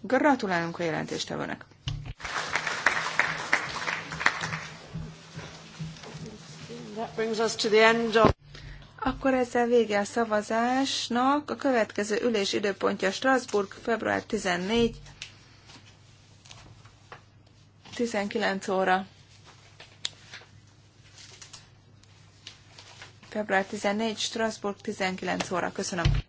Speaker 4: Gratulálunk a jelentéstevőnek! Akkor ezzel vége a szavazásnak. A következő ülés időpontja Strasbourg, február 14, 19 óra. február 14, Strasbourg 19 óra. Köszönöm.